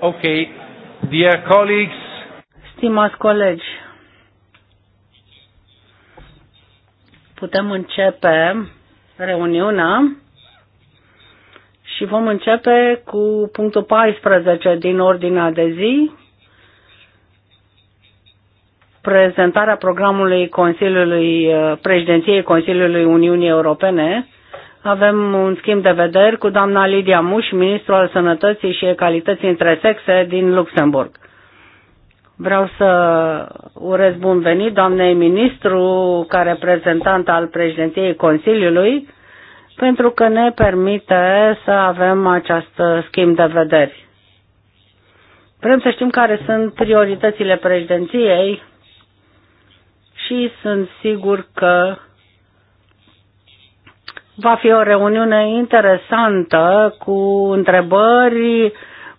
Ok, dear colleagues. Stimați colegi, putem începe reuniunea și vom începe cu punctul 14 din ordinea de zi, prezentarea programului Consiliului, eh, președinției Consiliului Uniunii Europene avem un schimb de vederi cu doamna Lidia Muș, ministru al Sănătății și Egalității între Sexe din Luxemburg. Vreau să urez bun venit doamnei ministru, ca reprezentant al președinției Consiliului, pentru că ne permite să avem acest schimb de vederi. Vrem să știm care sunt prioritățile președinției și sunt sigur că Va fi o reuniune interesantă cu întrebări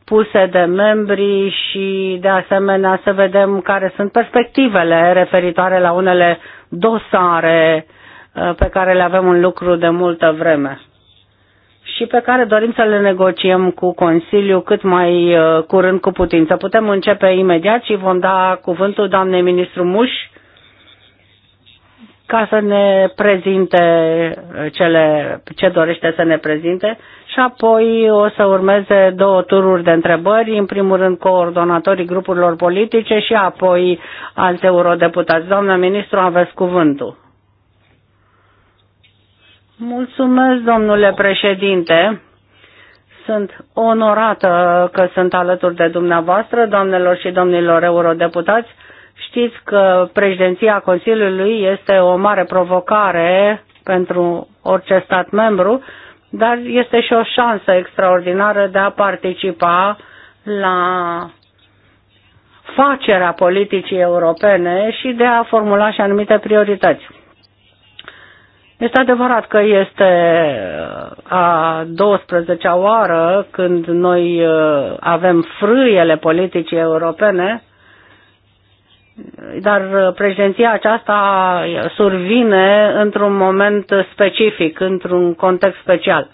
puse de membri și de asemenea să vedem care sunt perspectivele referitoare la unele dosare uh, pe care le avem în lucru de multă vreme și pe care dorim să le negociem cu Consiliu cât mai uh, curând cu putință. Putem începe imediat și vom da cuvântul doamnei ministru Muș ca să ne prezinte uh, cele, ce dorește să ne prezinte și apoi o să urmeze două tururi de întrebări, în primul rând coordonatorii grupurilor politice și apoi alți eurodeputați. Doamna ministru, aveți cuvântul. Mulțumesc, domnule președinte. Sunt onorată că sunt alături de dumneavoastră, doamnelor și domnilor eurodeputați Știți că președinția Consiliului este o mare provocare pentru orice stat membru, dar este și o șansă extraordinară de a participa la facerea politicii europene și de a formula și anumite priorități. Este adevărat că este uh, a 12-a oară când noi uh, avem frâiele politicii europene, dar uh, președinția aceasta survine într-un moment specific, într-un context special.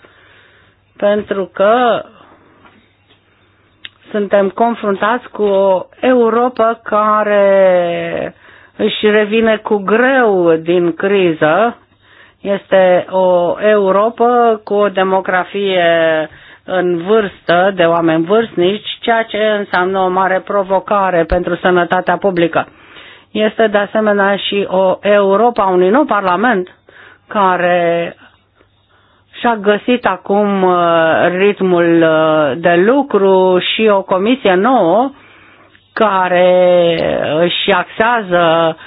Pentru că suntem confruntați cu o Europa care își revine cu greu din criză. Este o Europa cu o demografie în vârstă, de oameni vârstnici, ceea ce înseamnă o mare provocare pentru sănătatea publică. Este de asemenea și o Europa, un nou parlament, care și-a găsit acum uh, ritmul uh, de lucru și o comisie nouă care își axează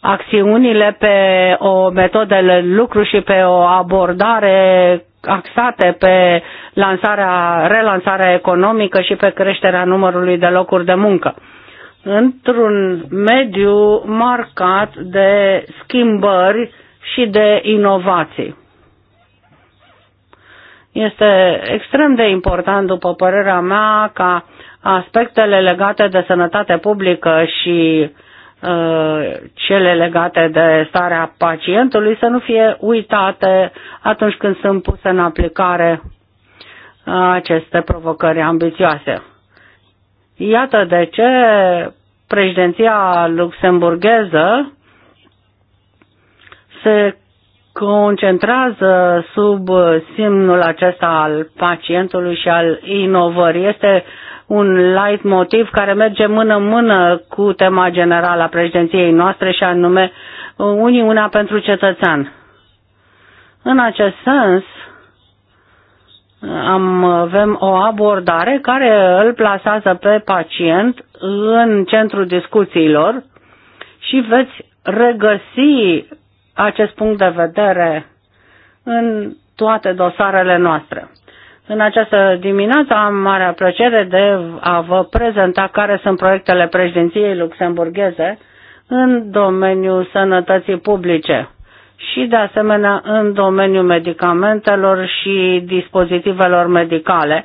acțiunile pe o metodă de lucru și pe o abordare axate pe lansarea, relansarea economică și pe creșterea numărului de locuri de muncă. Într-un mediu marcat de schimbări și de inovații. Este extrem de important, după părerea mea, ca aspectele legate de sănătate publică și Uh, cele legate de starea pacientului să nu fie uitate atunci când sunt puse în aplicare aceste provocări ambițioase. Iată de ce președinția luxemburgheză se concentrează sub simnul acesta al pacientului și al inovării. Este un light motiv care merge mână-mână cu tema generală a președinției noastre și anume uh, Uniunea pentru cetățean. În acest sens, am, avem o abordare care îl plasează pe pacient în centrul discuțiilor și veți regăsi acest punct de vedere în toate dosarele noastre. În această dimineață am marea plăcere de a vă prezenta care sunt proiectele președinției luxemburgheze în domeniul sănătății publice și, de asemenea, în domeniul medicamentelor și dispozitivelor medicale,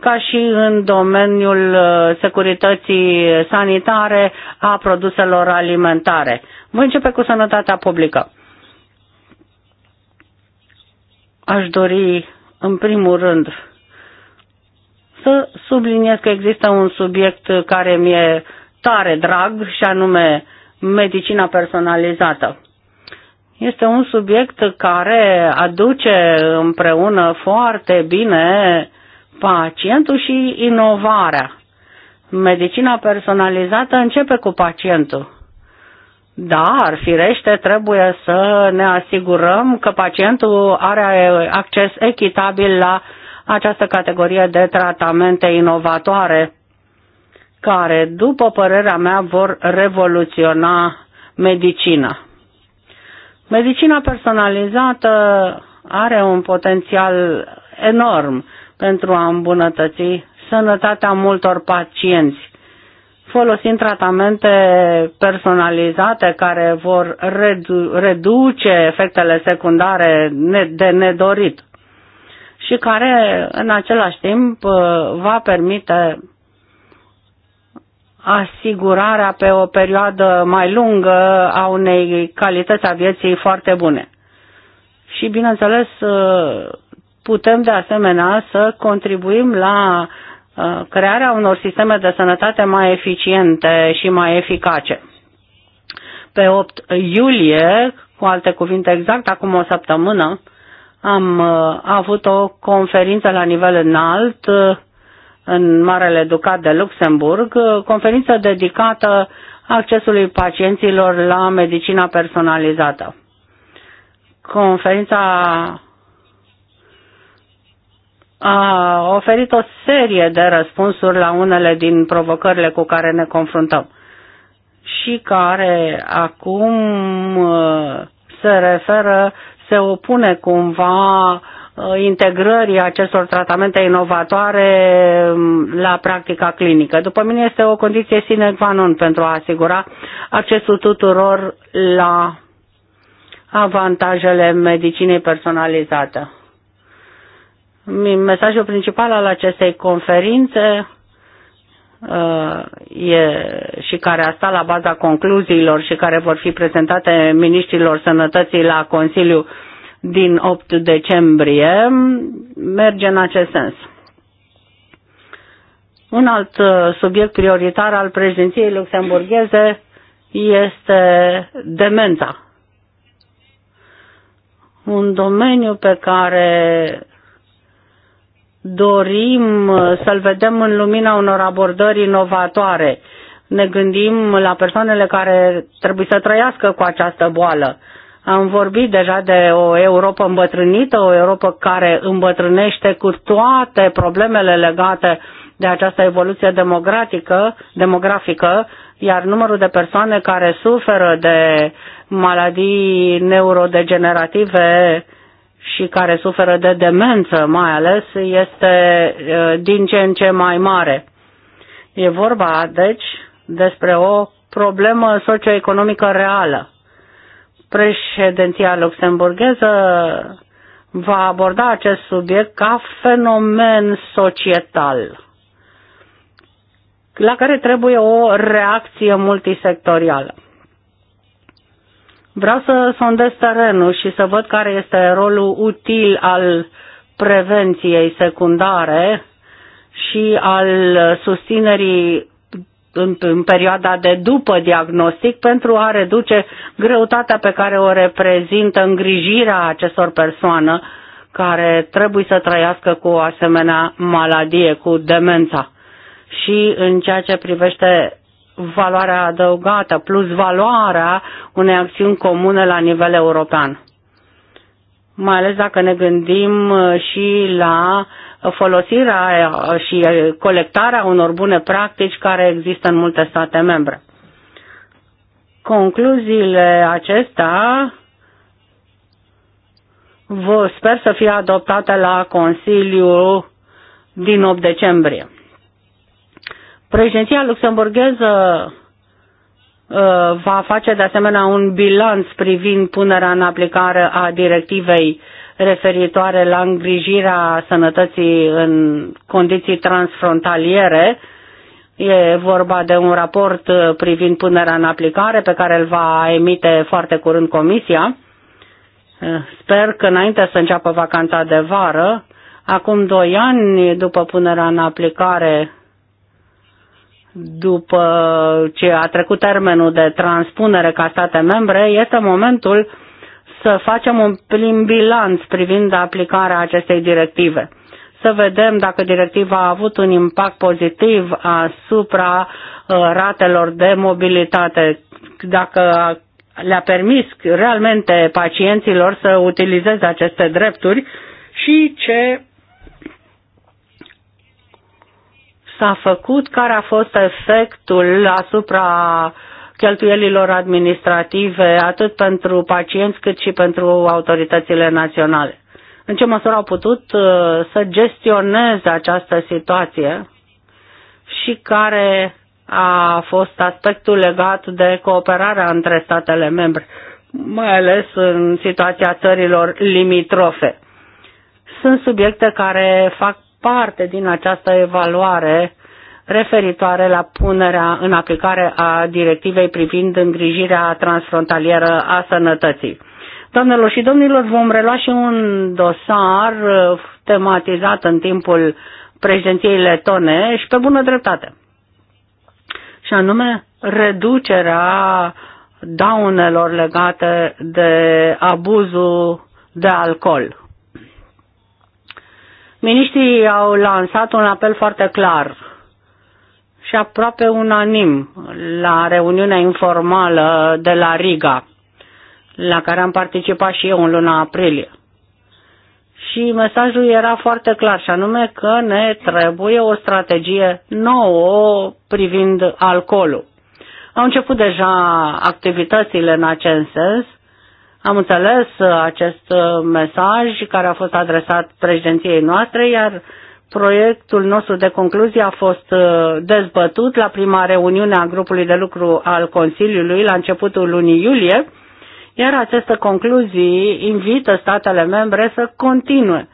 ca și în domeniul uh, securității sanitare a produselor alimentare. Voi începe cu sănătatea publică. Aș dori în primul rând, să subliniez că există un subiect care mi-e tare drag și anume medicina personalizată. Este un subiect care aduce împreună foarte bine pacientul și inovarea. Medicina personalizată începe cu pacientul. Dar, firește, trebuie să ne asigurăm că pacientul are acces echitabil la această categorie de tratamente inovatoare, care, după părerea mea, vor revoluționa medicina. Medicina personalizată are un potențial enorm pentru a îmbunătăți sănătatea multor pacienți folosind tratamente personalizate care vor redu- reduce efectele secundare de nedorit și care în același timp uh, va permite asigurarea pe o perioadă mai lungă a unei calități a vieții foarte bune. Și bineînțeles uh, putem de asemenea să contribuim la Uh, crearea unor sisteme de sănătate mai eficiente și mai eficace. Pe 8 iulie, cu alte cuvinte exact, acum o săptămână, am uh, avut o conferință la nivel înalt uh, în Marele Ducat de Luxemburg, conferință dedicată accesului pacienților la medicina personalizată. Conferința a oferit o serie de răspunsuri la unele din provocările cu care ne confruntăm și care acum uh, se referă, se opune cumva uh, integrării acestor tratamente inovatoare um, la practica clinică. După mine este o condiție sine qua non pentru a asigura accesul tuturor la avantajele medicinei personalizate. Mesajul principal al acestei conferințe uh, e, și care a stat la baza concluziilor și care vor fi prezentate ministrilor sănătății la Consiliu din 8 decembrie, merge în acest sens. Un alt uh, subiect prioritar al președinției luxemburgheze este demența. Un domeniu pe care dorim uh, să-l vedem în lumina unor abordări inovatoare. Ne gândim la persoanele care trebuie să trăiască cu această boală. Am vorbit deja de o Europa îmbătrânită, o Europa care îmbătrânește cu toate problemele legate de această evoluție democratică, demografică, iar numărul de persoane care suferă de maladii neurodegenerative și care suferă de demență mai ales este din ce în ce mai mare. E vorba, deci, despre o problemă socioeconomică reală. Președinția luxemburgheză va aborda acest subiect ca fenomen societal, la care trebuie o reacție multisectorială. Vreau să sondez terenul și să văd care este rolul util al prevenției secundare și al susținerii în, în perioada de după diagnostic pentru a reduce greutatea pe care o reprezintă îngrijirea acestor persoane care trebuie să trăiască cu o asemenea maladie, cu demența. Și în ceea ce privește valoarea adăugată, plus valoarea unei acțiuni comune la nivel european. Mai ales dacă ne gândim uh, și la folosirea uh, și colectarea unor bune practici care există în multe state membre. Concluziile acestea vă sper să fie adoptate la Consiliu din 8 decembrie. Președinția luxemburgheză uh, va face de asemenea un bilanț privind punerea în aplicare a directivei referitoare la îngrijirea sănătății în condiții transfrontaliere. E vorba de un raport uh, privind punerea în aplicare pe care îl va emite foarte curând Comisia. Uh, sper că înainte să înceapă vacanța de vară, acum doi ani după punerea în aplicare după ce a trecut termenul de transpunere ca state membre, este momentul să facem un prim bilanț privind aplicarea acestei directive. Să vedem dacă directiva a avut un impact pozitiv asupra uh, ratelor de mobilitate, dacă le-a permis realmente pacienților să utilizeze aceste drepturi și ce s-a făcut, care a fost efectul asupra cheltuielilor administrative, atât pentru pacienți cât și pentru autoritățile naționale. În ce măsură au putut uh, să gestioneze această situație și care a fost aspectul legat de cooperarea între statele membre, mai ales în situația țărilor limitrofe. Sunt subiecte care fac parte din această evaluare referitoare la punerea în aplicare a directivei privind îngrijirea transfrontalieră a sănătății. Doamnelor și domnilor, vom relua și un dosar uh, tematizat în timpul președinției letone și pe bună dreptate. Și anume reducerea daunelor legate de abuzul de alcool. Miniștrii au lansat un apel foarte clar și aproape unanim la reuniunea informală de la Riga, la care am participat și eu în luna aprilie. Și mesajul era foarte clar, și anume că ne trebuie o strategie nouă privind alcoolul. Au început deja activitățile în acest sens am înțeles uh, acest uh, mesaj care a fost adresat președinției noastre, iar proiectul nostru de concluzie a fost uh, dezbătut la prima reuniune a grupului de lucru al Consiliului la începutul lunii iulie, iar aceste concluzii invită statele membre să continue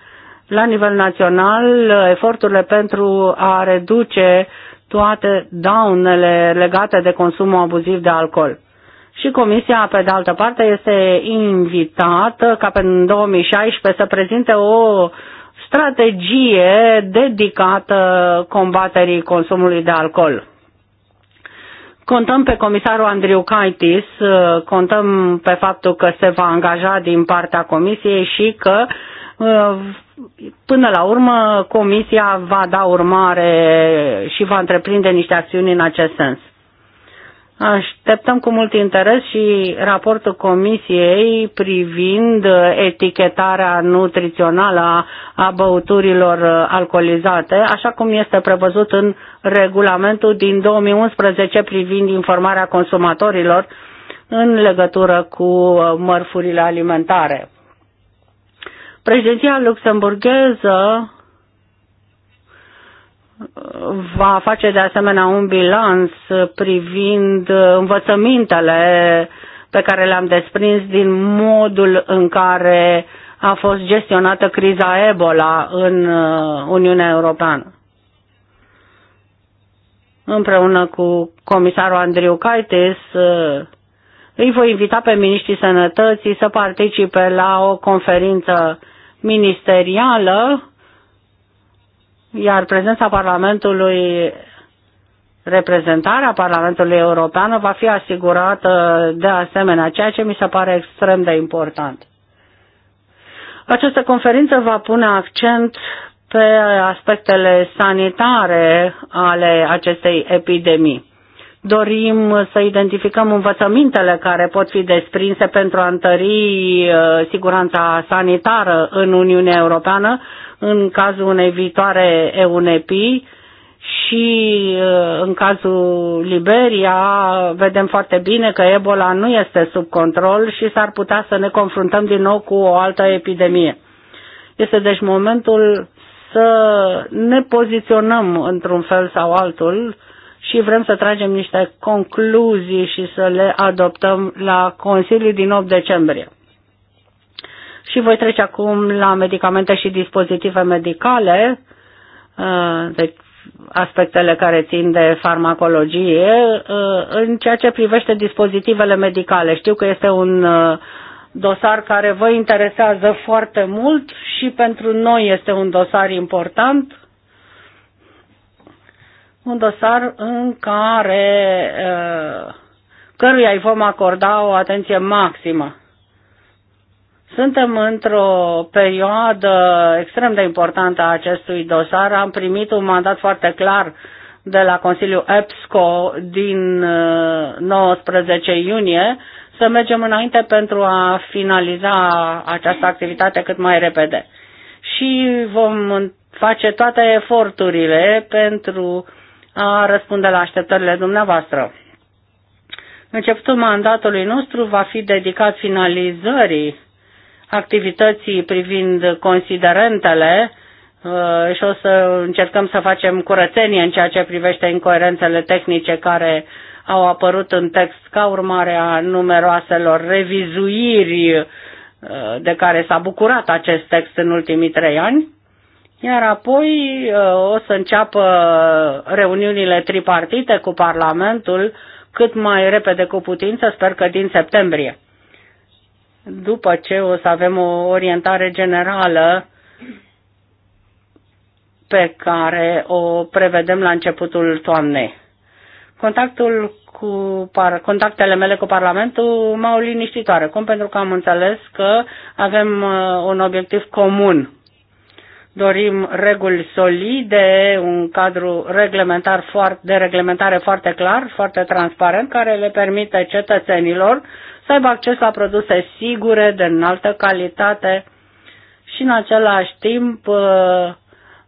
la nivel național eforturile pentru a reduce toate daunele legate de consumul abuziv de alcool și Comisia, pe de altă parte, este invitată ca pe în 2016 să prezinte o strategie dedicată combaterii consumului de alcool. Contăm pe comisarul Andriu Caitis, contăm pe faptul că se va angaja din partea comisiei și că până la urmă comisia va da urmare și va întreprinde niște acțiuni în acest sens. Așteptăm cu mult interes și raportul Comisiei privind etichetarea nutrițională a băuturilor alcoolizate, așa cum este prevăzut în regulamentul din 2011 privind informarea consumatorilor în legătură cu mărfurile alimentare. Președinția luxemburgheză va face de asemenea un bilanț privind învățămintele pe care le-am desprins din modul în care a fost gestionată criza Ebola în uh, Uniunea Europeană. Împreună cu comisarul Andriu Caites, uh, îi voi invita pe ministrii sănătății să participe la o conferință ministerială iar prezența Parlamentului, reprezentarea Parlamentului European va fi asigurată de asemenea, ceea ce mi se pare extrem de important. Această conferință va pune accent pe aspectele sanitare ale acestei epidemii. Dorim să identificăm învățămintele care pot fi desprinse pentru a întări uh, siguranța sanitară în Uniunea Europeană, în cazul unei viitoare EUNEPI și uh, în cazul Liberia vedem foarte bine că Ebola nu este sub control și s-ar putea să ne confruntăm din nou cu o altă epidemie. Este deci momentul să ne poziționăm într-un fel sau altul și vrem să tragem niște concluzii și să le adoptăm la consiliul din 8 decembrie. Și voi trece acum la medicamente și dispozitive medicale, uh, deci aspectele care țin de farmacologie, uh, în ceea ce privește dispozitivele medicale. Știu că este un uh, dosar care vă interesează foarte mult și pentru noi este un dosar important, un dosar în care căruia îi vom acorda o atenție maximă. Suntem într-o perioadă extrem de importantă a acestui dosar. Am primit un mandat foarte clar de la Consiliul EPSCO din 19 uh, iunie să mergem înainte pentru a finaliza această activitate cât mai repede. Și vom face toate eforturile pentru a răspunde la așteptările dumneavoastră. Începutul mandatului nostru va fi dedicat finalizării activității privind considerentele uh, și o să încercăm să facem curățenie în ceea ce privește incoerențele tehnice care au apărut în text ca urmare a numeroaselor revizuiri uh, de care s-a bucurat acest text în ultimii trei ani. Iar apoi uh, o să înceapă reuniunile tripartite cu Parlamentul cât mai repede cu putință, sper că din septembrie după ce o să avem o orientare generală pe care o prevedem la începutul toamnei. Contactul cu par, contactele mele cu Parlamentul m-au liniștit oarecum pentru că am înțeles că avem uh, un obiectiv comun. Dorim reguli solide, un cadru reglementar foarte, de reglementare foarte clar, foarte transparent, care le permite cetățenilor să aibă acces la produse sigure, de înaltă calitate și în același timp uh,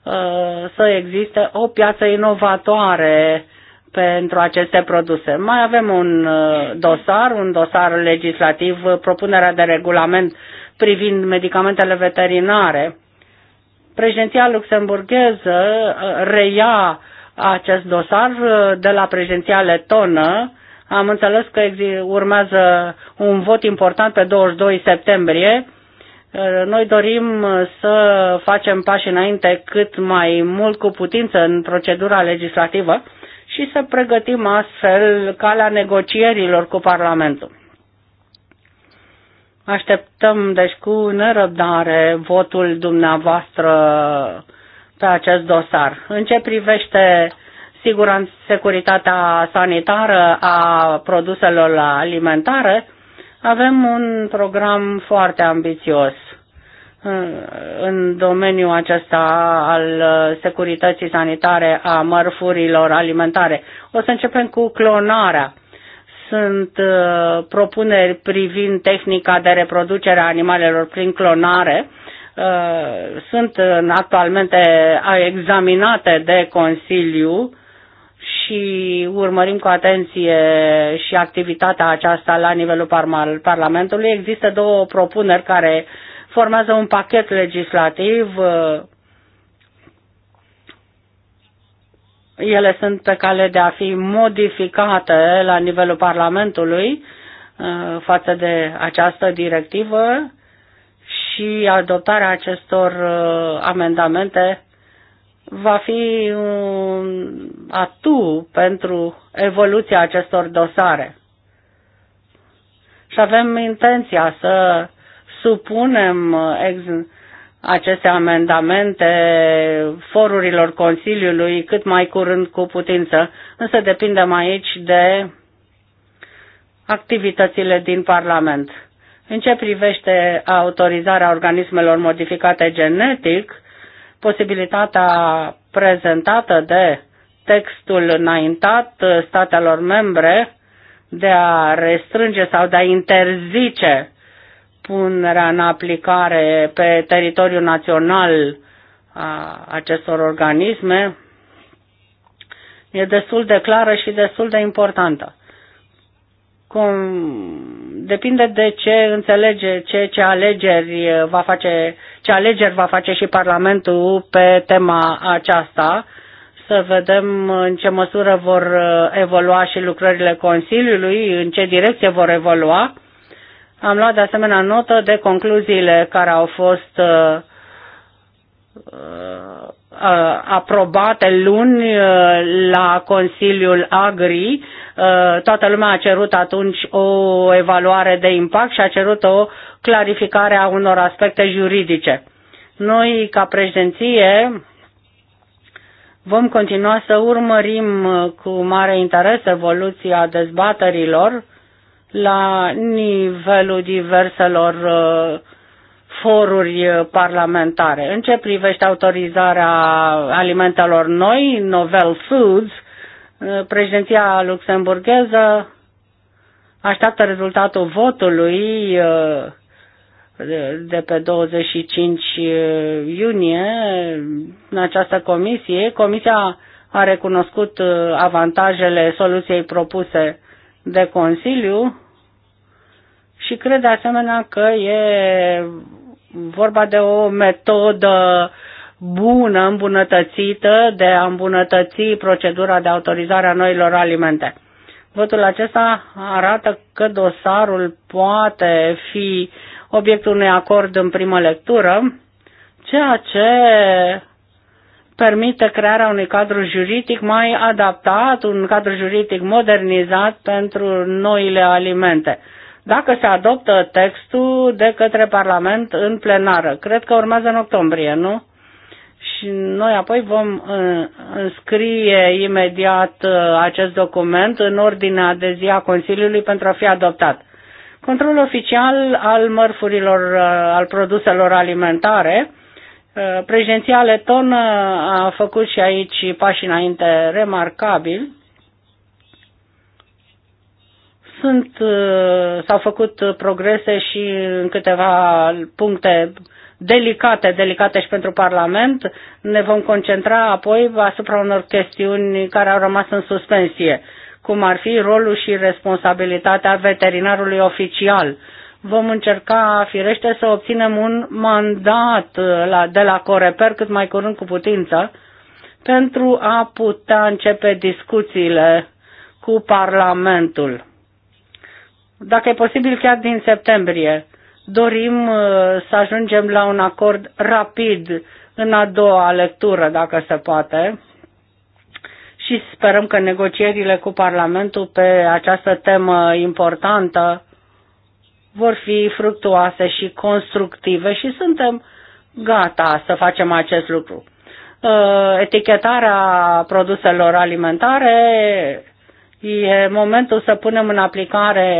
uh, să existe o piață inovatoare pentru aceste produse. Mai avem un uh, dosar, un dosar legislativ, propunerea de regulament privind medicamentele veterinare. Președinția luxemburgheză reia acest dosar de la președinția letonă am înțeles că urmează un vot important pe 22 septembrie. Uh, noi dorim uh, să facem pași înainte cât mai mult cu putință în procedura legislativă și să pregătim astfel calea negocierilor cu Parlamentul. Așteptăm, deci, cu nerăbdare votul dumneavoastră pe acest dosar. În ce privește siguranță, securitatea sanitară a produselor alimentare, avem un program foarte ambițios uh, în domeniul acesta al uh, securității sanitare a mărfurilor alimentare. O să începem cu clonarea. Sunt uh, propuneri privind tehnica de reproducere a animalelor prin clonare. Sunt actualmente examinate de Consiliu și urmărim cu atenție și activitatea aceasta la nivelul Parlamentului. Există două propuneri care formează un pachet legislativ. Ele sunt pe cale de a fi modificate la nivelul Parlamentului uh, față de această directivă și adoptarea acestor uh, amendamente va fi un atu pentru evoluția acestor dosare. Și avem intenția să supunem ex- aceste amendamente forurilor Consiliului cât mai curând cu putință, însă depindem aici de activitățile din Parlament. În ce privește autorizarea organismelor modificate genetic, posibilitatea prezentată de textul înaintat statelor membre de a restrânge sau de a interzice punerea în aplicare pe teritoriul național a acestor organisme e destul de clară și destul de importantă. Cum, depinde de ce înțelege, ce, ce alegeri va face ce alegeri va face și Parlamentul pe tema aceasta, să vedem în ce măsură vor uh, evolua și lucrările Consiliului, în ce direcție vor evolua. Am luat de asemenea notă de concluziile care au fost uh, uh, aprobate luni la Consiliul Agri. toată lumea a cerut atunci o evaluare de impact și a cerut o clarificarea unor aspecte juridice. Noi, ca președinție, vom continua să urmărim cu mare interes evoluția dezbaterilor la nivelul diverselor uh, foruri parlamentare. În ce privește autorizarea alimentelor noi, Novel Foods, uh, președinția luxemburgheză așteaptă rezultatul votului uh, de pe 25 eh, iunie în această comisie. Comisia a recunoscut eh, avantajele soluției propuse de Consiliu și cred de asemenea că e vorba de o metodă bună, îmbunătățită, de a îmbunătăți procedura de autorizare a noilor alimente. Votul acesta arată că dosarul poate fi uh, obiectul unui acord în primă lectură, ceea ce permite crearea unui cadru juridic mai adaptat, un cadru juridic modernizat pentru noile alimente. Dacă se adoptă textul de către Parlament în plenară, cred că urmează în octombrie, nu? Și noi apoi vom uh, înscrie imediat uh, acest document în ordinea de zi a Consiliului pentru a fi adoptat. Controlul oficial al mărfurilor, uh, al produselor alimentare, uh, președinția Leton a făcut și aici pași înainte remarcabili. Sunt, uh, s-au făcut progrese și în câteva puncte delicate, delicate și pentru Parlament. Ne vom concentra apoi asupra unor chestiuni care au rămas în suspensie cum ar fi rolul și responsabilitatea veterinarului oficial. Vom încerca, firește, să obținem un mandat uh, la, de la Coreper cât mai curând cu putință pentru a putea începe discuțiile cu Parlamentul. Dacă e posibil, chiar din septembrie. Dorim uh, să ajungem la un acord rapid în a doua lectură, dacă se poate, și sperăm că negocierile cu Parlamentul pe această temă importantă vor fi fructuoase și constructive și suntem gata să facem acest lucru. Uh, etichetarea produselor alimentare e momentul să punem în aplicare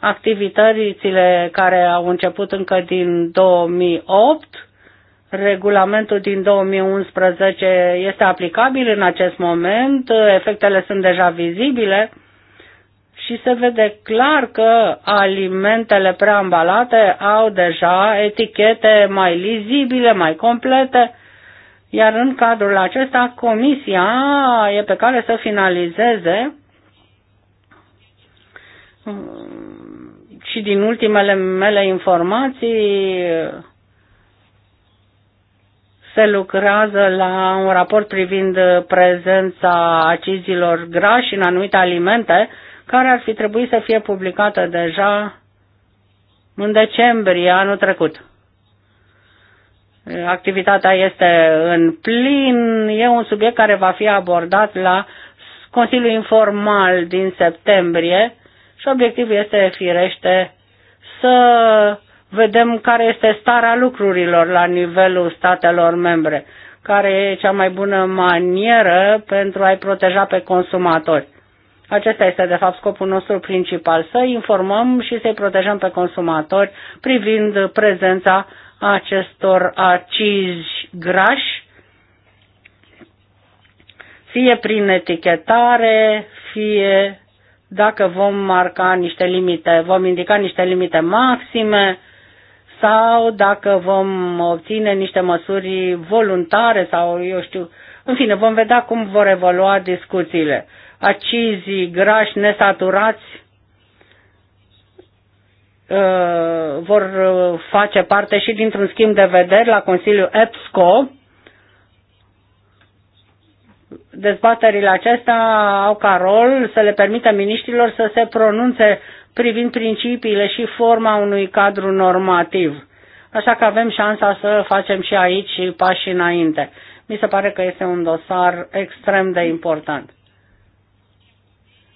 activitățile care au început încă din 2008 Regulamentul din 2011 este aplicabil în acest moment, efectele sunt deja vizibile și se vede clar că alimentele preambalate au deja etichete mai lizibile, mai complete, iar în cadrul acesta comisia e pe care să finalizeze și din ultimele mele informații se lucrează la un raport privind prezența acizilor grași în anumite alimente, care ar fi trebuit să fie publicată deja în decembrie anul trecut. Activitatea este în plin, e un subiect care va fi abordat la Consiliul Informal din septembrie și obiectivul este, firește, să vedem care este starea lucrurilor la nivelul statelor membre, care e cea mai bună manieră pentru a-i proteja pe consumatori. Acesta este, de fapt, scopul nostru principal, să informăm și să-i protejăm pe consumatori privind prezența acestor acizi grași, fie prin etichetare, fie dacă vom marca niște limite, vom indica niște limite maxime sau dacă vom obține niște măsuri voluntare sau eu știu, în fine, vom vedea cum vor evolua discuțiile. Acizii grași nesaturați ă, vor face parte și dintr-un schimb de vederi la Consiliul EPSCO. Dezbaterile acestea au ca rol să le permită miniștrilor să se pronunțe privind principiile și forma unui cadru normativ. Așa că avem șansa să facem și aici pași înainte. Mi se pare că este un dosar extrem de important.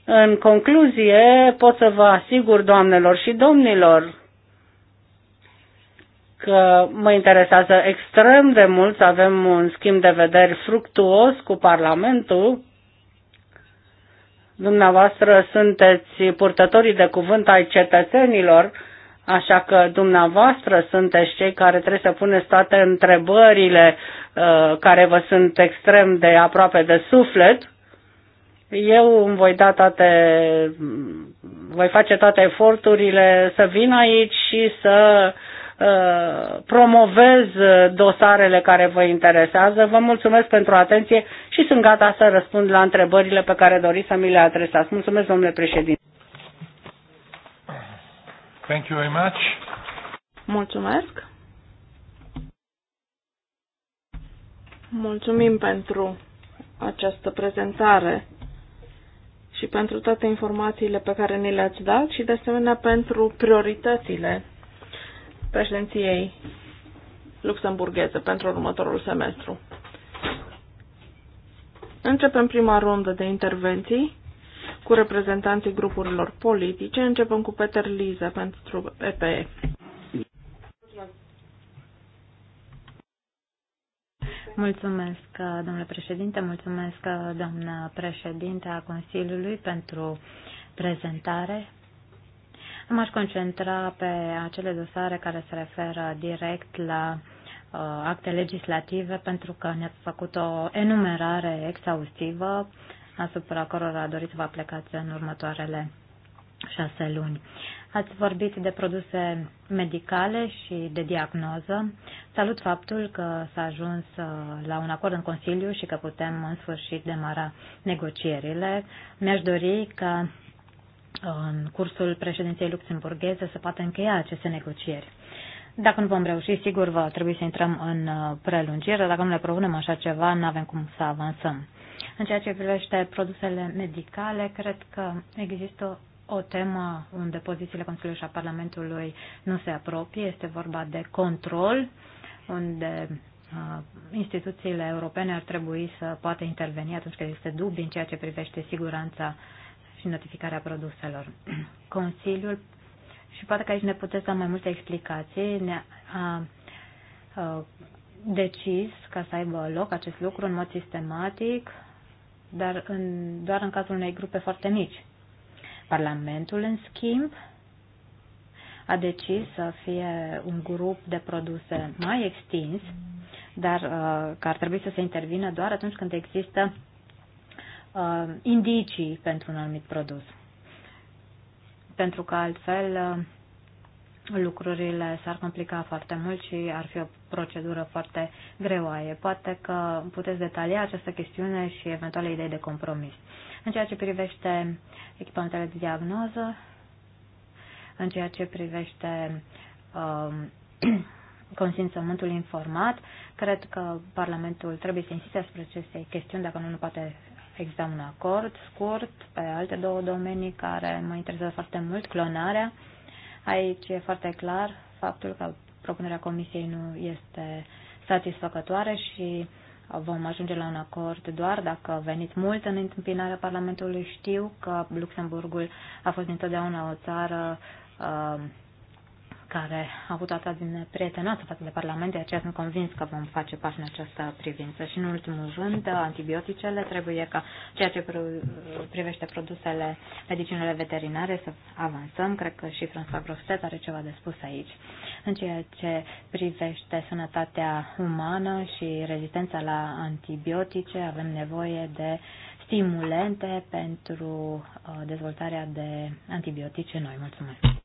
În concluzie, pot să vă asigur, doamnelor și domnilor, că mă interesează extrem de mult să avem un schimb de vederi fructuos cu Parlamentul Dumneavoastră sunteți purtătorii de cuvânt ai cetățenilor, așa că dumneavoastră sunteți cei care trebuie să puneți toate întrebările uh, care vă sunt extrem de aproape de suflet. Eu îmi voi da toate, voi face toate eforturile să vin aici și să uh, Uh, promovez uh, dosarele care vă interesează. Vă mulțumesc pentru atenție și sunt gata să răspund la întrebările pe care doriți să mi le adresați. Mulțumesc, domnule președinte. Thank you very much. Mulțumesc. Mulțumim pentru această prezentare și pentru toate informațiile pe care ni le-ați dat și de asemenea pentru prioritățile președinției luxemburgheze pentru următorul semestru. Începem prima rundă de intervenții cu reprezentanții grupurilor politice. Începem cu Peter Lize pentru EPE. Mulțumesc, domnule președinte, mulțumesc, doamnă președinte a Consiliului, pentru prezentare. M-aș concentra pe acele dosare care se referă direct la uh, acte legislative, pentru că ne-ați făcut o enumerare exhaustivă asupra cărora doriți să vă aplicați în următoarele șase luni. Ați vorbit de produse medicale și de diagnoză. Salut faptul că s-a ajuns uh, la un acord în Consiliu și că putem în sfârșit demara negocierile. Mi-aș dori ca în cursul președinției luxemburgheze să poată încheia aceste negocieri. Dacă nu vom reuși, sigur va trebui să intrăm în uh, prelungire. Dacă nu le propunem așa ceva, nu avem cum să avansăm. În ceea ce privește produsele medicale, cred că există o temă unde pozițiile Consiliului și a Parlamentului nu se apropie. Este vorba de control, unde uh, instituțiile europene ar trebui să poată interveni atunci când este dubii în ceea ce privește siguranța și notificarea produselor. Consiliul, și poate că aici ne puteți da mai multe explicații, ne a, a decis ca să aibă loc acest lucru în mod sistematic, dar în, doar în cazul unei grupe foarte mici. Parlamentul, în schimb, a decis să fie un grup de produse mai extins, dar uh, că ar trebui să se intervină doar atunci când există uh, indicii pentru un anumit produs. Pentru că altfel uh, lucrurile s-ar complica foarte mult și ar fi o procedură foarte greoaie. Poate că puteți detalia această chestiune și eventuale idei de compromis. În ceea ce privește echipamentele de diagnoză, în ceea ce privește uh, consimțământul informat. Cred că Parlamentul trebuie să insiste asupra acestei chestiuni, dacă nu, nu poate exista un acord scurt pe alte două domenii care mă interesează foarte mult, clonarea. Aici e foarte clar faptul că propunerea Comisiei nu este satisfăcătoare și vom ajunge la un acord doar dacă veniți mult în întâmpinarea Parlamentului. Știu că Luxemburgul a fost întotdeauna o țară uh, care a avut atât din prietenoasă față de Parlament, de aceea sunt convins că vom face pas în această privință. Și în ultimul rând, antibioticele trebuie ca ceea ce privește produsele medicinele veterinare să avansăm. Cred că și François Grosset are ceva de spus aici. În ceea ce privește sănătatea umană și rezistența la antibiotice, avem nevoie de stimulente pentru uh, dezvoltarea de antibiotice noi. Mulțumesc!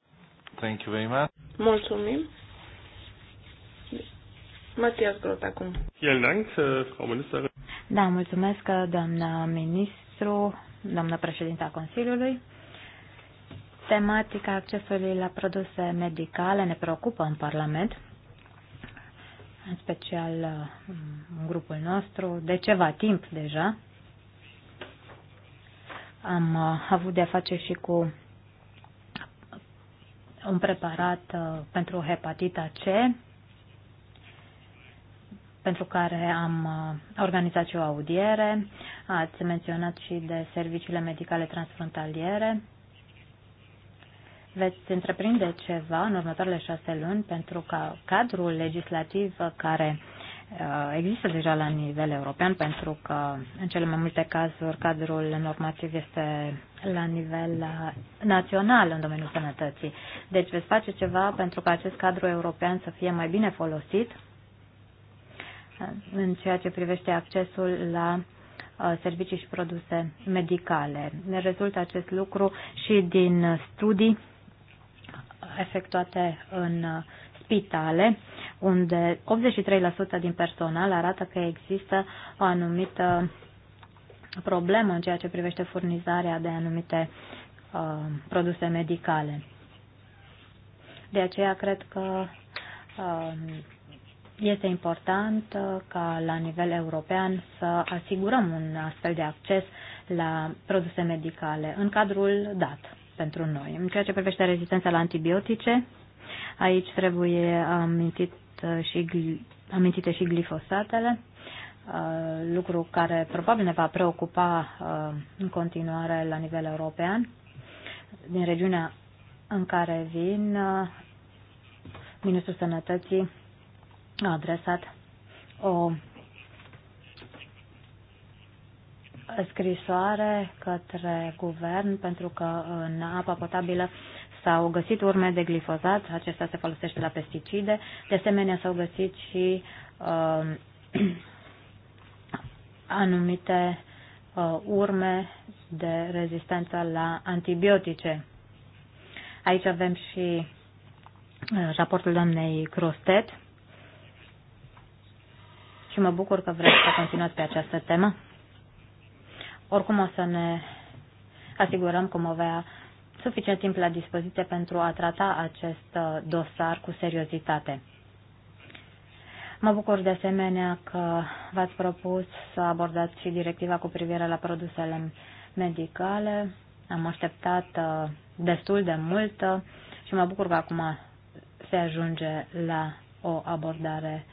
Thank you very much. Mulțumim. Matias Grot acum. Vielen Dank, äh, Frau Ministerin. Da, mulțumesc, uh, doamna ministru, doamna președinta Consiliului. Tematica accesului la produse medicale ne preocupă în Parlament, în special uh, în grupul nostru, de ceva timp deja. Am uh, avut de-a face și cu un preparat uh, pentru hepatita C, pentru care am uh, organizat și o audiere. Ați menționat și de serviciile medicale transfrontaliere. Veți întreprinde ceva în următoarele șase luni pentru ca cadrul legislativ uh, care Uh, există deja la nivel european, pentru că în cele mai multe cazuri cadrul normativ este la nivel uh, național în domeniul sănătății. Deci veți face ceva pentru ca acest cadru european să fie mai bine folosit uh, în ceea ce privește accesul la servicii și produse medicale. Ne rezultă acest lucru și din studii efectuate în spitale unde 83% din personal arată că există o anumită problemă în ceea ce privește furnizarea de anumite uh, produse medicale. De aceea cred că uh, este important uh, ca la nivel european să asigurăm un astfel de acces la produse medicale în cadrul dat pentru noi. În ceea ce privește rezistența la antibiotice, aici trebuie amintit și amintite și glifosatele, uh, lucru care probabil ne va preocupa uh, în continuare la nivel european. Din regiunea în care vin, uh, Ministrul Sănătății a adresat o scrisoare către guvern pentru că în apa potabilă s-au găsit urme de glifozat, acesta se folosește la pesticide, de asemenea s-au găsit și uh, anumite uh, urme de rezistență la antibiotice. Aici avem și uh, raportul doamnei Crostet și mă bucur că vreți să continuați pe această temă. Oricum o să ne asigurăm cum o vea suficient timp la dispoziție pentru a trata acest uh, dosar cu seriozitate. Mă bucur de asemenea că v-ați propus să abordați și directiva cu privire la produsele medicale. Am așteptat uh, destul de mult uh, și mă bucur că acum se ajunge la o abordare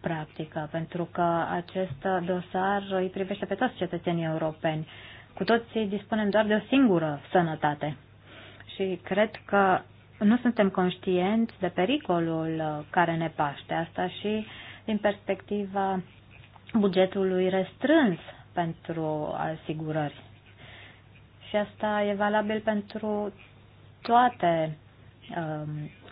practică, pentru că acest dosar îi privește pe toți cetățenii europeni cu toții dispunem doar de o singură sănătate. Și cred că nu suntem conștienți de pericolul uh, care ne paște asta și din perspectiva bugetului restrâns pentru asigurări. Și asta e valabil pentru toate um,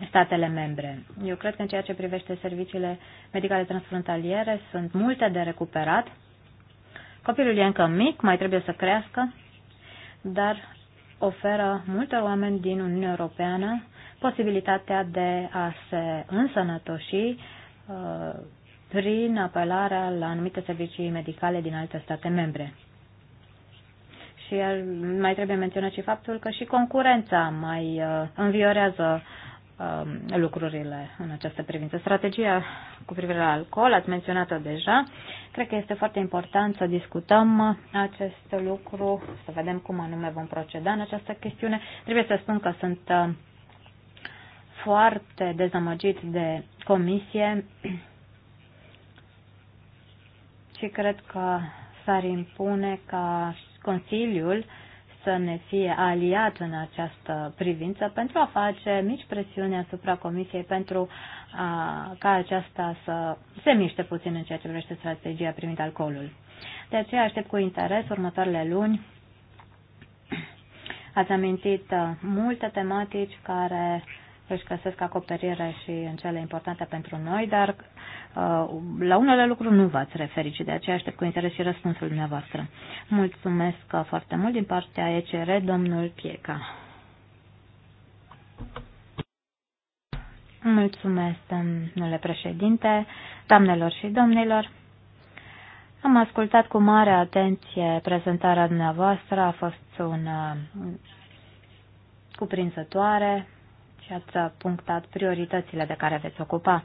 statele membre. Eu cred că în ceea ce privește serviciile medicale transfrontaliere sunt multe de recuperat Copilul e încă mic, mai trebuie să crească, dar oferă multor oameni din Uniunea Europeană posibilitatea de a se însănătoși uh, prin apelarea la anumite servicii medicale din alte state membre. Și mai trebuie menționat și faptul că și concurența mai uh, înviorează Um, lucrurile în această privință. Strategia cu privire la alcool, ați menționat-o deja. Cred că este foarte important să discutăm acest lucru, să vedem cum anume vom proceda în această chestiune. Trebuie să spun că sunt uh, foarte dezamăgit de comisie și cred că s-ar impune ca Consiliul să ne fie aliat în această privință pentru a face mici presiuni asupra Comisiei pentru a, ca aceasta să se miște puțin în ceea ce privește strategia privind alcoolul. De aceea aștept cu interes următoarele luni. Ați amintit uh, multe tematici care uh, își găsesc acoperire și în cele importante pentru noi, dar uh, la unele lucruri nu v-ați referit și de aceea aștept cu interes și răspunsul dumneavoastră. Mulțumesc uh, foarte mult din partea ECR, domnul Pieca. Mulțumesc, domnule președinte, doamnelor și domnilor. Am ascultat cu mare atenție prezentarea dumneavoastră, a fost un uh, cuprinzătoare, și ați punctat prioritățile de care veți ocupa.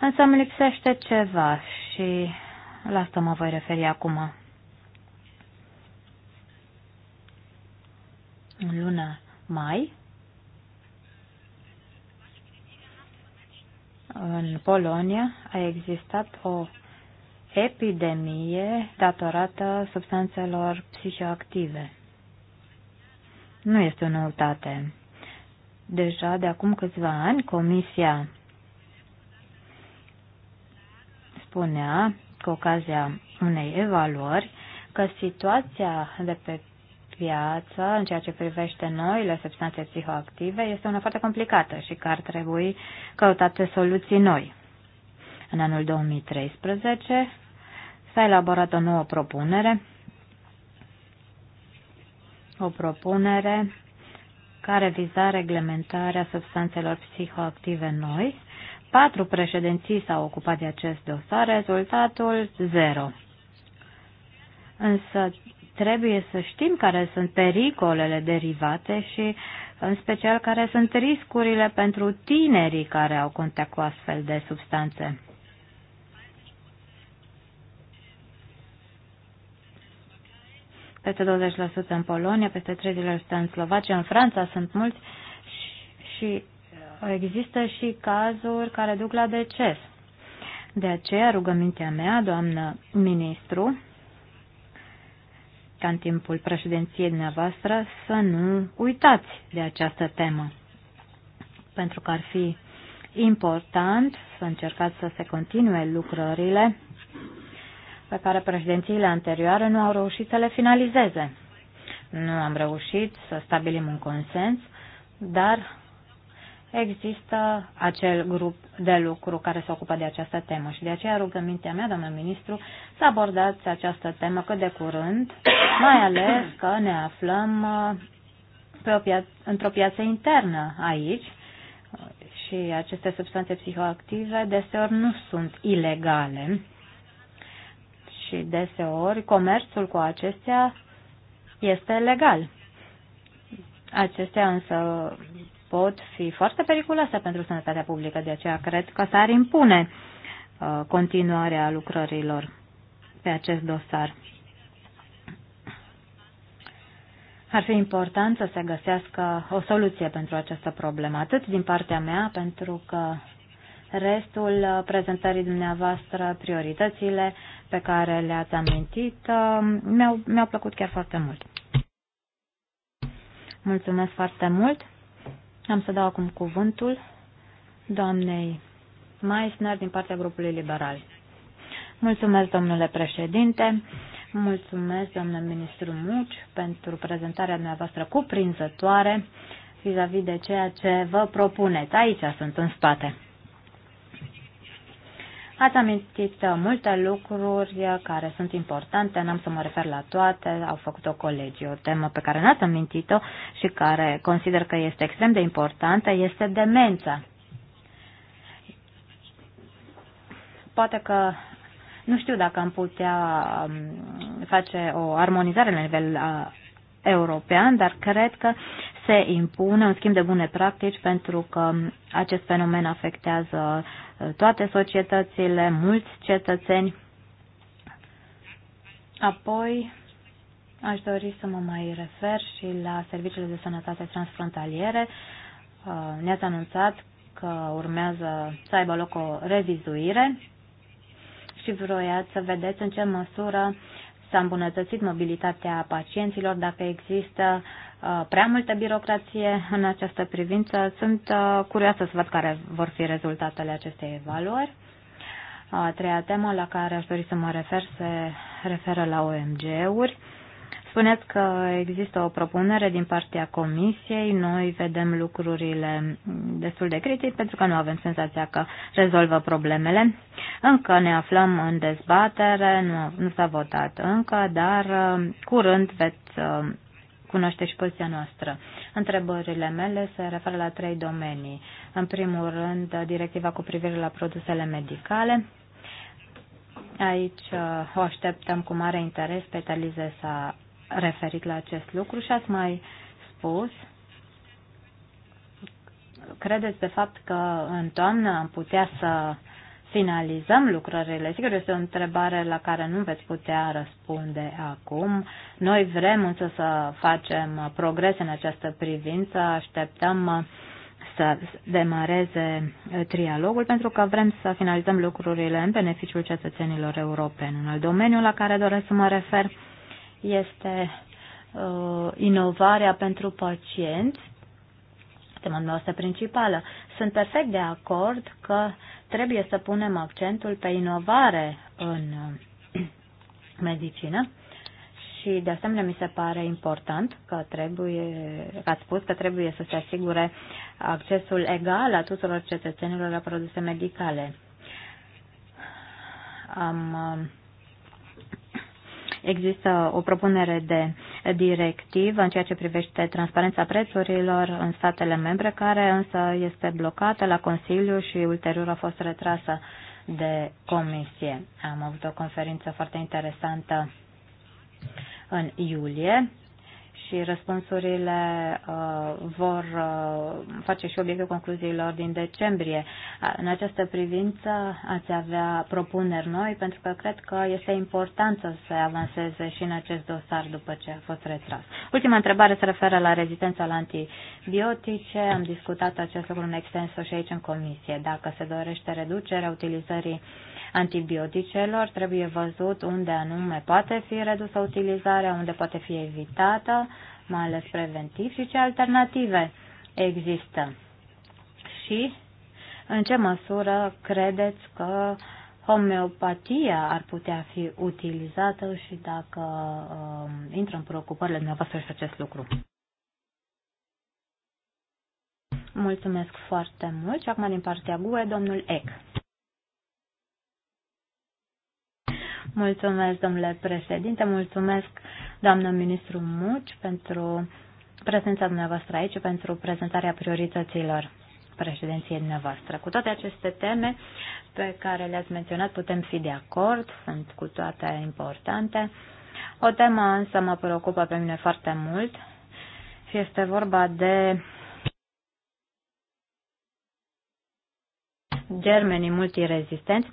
Însă îmi lipsește ceva și la asta mă voi referi acum. În luna mai, în Polonia, a existat o epidemie datorată substanțelor psihoactive. Nu este o noutate deja de acum câțiva ani Comisia spunea, cu ocazia unei evaluări, că situația de pe piață, în ceea ce privește noile substanțe psihoactive, este una foarte complicată și că ar trebui căutate soluții noi. În anul 2013 s-a elaborat o nouă propunere, o propunere care viza reglementarea substanțelor psihoactive noi. Patru președinții s-au ocupat de acest dosar, rezultatul zero. Însă trebuie să știm care sunt pericolele derivate și în special care sunt riscurile pentru tinerii care au contact cu astfel de substanțe. peste 20% în Polonia, peste 30% în Slovacia, în Franța sunt mulți și uh, există și cazuri care duc la deces. De aceea rugămintea mea, doamnă ministru, ca în timpul președinției dumneavoastră, să nu uitați de această temă, pentru că ar fi important să încercați să se continue lucrările pe care președințiile anterioare nu au reușit să le finalizeze. Nu am reușit să stabilim un consens, dar există acel grup de lucru care se ocupă de această temă și de aceea rugămintea mea, domnul ministru, să abordați această temă cât de curând, mai ales că ne aflăm uh, pe o pia- într-o piață internă aici și aceste substanțe psihoactive deseori nu sunt ilegale și deseori comerțul cu acestea este legal. Acestea însă pot fi foarte periculoase pentru sănătatea publică, de aceea cred că s-ar impune uh, continuarea lucrărilor pe acest dosar. Ar fi important să se găsească o soluție pentru această problemă, atât din partea mea, pentru că restul uh, prezentării dumneavoastră, prioritățile pe care le-ați amintit, uh, mi-au, mi-au plăcut chiar foarte mult. Mulțumesc foarte mult. Am să dau acum cuvântul doamnei Meissner din partea grupului liberal. Mulțumesc, domnule președinte. Mulțumesc, domnule ministru Muci, pentru prezentarea dumneavoastră cuprinzătoare vis-a-vis -vis de ceea ce vă propuneți. Aici sunt în spate. Ați amintit multe lucruri care sunt importante, n-am să mă refer la toate, au făcut-o colegii. O temă pe care n-ați amintit-o și care consider că este extrem de importantă este demența. Poate că nu știu dacă am putea um, face o armonizare la nivel uh, european, dar cred că se impune un schimb de bune practici pentru că acest fenomen afectează uh, toate societățile, mulți cetățeni. Apoi, aș dori să mă mai refer și la serviciile de sănătate transfrontaliere. Uh, ne-ați anunțat că urmează să aibă loc o revizuire și vroiați să vedeți în ce măsură uh, s-a îmbunătățit mobilitatea pacienților, dacă există uh, prea multă birocrație în această privință. Sunt uh, curioasă să văd care vor fi rezultatele acestei evaluări. A treia temă la care aș dori să mă refer se referă la OMG-uri. Spuneți că există o propunere din partea Comisiei, noi vedem lucrurile destul de critic pentru că nu avem senzația că rezolvă problemele. Încă ne aflăm în dezbatere, nu, nu s-a votat încă, dar uh, curând veți uh, cunoaște și poziția noastră. Întrebările mele se referă la trei domenii. În primul rând, directiva cu privire la produsele medicale. Aici uh, o așteptăm cu mare interes pe Talize sa referit la acest lucru și ați mai spus credeți de fapt că în toamnă am putea să finalizăm lucrările? Sigur, este o întrebare la care nu veți putea răspunde acum. Noi vrem însă să facem progrese în această privință, așteptăm să demareze trialogul pentru că vrem să finalizăm lucrurile în beneficiul cetățenilor europeni. În al domeniu la care doresc să mă refer este uh, inovarea pentru pacienți, tema noastră principală. Sunt perfect de acord că trebuie să punem accentul pe inovare în uh, medicină și de asemenea mi se pare important că trebuie, că ați spus că trebuie să se asigure accesul egal a tuturor cetățenilor la produse medicale. Am uh, Există o propunere de directivă în ceea ce privește transparența prețurilor în statele membre, care însă este blocată la Consiliu și ulterior a fost retrasă de comisie. Am avut o conferință foarte interesantă în iulie și răspunsurile uh, vor uh, face și obiectul concluziilor din decembrie. Uh, în această privință ați avea propuneri noi pentru că cred că este important să se avanseze și în acest dosar după ce a fost retras. Ultima întrebare se referă la rezistența la antibiotice. Am discutat acest lucru în extensă și aici în comisie. Dacă se dorește reducerea utilizării uh, antibioticelor, trebuie văzut unde anume poate fi redusă utilizarea, unde poate fi evitată, mai ales preventiv, și ce alternative există. Și în ce măsură credeți că homeopatia ar putea fi utilizată și dacă um, intră în preocupările dumneavoastră și acest lucru? Mulțumesc foarte mult și acum din partea GUE, domnul Eck. Mulțumesc, domnule președinte, mulțumesc, doamnă ministru Muci, pentru prezența dumneavoastră aici, pentru prezentarea priorităților președinției dumneavoastră. Cu toate aceste teme pe care le-ați menționat, putem fi de acord, sunt cu toate importante. O temă însă mă preocupă pe mine foarte mult și este vorba de germenii multirezistenți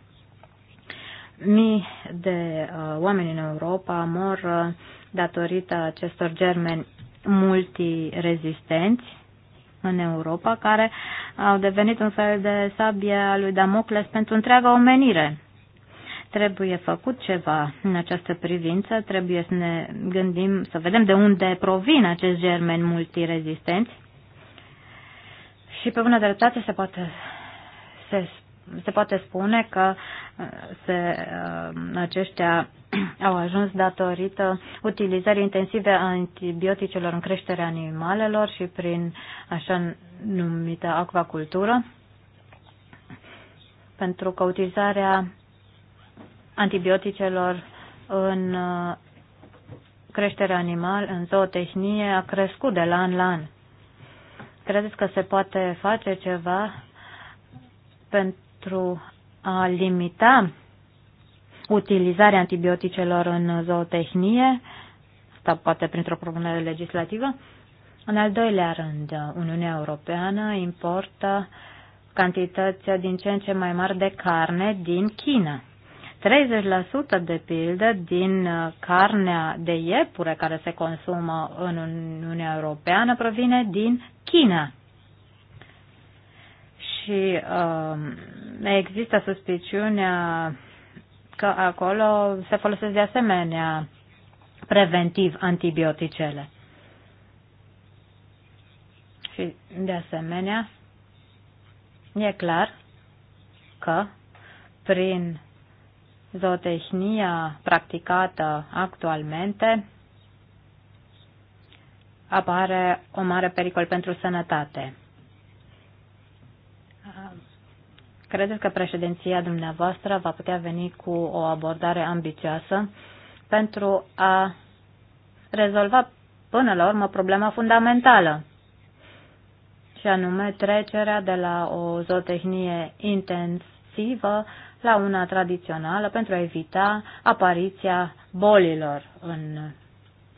Mii de uh, oameni în Europa mor uh, datorită acestor germeni multirezistenți în Europa, care au devenit un fel de sabie a lui Damocles pentru întreaga omenire. Trebuie făcut ceva în această privință, trebuie să ne gândim, să vedem de unde provin acești germeni multirezistenți. Și pe bună dreptate se poate se se poate spune că uh, se, uh, aceștia au ajuns datorită utilizării intensive a antibioticelor în creșterea animalelor și prin așa numită acvacultură, pentru că utilizarea antibioticelor în uh, creșterea animal, în zootehnie, a crescut de la an la an. Credeți că se poate face ceva pentru pentru a limita utilizarea antibioticelor în zootehnie, asta poate printr-o propunere legislativă. În al doilea rând, Uniunea Europeană importă cantități din ce în ce mai mari de carne din China. 30% de pildă din uh, carnea de iepure care se consumă în Uniunea Europeană provine din China și uh, există suspiciunea că acolo se folosesc de asemenea preventiv antibioticele. Și de asemenea, e clar că prin zootehnia practicată actualmente apare o mare pericol pentru sănătate. Credeți că președinția dumneavoastră va putea veni cu o abordare ambițioasă pentru a rezolva până la urmă problema fundamentală, și anume trecerea de la o zootehnie intensivă la una tradițională pentru a evita apariția bolilor în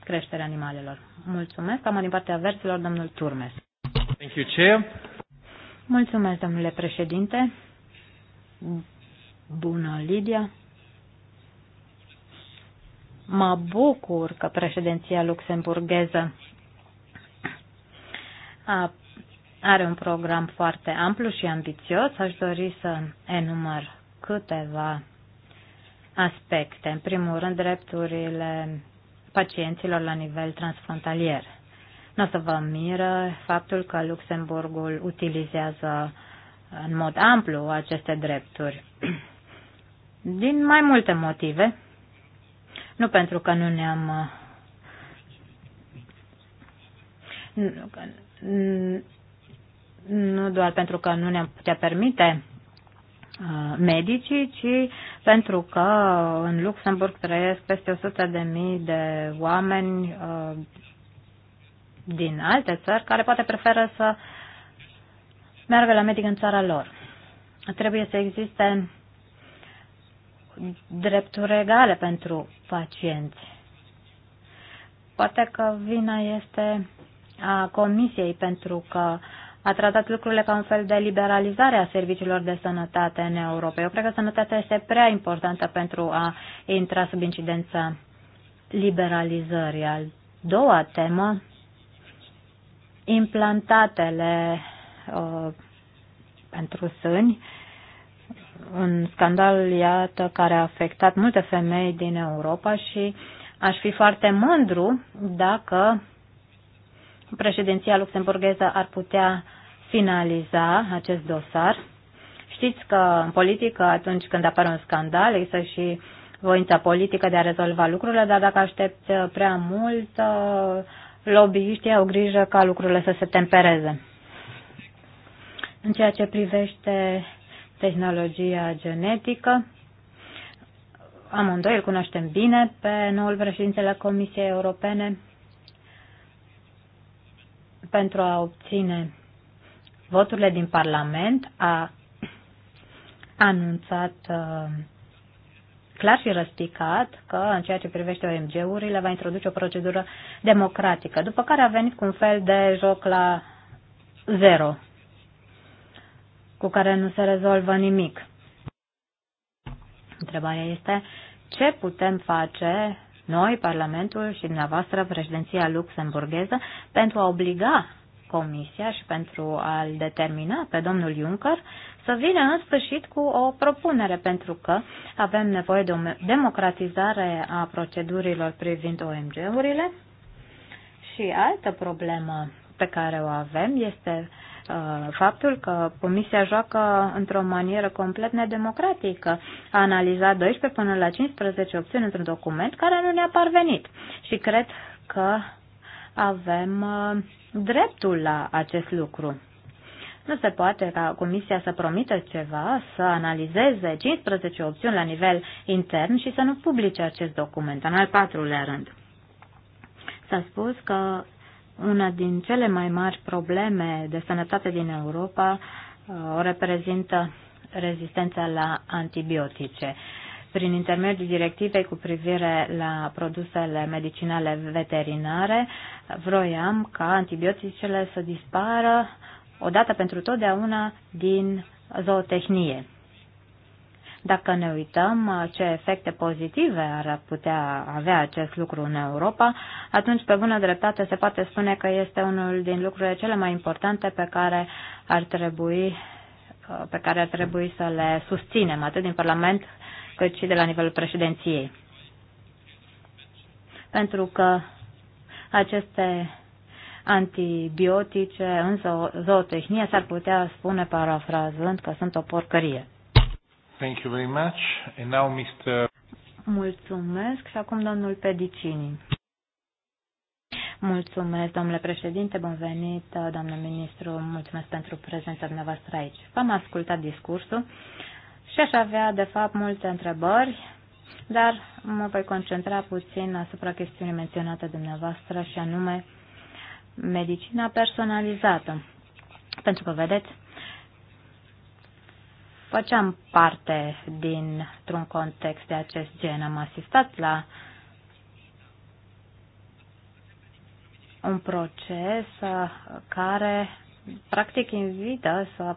creșterea animalelor. Mulțumesc. Am din partea verților, domnul Turmes. Thank you, Chair. Mulțumesc, domnule președinte. Bună, Lidia! Mă bucur că președinția luxemburgheză a, are un program foarte amplu și ambițios. Aș dori să enumăr câteva aspecte. În primul rând, drepturile pacienților la nivel transfrontalier. Nu o să vă miră faptul că Luxemburgul utilizează în mod amplu aceste drepturi. Din mai multe motive. Nu pentru că nu ne-am. Uh, nu doar pentru că nu ne-am putea permite uh, medicii, ci pentru că în Luxemburg trăiesc peste 100.000 de mii de oameni uh, din alte țări care poate preferă să uh, meargă la medic în țara lor. Trebuie să existe drepturi egale pentru pacienți. Poate că vina este a Comisiei pentru că a tratat lucrurile ca un fel de liberalizare a serviciilor de sănătate în Europa. Eu cred că sănătatea este prea importantă pentru a intra sub incidența liberalizării. Al doua temă, implantatele Uh, pentru sâni. Un scandal, iată, care a afectat multe femei din Europa și aș fi foarte mândru dacă președinția luxemburgheză ar putea finaliza acest dosar. Știți că în politică, atunci când apare un scandal, există și voința politică de a rezolva lucrurile, dar dacă aștepți prea mult, uh, lobbyiștii au grijă ca lucrurile să se tempereze. În ceea ce privește tehnologia genetică, amândoi îl cunoaștem bine pe noul președinte la Comisiei Europene pentru a obține voturile din Parlament a anunțat uh, clar și răspicat că în ceea ce privește OMG-urile va introduce o procedură democratică, după care a venit cu un fel de joc la zero cu care nu se rezolvă nimic. Întrebarea este ce putem face noi, Parlamentul și dumneavoastră, președinția luxemburgheză, pentru a obliga Comisia și pentru a-l determina pe domnul Juncker să vină în sfârșit cu o propunere, pentru că avem nevoie de o democratizare a procedurilor privind OMG-urile. Și altă problemă pe care o avem este Uh, faptul că Comisia joacă într-o manieră complet nedemocratică. A analizat 12 până la 15 opțiuni într-un document care nu ne-a parvenit. Și cred că avem uh, dreptul la acest lucru. Nu se poate ca Comisia să promită ceva, să analizeze 15 opțiuni la nivel intern și să nu publice acest document în al patrulea rând. S-a spus că una din cele mai mari probleme de sănătate din Europa uh, o reprezintă rezistența la antibiotice. Prin intermediul directivei cu privire la produsele medicinale veterinare, vroiam ca antibioticele să dispară odată pentru totdeauna din zootehnie. Dacă ne uităm uh, ce efecte pozitive ar putea avea acest lucru în Europa, atunci pe bună dreptate se poate spune că este unul din lucrurile cele mai importante pe care ar trebui uh, pe care ar trebui să le susținem atât din Parlament cât și de la nivelul președinției. Pentru că aceste antibiotice în zootehnie s-ar putea spune parafrazând că sunt o porcărie. Thank you very much. And now Mr. Mulțumesc și acum domnul Pedicini. Mulțumesc, domnule președinte, bun venit, doamnă ministru, mulțumesc pentru prezența dumneavoastră aici. V-am ascultat discursul și aș avea, de fapt, multe întrebări, dar mă voi concentra puțin asupra chestiunii menționate dumneavoastră și anume medicina personalizată. Pentru că, vedeți, făceam parte dintr-un context de acest gen. Am asistat la un proces uh, care practic invită să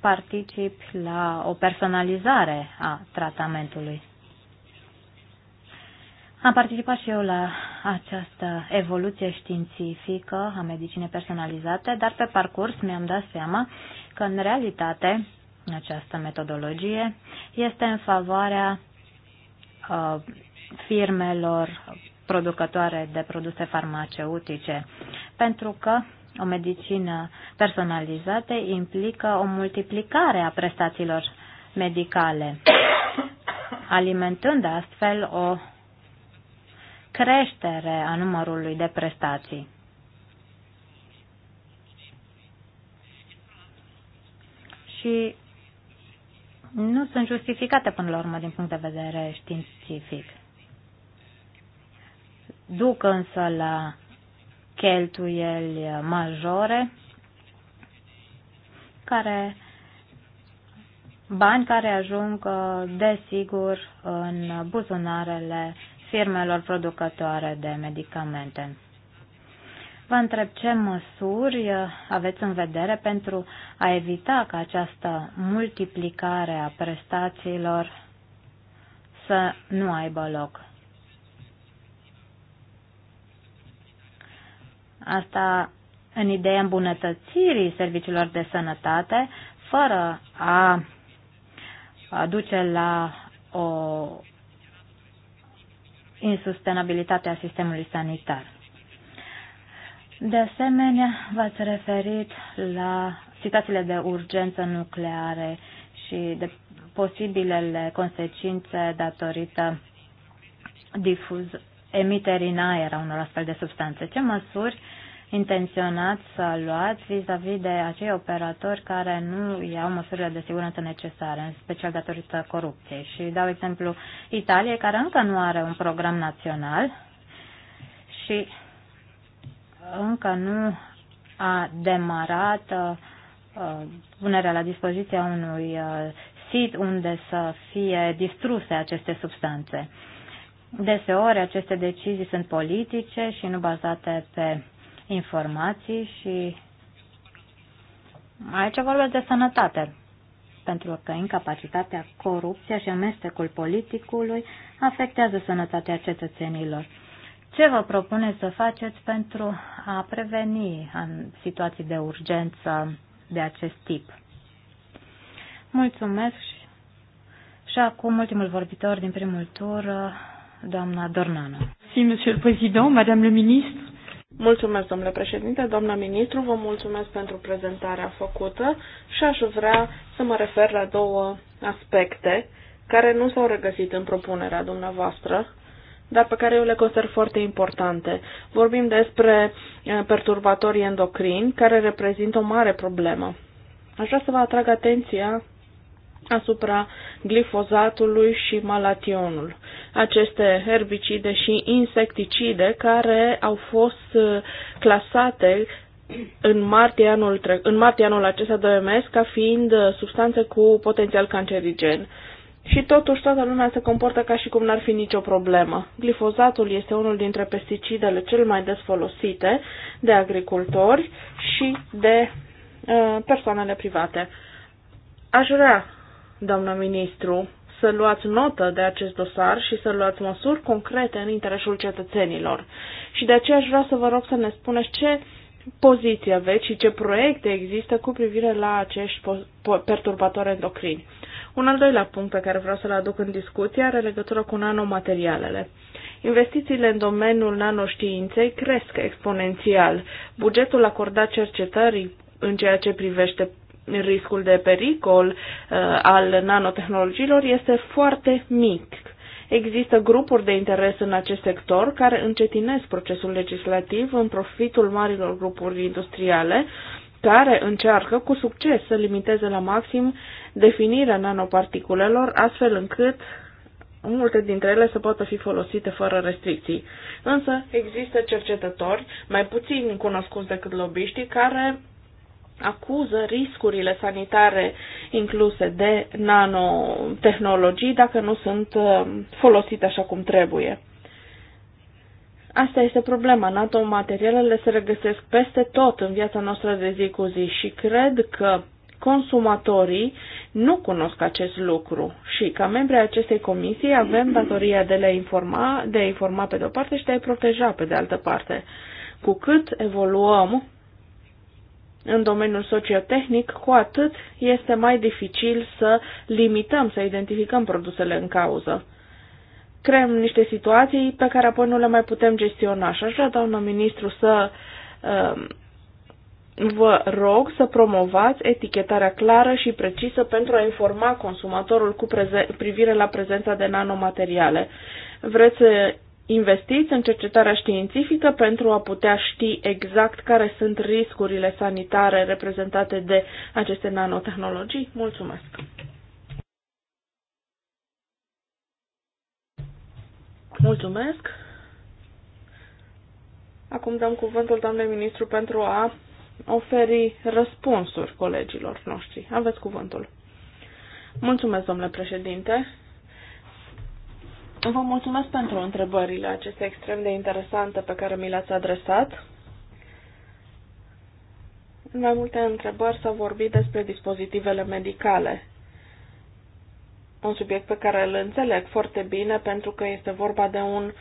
particip la o personalizare a tratamentului. Am participat și eu la această evoluție științifică a medicinei personalizate, dar pe parcurs mi-am dat seama că, în realitate, această metodologie este în favoarea uh, firmelor producătoare de produse farmaceutice, pentru că o medicină personalizată implică o multiplicare a prestațiilor medicale, alimentând astfel o creștere a numărului de prestații. Și nu sunt justificate până la urmă din punct de vedere științific. Duc însă la cheltuieli majore care bani care ajung desigur în buzunarele firmelor producătoare de medicamente. Vă întreb ce măsuri uh, aveți în vedere pentru a evita ca această multiplicare a prestațiilor să nu aibă loc. Asta în ideea îmbunătățirii serviciilor de sănătate, fără a duce la o insustenabilitate a sistemului sanitar. De asemenea, v-ați referit la situațiile de urgență nucleare și de posibilele consecințe datorită difuz, emiterii în aer a unor astfel de substanțe. Ce măsuri intenționați să luați vis-a-vis -vis de acei operatori care nu iau măsurile de siguranță necesare, în special datorită corupției? Și dau exemplu Italiei, care încă nu are un program național și încă nu a demarat uh, punerea la dispoziția unui uh, sit unde să fie distruse aceste substanțe. Deseori aceste decizii sunt politice și nu bazate pe informații și aici vorbesc de sănătate, pentru că incapacitatea, corupția și amestecul politicului afectează sănătatea cetățenilor. Ce vă propuneți să faceți pentru a preveni în situații de urgență de acest tip? Mulțumesc și acum ultimul vorbitor din primul tur, doamna Dornanu. Si, monsieur le président, madame le ministre. Mulțumesc, domnule președinte, doamna ministru, vă mulțumesc pentru prezentarea făcută și aș vrea să mă refer la două aspecte care nu s-au regăsit în propunerea dumneavoastră dar pe care eu le consider foarte importante. Vorbim despre eh, perturbatorii endocrini, care reprezintă o mare problemă. Aș vrea să vă atrag atenția asupra glifozatului și malationul. Aceste herbicide și insecticide care au fost eh, clasate în martie anul, tre- în martie anul acesta de OMS ca fiind eh, substanțe cu potențial cancerigen. Și totuși toată lumea se comportă ca și cum n-ar fi nicio problemă. Glifozatul este unul dintre pesticidele cel mai des folosite de agricultori și de uh, persoanele private. Aș vrea, doamnă ministru, să luați notă de acest dosar și să luați măsuri concrete în interesul cetățenilor. Și de aceea aș vrea să vă rog să ne spuneți ce poziție aveți și ce proiecte există cu privire la acești perturbatori endocrini. Un al doilea punct pe care vreau să-l aduc în discuție are legătură cu nanomaterialele. Investițiile în domeniul nanoștiinței cresc exponențial. Bugetul acordat cercetării în ceea ce privește riscul de pericol uh, al nanotehnologiilor este foarte mic. Există grupuri de interes în acest sector care încetinesc procesul legislativ în profitul marilor grupuri industriale care încearcă cu succes să limiteze la maxim definirea nanoparticulelor, astfel încât multe dintre ele să poată fi folosite fără restricții. Însă există cercetători, mai puțin cunoscuți decât lobiștii, care acuză riscurile sanitare incluse de nanotehnologii dacă nu sunt uh, folosite așa cum trebuie. Asta este problema. Nanomaterialele se regăsesc peste tot în viața noastră de zi cu zi și cred că consumatorii nu cunosc acest lucru și ca membri ai acestei comisii avem datoria de, le informa, de a informa pe de-o parte și de a-i proteja pe de altă parte. Cu cât evoluăm în domeniul sociotehnic, cu atât este mai dificil să limităm, să identificăm produsele în cauză. Creăm niște situații pe care apoi nu le mai putem gestiona și aș vrea, doamnă ministru, să uh, vă rog să promovați etichetarea clară și precisă pentru a informa consumatorul cu privire la prezența de nanomateriale. Vreți să investiți în cercetarea științifică pentru a putea ști exact care sunt riscurile sanitare reprezentate de aceste nanotehnologii? Mulțumesc! Mulțumesc! Acum dăm cuvântul doamnei ministru pentru a oferi răspunsuri colegilor noștri. Aveți cuvântul. Mulțumesc, domnule președinte. Vă mulțumesc pentru întrebările acestea extrem de interesante pe care mi le-ați adresat. În mai multe întrebări s-a vorbit despre dispozitivele medicale. Un subiect pe care îl înțeleg foarte bine pentru că este vorba de un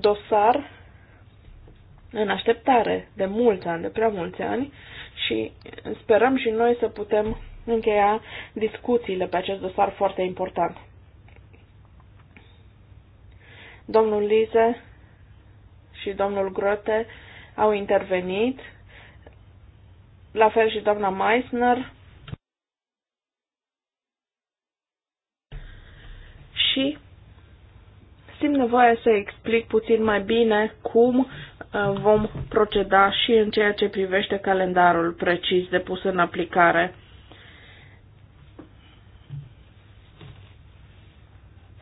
dosar în așteptare de mulți ani, de prea mulți ani și sperăm și noi să putem încheia discuțiile pe acest dosar foarte important. Domnul Lize și domnul Grote au intervenit, la fel și doamna Meissner. Și simt nevoia să explic puțin mai bine cum uh, vom proceda și în ceea ce privește calendarul precis de pus în aplicare.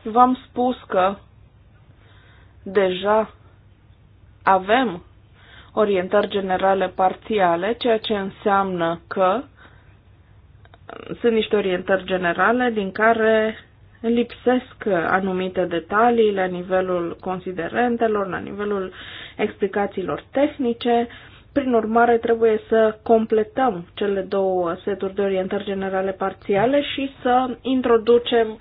V-am spus că deja avem orientări generale parțiale, ceea ce înseamnă că uh, sunt niște orientări generale din care lipsesc anumite detalii la nivelul considerentelor, la nivelul explicațiilor tehnice. Prin urmare, trebuie să completăm cele două seturi de orientări generale parțiale și să introducem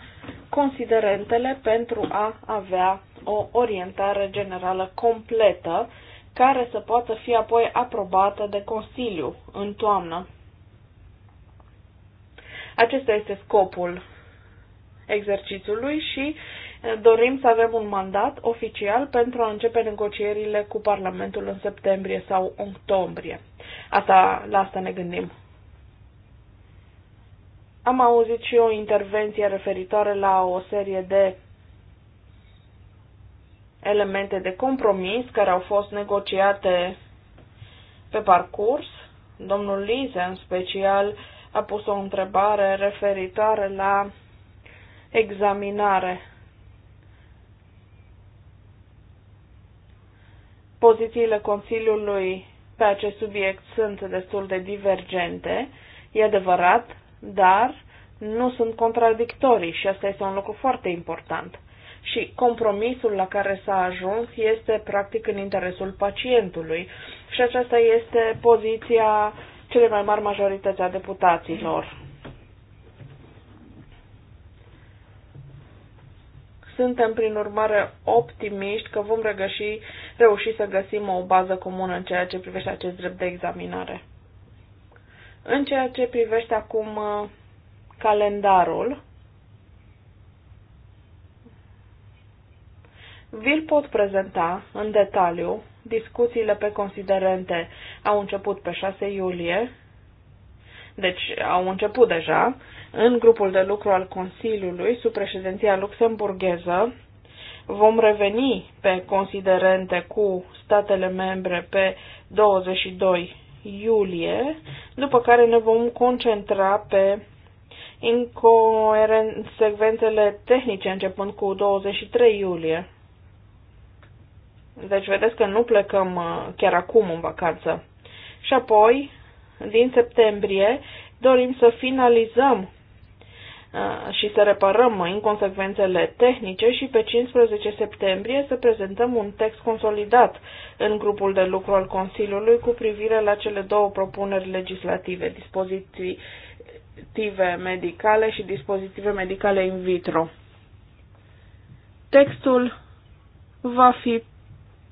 considerentele pentru a avea o orientare generală completă care să poată fi apoi aprobată de Consiliu în toamnă. Acesta este scopul exercițiului și eh, dorim să avem un mandat oficial pentru a începe negocierile cu Parlamentul în septembrie sau octombrie. Asta, la asta ne gândim. Am auzit și o intervenție referitoare la o serie de elemente de compromis care au fost negociate pe parcurs. Domnul Lise, în special, a pus o întrebare referitoare la examinare. Pozițiile Consiliului pe acest subiect sunt destul de divergente, e adevărat, dar nu sunt contradictorii și asta este un lucru foarte important. Și compromisul la care s-a ajuns este practic în interesul pacientului și aceasta este poziția cele mai mari majorități a deputaților. Suntem, prin urmare, optimiști că vom regăși, reuși să găsim o bază comună în ceea ce privește acest drept de examinare. În ceea ce privește acum uh, calendarul, vi-l pot prezenta în detaliu. Discuțiile pe considerente au început pe 6 iulie, deci au început deja. În grupul de lucru al Consiliului, sub președinția luxemburgheză, vom reveni pe considerente cu statele membre pe 22 iulie, după care ne vom concentra pe secvențele tehnice începând cu 23 iulie. Deci vedeți că nu plecăm uh, chiar acum în vacanță. Și apoi, din septembrie, dorim să finalizăm Ah, și să reparăm inconsecvențele tehnice și pe 15 septembrie să prezentăm un text consolidat în grupul de lucru al Consiliului cu privire la cele două propuneri legislative, dispozitive medicale și dispozitive medicale in vitro. Textul va fi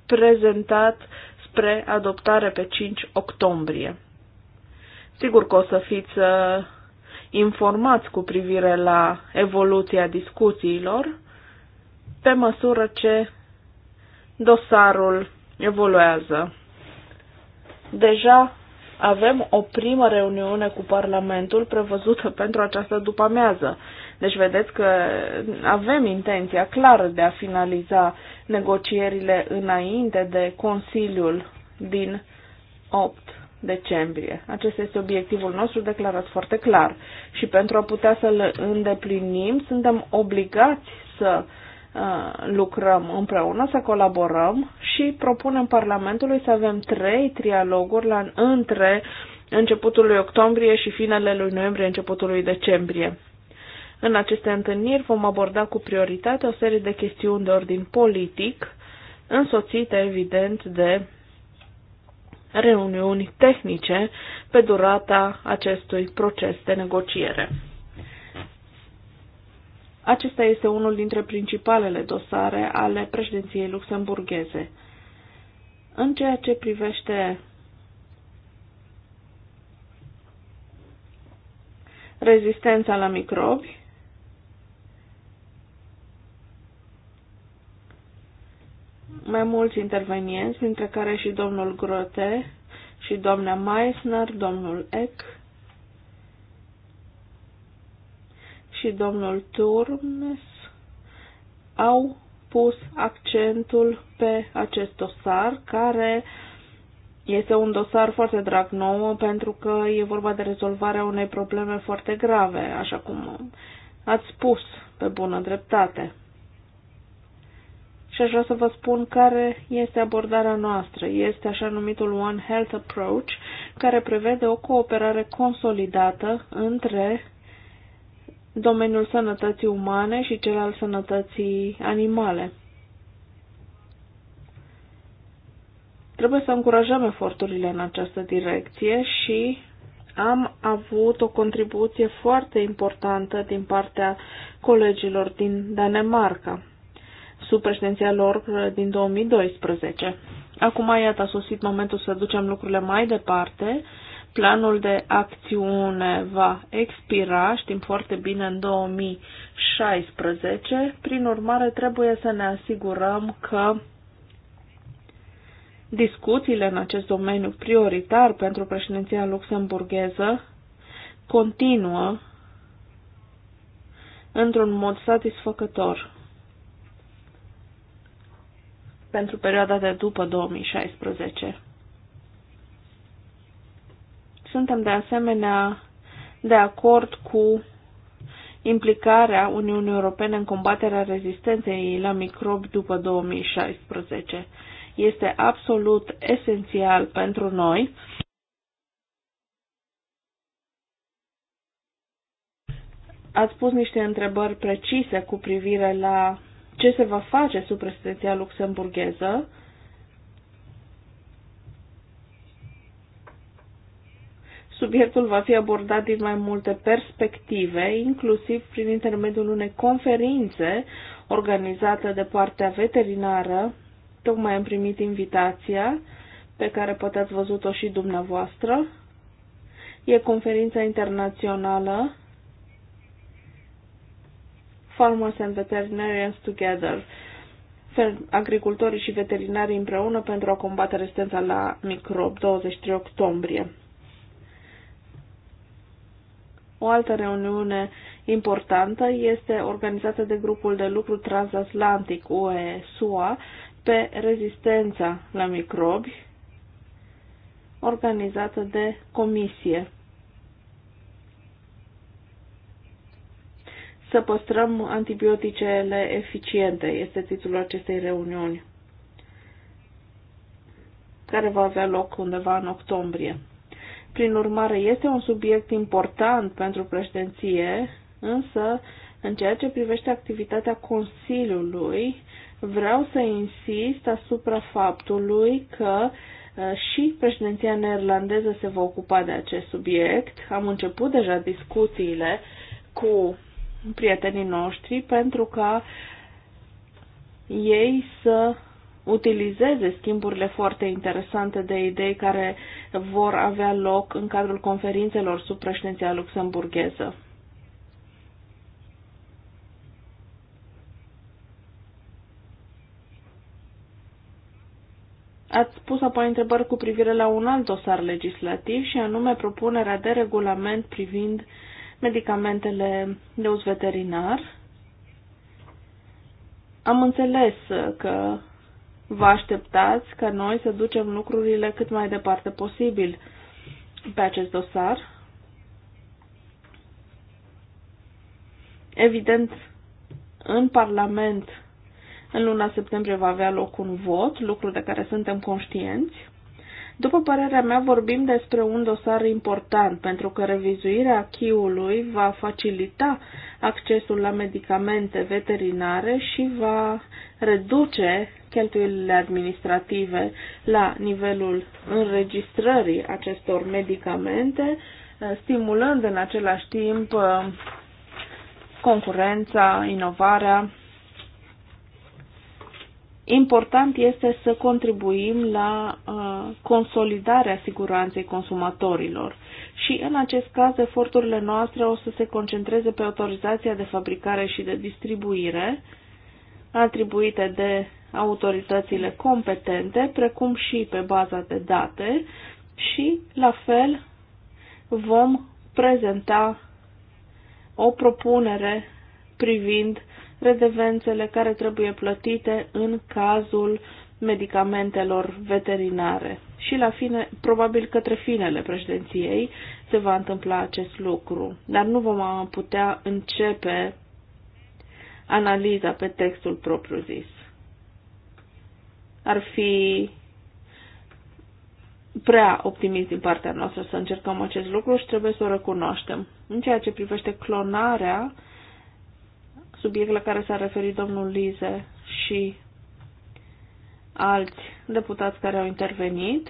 prezentat spre adoptare pe 5 octombrie. Sigur că o să fiți uh, informați cu privire la evoluția discuțiilor pe măsură ce dosarul evoluează. Deja avem o primă reuniune cu Parlamentul prevăzută pentru această după-amiază. Deci vedeți că avem intenția clară de a finaliza negocierile înainte de Consiliul din 8 decembrie. Acesta este obiectivul nostru declarat foarte clar și pentru a putea să-l îndeplinim, suntem obligați să uh, lucrăm împreună, să colaborăm și propunem Parlamentului să avem trei trialoguri la, între începutul lui octombrie și finele lui noiembrie, începutul lui decembrie. În aceste întâlniri vom aborda cu prioritate o serie de chestiuni de ordin politic, însoțite, evident, de reuniuni tehnice pe durata acestui proces de negociere. Acesta este unul dintre principalele dosare ale președinției luxemburgheze. În ceea ce privește rezistența la microbi, mai mulți intervenienți, dintre care și domnul Grote și doamna Meissner, domnul Eck și domnul Turmes au pus accentul pe acest dosar care este un dosar foarte drag nou pentru că e vorba de rezolvarea unei probleme foarte grave, așa cum ați spus pe bună dreptate și aș vrea să vă spun care este abordarea noastră. Este așa numitul One Health Approach, care prevede o cooperare consolidată între domeniul sănătății umane și cel al sănătății animale. Trebuie să încurajăm eforturile în această direcție și am avut o contribuție foarte importantă din partea colegilor din Danemarca sub președinția lor uh, din 2012. Acum, iată, a sosit momentul să ducem lucrurile mai departe. Planul de acțiune va expira, știm foarte bine, în 2016. Prin urmare, trebuie să ne asigurăm că discuțiile în acest domeniu prioritar pentru președinția luxemburgheză continuă într-un mod satisfăcător pentru perioada de după 2016. Suntem de asemenea de acord cu implicarea Uniunii Europene în combaterea rezistenței la microbi după 2016. Este absolut esențial pentru noi ați pus niște întrebări precise cu privire la ce se va face sub președinția luxemburgheză. Subiectul va fi abordat din mai multe perspective, inclusiv prin intermediul unei conferințe organizată de partea veterinară. Tocmai am primit invitația pe care poate ați văzut-o și dumneavoastră. E conferința internațională Farmers and Veterinarians Together, agricultorii și veterinarii împreună pentru a combate rezistența la microb, 23 octombrie. O altă reuniune importantă este organizată de grupul de lucru transatlantic UE-SUA pe rezistența la microbi, organizată de comisie să păstrăm antibioticele eficiente, este titlul acestei reuniuni, care va avea loc undeva în octombrie. Prin urmare, este un subiect important pentru președinție, însă, în ceea ce privește activitatea Consiliului, vreau să insist asupra faptului că uh, și președinția neerlandeză se va ocupa de acest subiect. Am început deja discuțiile cu prietenii noștri pentru ca ei să utilizeze schimburile foarte interesante de idei care vor avea loc în cadrul conferințelor sub președinția luxemburgheză. Ați pus apoi întrebări cu privire la un alt dosar legislativ și anume propunerea de regulament privind uh, medicamentele de uz veterinar. Am înțeles că vă așteptați ca noi să ducem lucrurile cât mai departe posibil pe acest dosar. Evident, în Parlament, în luna septembrie va avea loc un vot, lucru de care suntem conștienți. După părerea mea, vorbim despre un dosar important, pentru că revizuirea chiului va facilita accesul la medicamente veterinare și va reduce cheltuielile administrative la nivelul înregistrării acestor medicamente, stimulând în același timp uh, concurența, inovarea Important este să contribuim la uh, consolidarea siguranței consumatorilor și în acest caz eforturile noastre o să se concentreze pe autorizația de fabricare și de distribuire atribuite de autoritățile competente, precum și pe baza de date și la fel vom prezenta o propunere privind redevențele care trebuie plătite în cazul medicamentelor veterinare. Și la fine, probabil către finele președinției se va întâmpla acest lucru, dar nu vom putea începe analiza pe textul propriu-zis. Ar fi prea optimist din partea noastră să încercăm acest lucru și trebuie să o recunoaștem. În ceea ce privește clonarea, subiect la care s-a referit domnul Lize și alți deputați care au intervenit.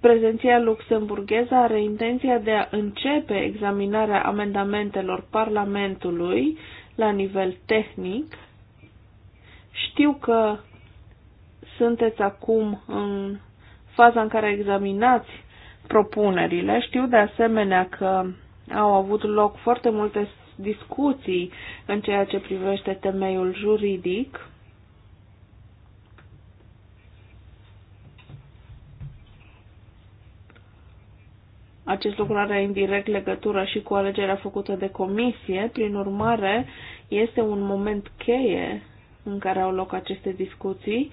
Prezenția luxemburgheză are intenția de a începe examinarea amendamentelor Parlamentului la nivel tehnic. Știu că sunteți acum în faza în care examinați propunerile. Știu de asemenea că au avut loc foarte multe discuții în ceea ce privește temeiul juridic. Acest lucru are indirect legătură și cu alegerea făcută de comisie, prin urmare, este un moment cheie în care au loc aceste discuții.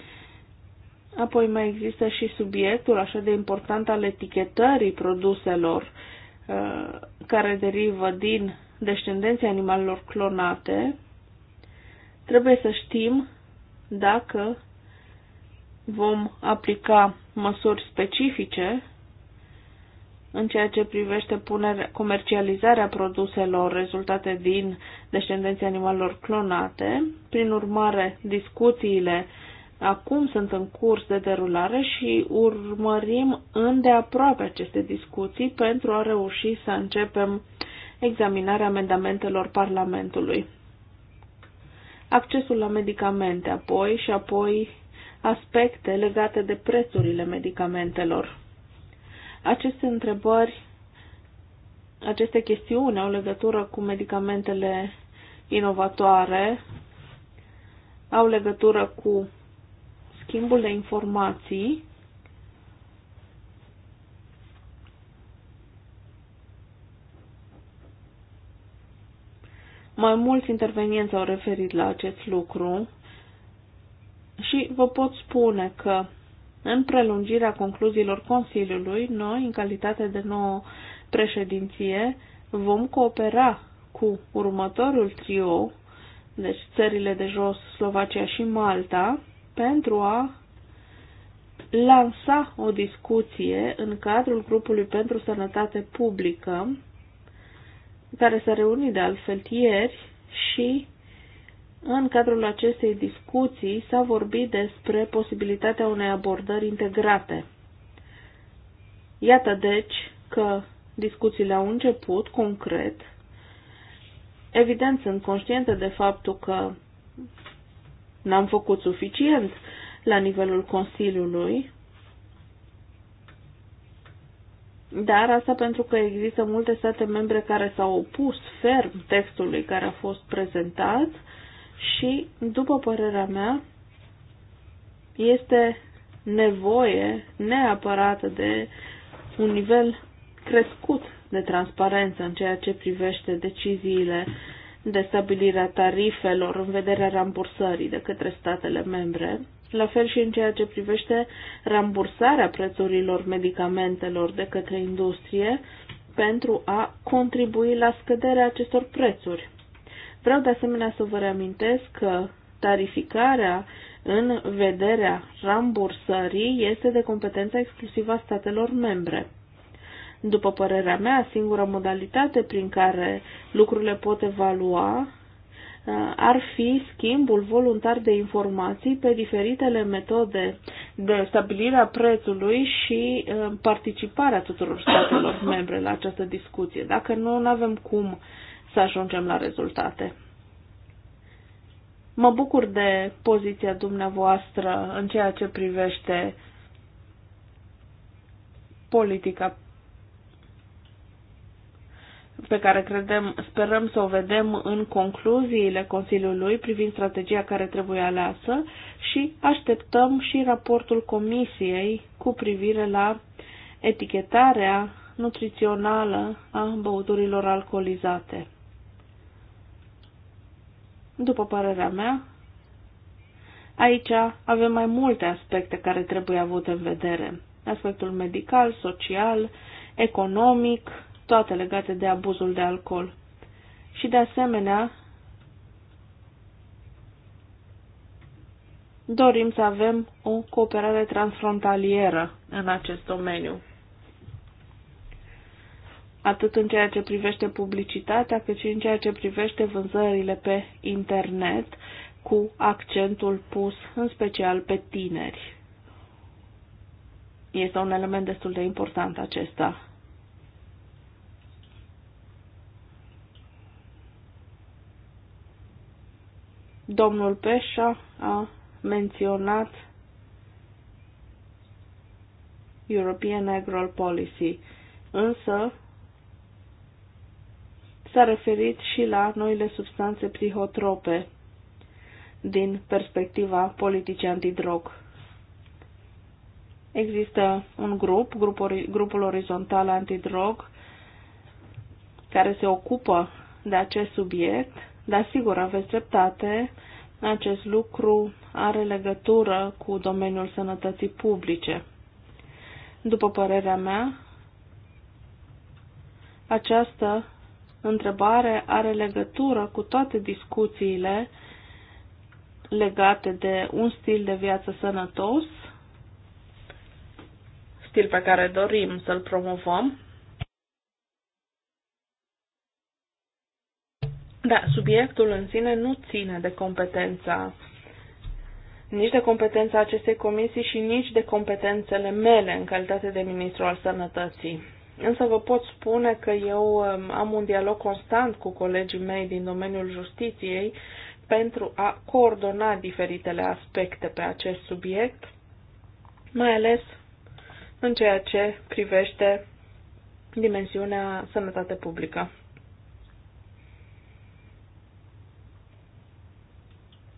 Apoi mai există și subiectul așa de important al etichetării produselor uh, care derivă din descendenții animalelor clonate, trebuie să știm dacă vom aplica măsuri specifice în ceea ce privește punerea, comercializarea produselor rezultate din descendenții animalelor clonate. Prin urmare, discuțiile acum sunt în curs de derulare și urmărim îndeaproape aceste discuții pentru a reuși să începem uh, examinarea amendamentelor Parlamentului. Accesul la medicamente apoi și apoi aspecte legate de prețurile medicamentelor. Aceste întrebări, aceste chestiuni au legătură cu medicamentele inovatoare, au legătură cu schimbul de informații Mai mulți intervenienți au referit la acest lucru și vă pot spune că în prelungirea concluziilor Consiliului, noi, în calitate de nouă președinție, vom coopera cu următorul trio, deci țările de jos, Slovacia și Malta, pentru a lansa o discuție în cadrul grupului pentru sănătate publică care s-a reunit de altfel ieri și în cadrul acestei discuții s-a vorbit despre posibilitatea unei abordări integrate. Iată deci că discuțiile au început concret. Evident, sunt conștientă de faptul că n-am făcut suficient la nivelul Consiliului, Dar asta pentru că există multe state membre care s-au opus ferm textului care a fost prezentat și, după părerea mea, este nevoie neapărată de un nivel crescut de transparență în ceea ce privește deciziile de stabilire a tarifelor în vederea rambursării de către statele membre la fel și în ceea ce privește rambursarea prețurilor medicamentelor de către industrie pentru a contribui la scăderea acestor prețuri. Vreau de asemenea să vă reamintesc că tarificarea în vederea rambursării este de competența exclusivă a statelor membre. După părerea mea, singura modalitate prin care lucrurile pot evalua Uh, ar fi schimbul voluntar de informații pe diferitele metode de stabilire a prețului și uh, participarea tuturor statelor membre la această discuție. Dacă nu, nu avem cum să ajungem la rezultate. Mă bucur de poziția dumneavoastră în ceea ce privește politica pe care credem, sperăm să o vedem în concluziile Consiliului privind strategia care trebuie aleasă și așteptăm și raportul Comisiei cu privire la etichetarea nutrițională a băuturilor alcoolizate. După părerea mea, aici avem mai multe aspecte care trebuie avute în vedere. Aspectul medical, social, economic, toate legate de abuzul de alcool. Și de asemenea, dorim să avem o cooperare transfrontalieră în acest domeniu. Atât în ceea ce privește publicitatea, cât și în ceea ce privește vânzările pe internet, cu accentul pus în special pe tineri. Este un element destul de important acesta. Domnul Peșa a menționat European Agro Policy, însă s-a referit și la noile substanțe psihotrope din perspectiva politicii antidrog. Există un grup, grupul, orizontal antidrog, care se ocupă de acest subiect dar sigur, aveți dreptate, acest lucru are legătură cu domeniul sănătății publice. După părerea mea, această întrebare are legătură cu toate discuțiile legate de un stil de viață sănătos, stil pe care dorim să-l promovăm, Da, subiectul în sine nu ține de competența nici de competența acestei comisii și nici de competențele mele în calitate de ministru al sănătății. Însă vă pot spune că eu um, am un dialog constant cu colegii mei din domeniul justiției pentru a coordona diferitele aspecte pe acest subiect, mai ales în ceea ce privește dimensiunea sănătate publică.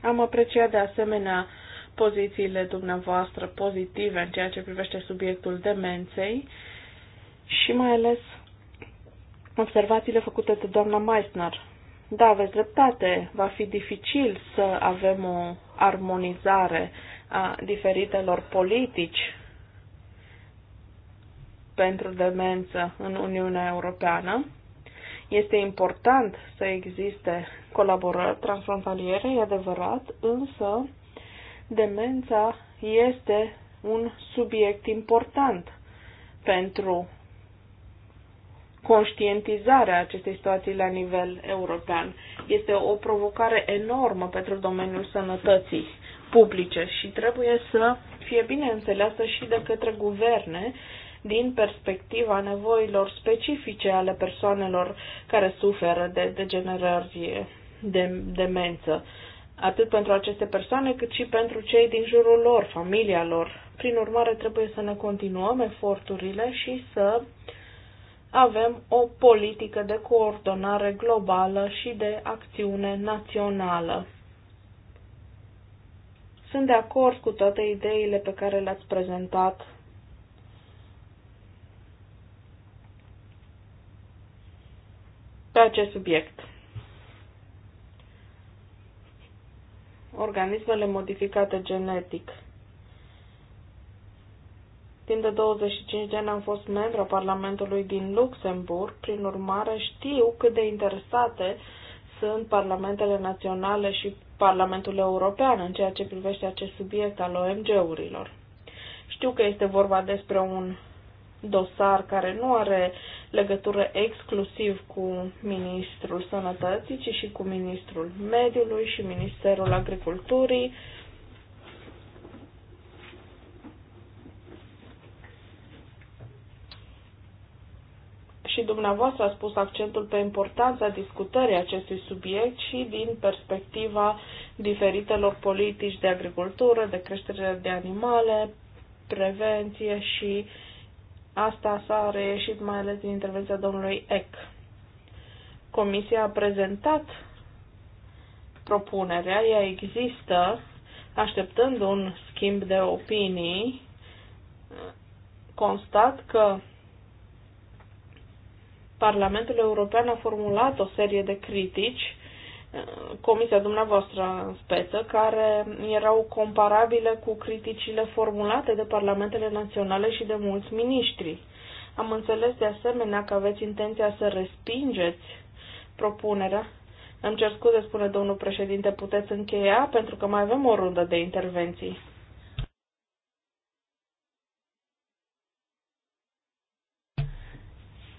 Am apreciat de asemenea pozițiile dumneavoastră pozitive în ceea ce privește subiectul demenței și mai ales observațiile făcute de doamna Meissner. Da, aveți dreptate, va fi dificil să avem o armonizare a diferitelor politici pentru demență în Uniunea Europeană este important să existe colaborări transfrontaliere, e adevărat, însă demența este un subiect important pentru conștientizarea acestei situații la nivel european. Este o provocare enormă pentru domeniul sănătății publice și trebuie să fie bine înțeleasă și de către guverne din perspectiva nevoilor specifice ale persoanelor care suferă de degenerări de demență, atât pentru aceste persoane cât și pentru cei din jurul lor, familia lor. Prin urmare, trebuie să ne continuăm eforturile și să avem o politică de coordonare globală și de acțiune națională. Sunt de acord cu toate ideile pe care le-ați prezentat pe acest subiect. Organismele modificate genetic. Timp de 25 de ani am fost membru a Parlamentului din Luxemburg, prin urmare știu cât de interesate sunt parlamentele naționale și Parlamentul European în ceea ce privește acest subiect al OMG-urilor. Știu că este vorba despre un dosar care nu are legătură exclusiv cu Ministrul Sănătății, ci și cu Ministrul Mediului și Ministerul Agriculturii. și dumneavoastră a spus accentul pe importanța discutării acestui subiect și din perspectiva diferitelor politici de agricultură, de creștere de animale, prevenție și Asta s-a reieșit mai ales din intervenția domnului Eck. Comisia a prezentat propunerea, ea există, așteptând un schimb de opinii, constat că Parlamentul European a formulat o serie de critici comisia dumneavoastră în speță, care erau comparabile cu criticile formulate de parlamentele naționale și de mulți miniștri. Am înțeles de asemenea că aveți intenția să respingeți propunerea. Îmi cer scuze, spune domnul președinte, puteți încheia pentru că mai avem o rundă de intervenții.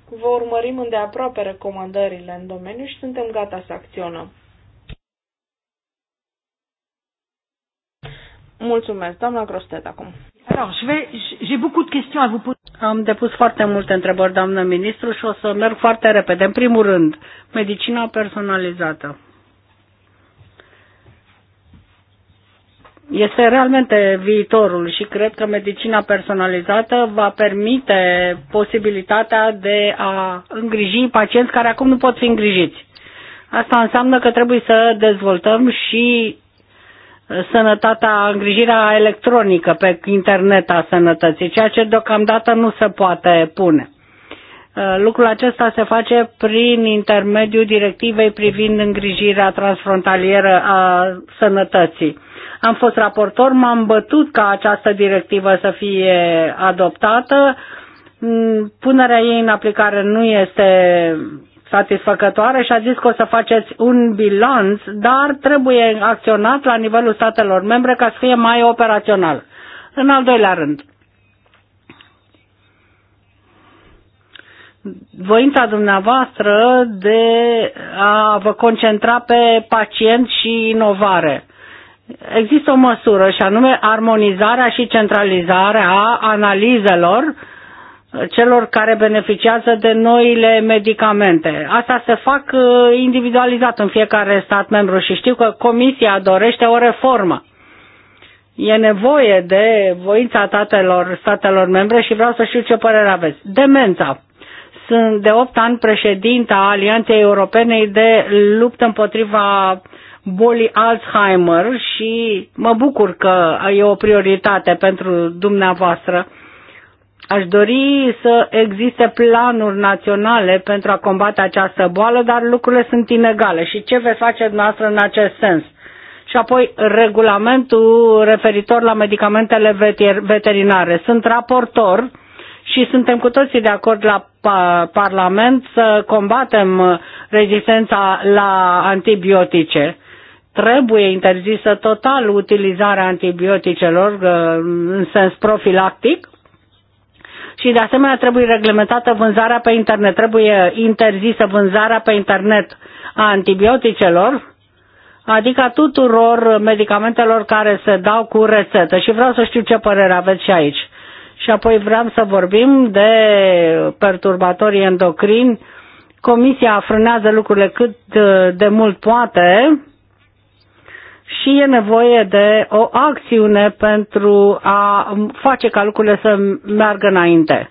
Vă urmărim îndeaproape recomandările în domeniu și suntem gata să acționăm. Mulțumesc, doamna Grostet, acum. Am depus foarte multe întrebări, doamnă ministru, și o să merg foarte repede. În primul rând, medicina personalizată. Este realmente viitorul și cred că medicina personalizată va permite posibilitatea de a îngriji pacienți care acum nu pot fi îngrijiți. Asta înseamnă că trebuie să dezvoltăm și sănătatea, îngrijirea electronică pe internet a sănătății, ceea ce deocamdată nu se poate pune. Uh, lucrul acesta se face prin intermediul directivei privind îngrijirea transfrontalieră a sănătății. Am fost raportor, m-am bătut ca această directivă să fie adoptată. Mm, punerea ei în aplicare nu este satisfăcătoare și a zis că o să faceți un bilanț, dar trebuie acționat la nivelul statelor membre ca să fie mai operațional. În al doilea rând, voința dumneavoastră de a vă concentra pe pacient și inovare. Există o măsură și anume armonizarea și centralizarea analizelor celor care beneficiază de noile medicamente. Asta se fac uh, individualizat în fiecare stat membru și știu că Comisia dorește o reformă. E nevoie de voința tatelor, statelor membre și vreau să știu ce părere aveți. Demența. Sunt de 8 ani președinta Alianței Europene de luptă împotriva bolii Alzheimer și mă bucur că e o prioritate pentru dumneavoastră Aș dori să existe planuri naționale pentru a combate această boală, dar lucrurile sunt inegale. Și ce veți face dumneavoastră în acest sens? Și apoi regulamentul referitor la medicamentele veterinare. Sunt raportor și suntem cu toții de acord la Parlament să combatem rezistența la antibiotice. Trebuie interzisă total utilizarea antibioticelor uh, în sens profilactic și de asemenea trebuie reglementată vânzarea pe internet, trebuie interzisă vânzarea pe internet a antibioticelor, adică a tuturor medicamentelor care se dau cu rețetă. Și vreau să știu ce părere aveți și aici. Și apoi vreau să vorbim de perturbatorii endocrini. Comisia frânează lucrurile cât de mult poate și e nevoie de o acțiune pentru a face ca lucrurile să meargă înainte.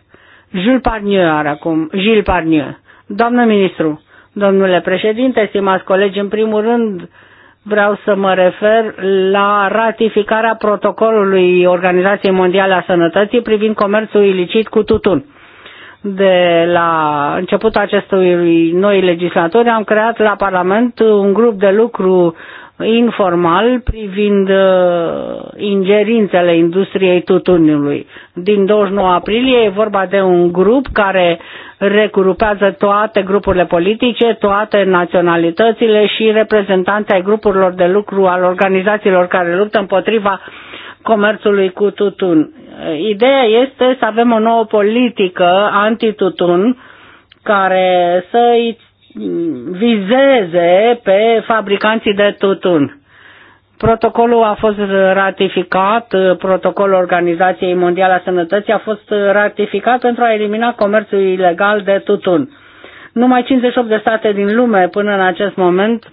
Jules Parnieu are acum. Jules Parnieu. Doamnă ministru, domnule președinte, stimați colegi, în primul rând vreau să mă refer la ratificarea protocolului Organizației Mondiale a Sănătății privind comerțul ilicit cu tutun. De la începutul acestui noi legislatori am creat la Parlament un grup de lucru informal privind uh, ingerințele industriei tutunului. Din 29 aprilie e vorba de un grup care recurupează toate grupurile politice, toate naționalitățile și reprezentanții ai grupurilor de lucru al organizațiilor care luptă împotriva comerțului cu tutun. Ideea este să avem o nouă politică anti-tutun care să îi vizeze pe fabricanții de tutun. Protocolul a fost ratificat, protocolul Organizației Mondiale a Sănătății a fost ratificat pentru a elimina comerțul ilegal de tutun. Numai 58 de state din lume până în acest moment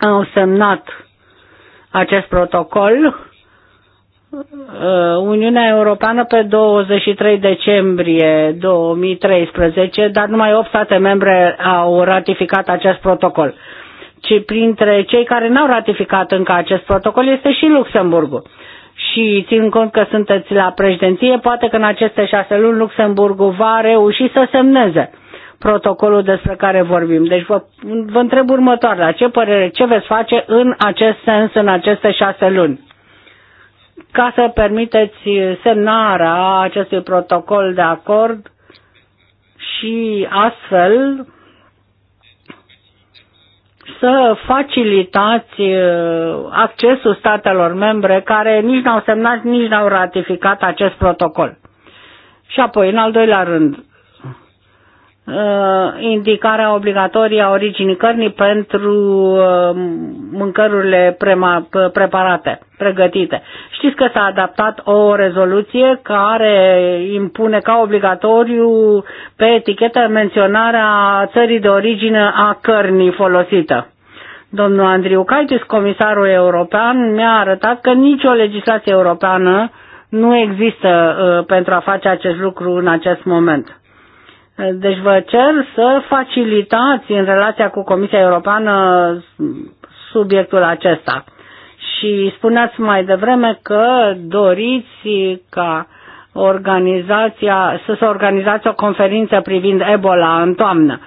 au semnat acest protocol Uh, Uniunea Europeană pe 23 decembrie 2013, dar numai 8 state membre au ratificat acest protocol. Ci printre cei care n-au ratificat încă acest protocol este și Luxemburgul. Și țin cont că sunteți la președinție, poate că în aceste șase luni Luxemburgul va reuși să semneze protocolul despre care vorbim. Deci vă, vă întreb următoarea, ce părere, ce veți face în acest sens în aceste șase luni? ca să permiteți semnarea acestui protocol de acord și astfel să facilitați uh, accesul statelor membre care nici n-au semnat, nici n-au ratificat acest protocol. Și apoi, în al doilea rând, Uh, indicarea obligatorie a originii cărnii pentru uh, mâncărurile preparate, pregătite. Știți că s-a adaptat o rezoluție care impune ca obligatoriu pe etichetă menționarea țării de origine a cărnii folosită. Domnul Andriu Caitis, comisarul european, mi-a arătat că nicio legislație europeană nu există uh, pentru a face acest lucru în acest moment deci vă cer să facilitați în relația cu Comisia Europeană subiectul acesta. Și spuneați mai devreme că doriți ca organizația, să se organizați o conferință privind Ebola în toamnă.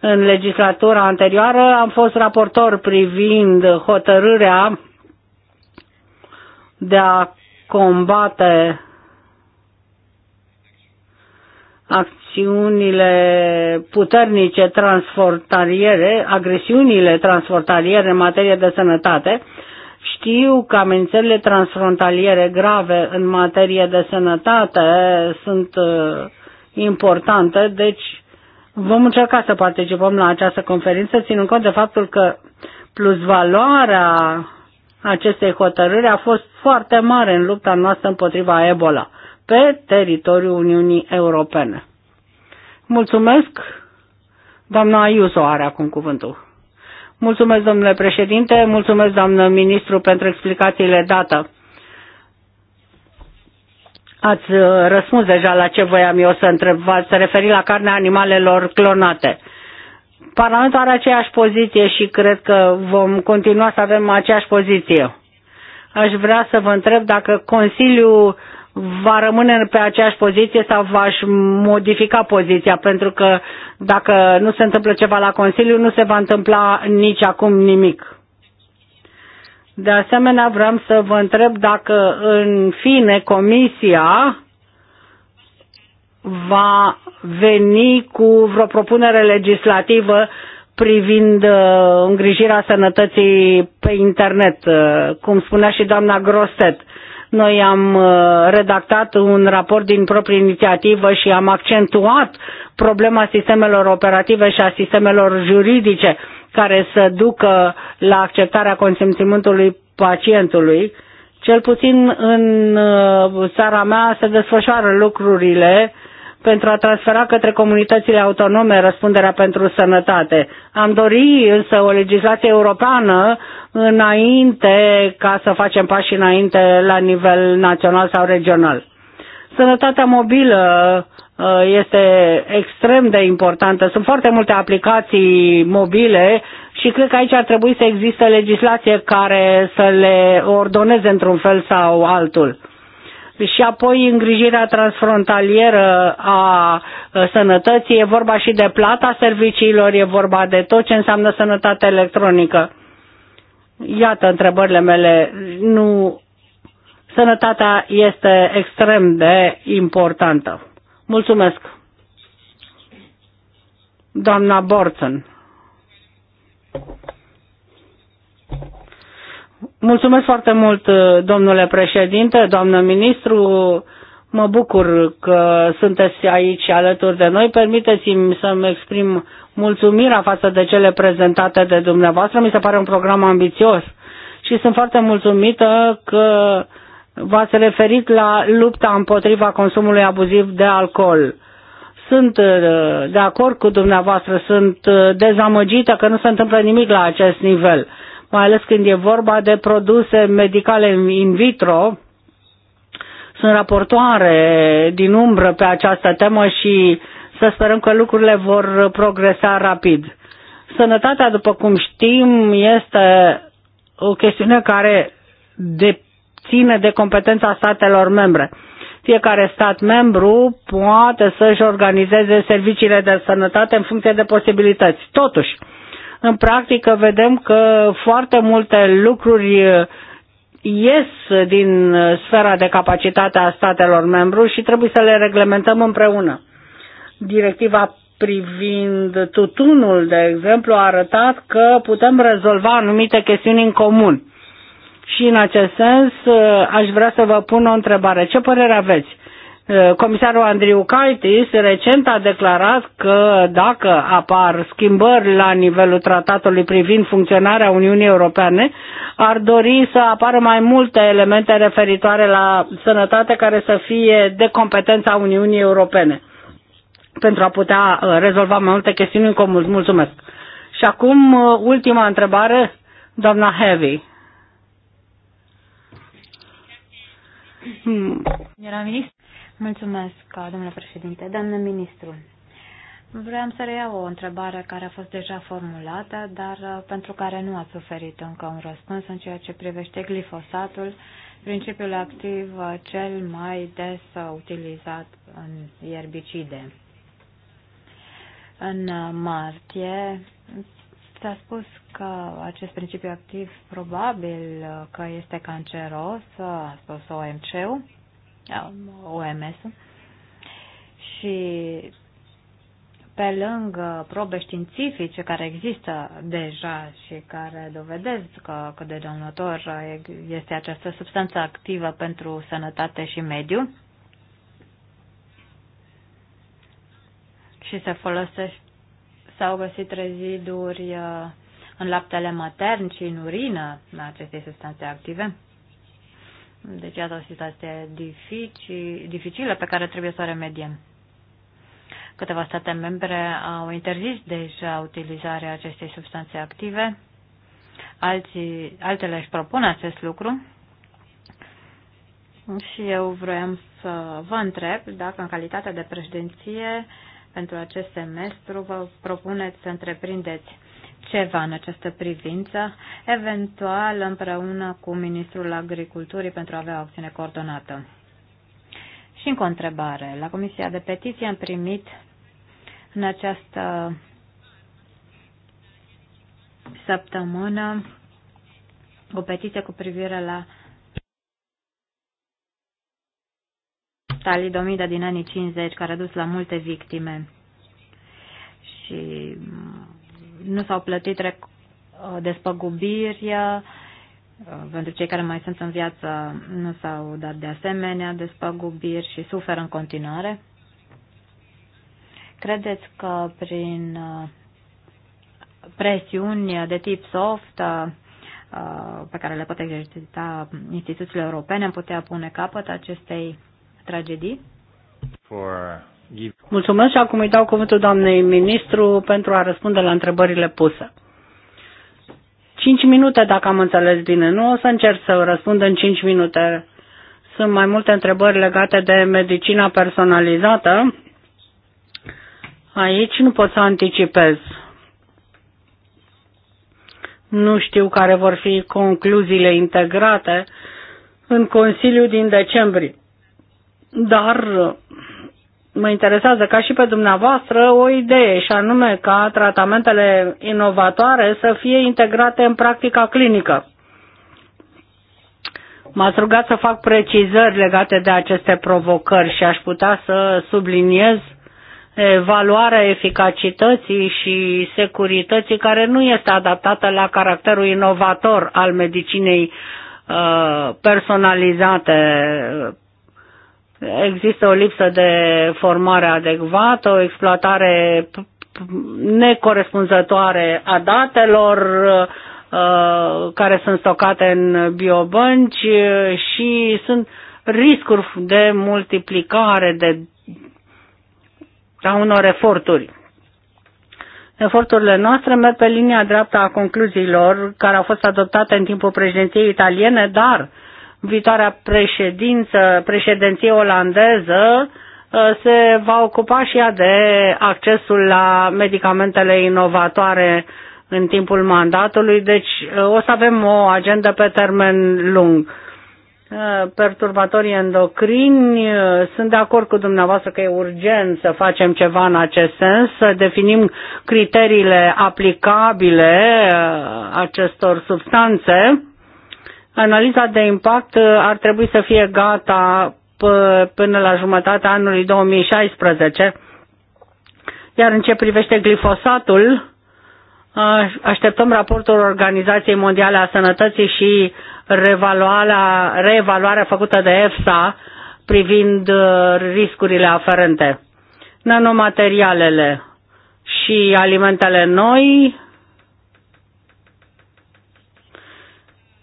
În legislatura anterioară am fost raportor privind hotărârea de a combate agresiunile puternice transfrontaliere, agresiunile transfrontaliere în materie de sănătate. Știu că amenințările transfrontaliere grave în materie de sănătate sunt uh, importante, deci vom încerca să participăm la această conferință, ținând cont de faptul că plusvaloarea acestei hotărâri a fost foarte mare în lupta noastră împotriva Ebola pe teritoriul Uniunii Europene. Mulțumesc. Doamna Ayuso are acum cuvântul. Mulțumesc, domnule președinte, mulțumesc, doamnă ministru, pentru explicațiile dată. Ați uh, răspuns deja la ce voiam eu să întreb. V-ați referit la carnea animalelor clonate. Parlamentul are aceeași poziție și cred că vom continua să avem aceeași poziție. Aș vrea să vă întreb dacă Consiliul va rămâne pe aceeași poziție sau va modifica poziția, pentru că dacă nu se întâmplă ceva la Consiliu, nu se va întâmpla nici acum nimic. De asemenea, vreau să vă întreb dacă, în fine, Comisia va veni cu vreo propunere legislativă privind uh, îngrijirea sănătății pe internet, uh, cum spunea și doamna Grosset noi am uh, redactat un raport din proprie inițiativă și am accentuat problema sistemelor operative și a sistemelor juridice care să ducă la acceptarea consimțământului pacientului. Cel puțin în uh, țara mea se desfășoară lucrurile pentru a transfera către comunitățile autonome răspunderea pentru sănătate. Am dori însă o legislație europeană înainte ca să facem pași înainte la nivel național sau regional. Sănătatea mobilă uh, este extrem de importantă. Sunt foarte multe aplicații mobile și cred că aici ar trebui să existe legislație care să le ordoneze într-un fel sau altul și apoi îngrijirea transfrontalieră a sănătății, e vorba și de plata serviciilor, e vorba de tot ce înseamnă sănătate electronică. Iată întrebările mele. Nu, sănătatea este extrem de importantă. Mulțumesc. Doamna Borțăn. Mulțumesc foarte mult, uh, domnule președinte, doamnă ministru. Mă bucur că sunteți aici alături de noi. Permiteți-mi să-mi exprim mulțumirea față de cele prezentate de dumneavoastră. Mi se pare un program ambițios și sunt foarte mulțumită că v-ați referit la lupta împotriva consumului abuziv de alcool. Sunt uh, de acord cu dumneavoastră, sunt uh, dezamăgită că nu se întâmplă nimic la acest nivel mai ales când e vorba de produse medicale in vitro. Sunt raportoare din umbră pe această temă și să sperăm că lucrurile vor progresa rapid. Sănătatea, după cum știm, este o chestiune care deține de competența statelor membre. Fiecare stat membru poate să-și organizeze serviciile de sănătate în funcție de posibilități. Totuși, în practică vedem că foarte multe lucruri uh, ies din uh, sfera de capacitate a statelor membru și trebuie să le reglementăm împreună. Directiva privind tutunul, de exemplu, a arătat că putem rezolva anumite chestiuni în comun. Și în acest sens uh, aș vrea să vă pun o întrebare. Ce părere aveți? Eh, comisarul Andriu Caitis recent a declarat că dacă apar schimbări la nivelul tratatului privind funcționarea Uniunii Europene, ar dori să apară mai multe elemente referitoare la sănătate care să fie de competența Uniunii Europene pentru a putea eh, rezolva mai multe chestiuni în comun. Mulțumesc. Și acum eh, ultima întrebare, doamna Heavy. Era ministru. Mulțumesc, domnule președinte. Doamne ministru, vreau să reiau o întrebare care a fost deja formulată, dar uh, pentru care nu ați oferit încă un răspuns în ceea ce privește glifosatul, principiul activ uh, cel mai des uh, utilizat în ierbicide. În martie s-a spus că acest principiu activ probabil că este canceros, a spus OMC-ul, oms și pe lângă probe științifice care există deja și care dovedesc că cât de domnător este această substanță activă pentru sănătate și mediu și se folosește, s-au găsit reziduri uh, în laptele matern și în urină a acestei substanțe active. Deci, iată o situație dificil, dificilă pe care trebuie să o remediem. Câteva state membre au interzis deja utilizarea acestei substanțe active. Alții, altele își propun acest lucru. Și eu vreau să vă întreb dacă, în calitate de președinție, pentru acest semestru vă propuneți să întreprindeți ceva în această privință, eventual împreună cu Ministrul Agriculturii pentru a avea o acțiune coordonată. Și încă o întrebare. La Comisia de Petiție am primit în această săptămână o petiție cu privire la talidomida din anii 50, care a dus la multe victime. Și nu s-au plătit uh, despăgubiri, uh, pentru cei care mai sunt în viață nu s-au dat de asemenea despăgubiri și suferă în continuare. Credeți că prin uh, presiuni de tip soft pe care le pot exercita instituțiile europene am putea pune capăt acestei tragedii? For Mulțumesc și acum îi dau cuvântul doamnei ministru pentru a răspunde la întrebările puse. Cinci minute, dacă am înțeles bine, nu o să încerc să răspund în cinci minute. Sunt mai multe întrebări legate de medicina personalizată. Aici nu pot să anticipez. Nu știu care vor fi concluziile integrate în Consiliu din decembrie. Dar mă interesează ca și pe dumneavoastră o idee și anume ca tratamentele inovatoare să fie integrate în practica clinică. M-ați rugat să fac precizări legate de aceste provocări și aș putea să subliniez evaluarea eficacității și securității care nu este adaptată la caracterul inovator al medicinei uh, personalizate Există o lipsă de formare adecvată, o exploatare necorespunzătoare a datelor uh, care sunt stocate în biobănci uh, și sunt riscuri de multiplicare de a unor eforturi. Eforturile noastre merg pe linia dreaptă a concluziilor care au fost adoptate în timpul președinției italiene, dar Viitoarea președință, președinție olandeză uh, se va ocupa și ea de accesul la medicamentele inovatoare în timpul mandatului, deci uh, o să avem o agendă pe termen lung. Uh, perturbatorii endocrini, sunt de acord cu dumneavoastră că e urgent să facem ceva în acest sens, să definim criteriile aplicabile acestor substanțe Analiza de impact uh, ar trebui să fie gata până la jumătatea anului 2016, iar în ce privește glifosatul, așteptăm raportul Organizației Mondiale a Sănătății și reevaluarea, reevaluarea făcută de EFSA privind uh, riscurile aferente. Nanomaterialele și alimentele noi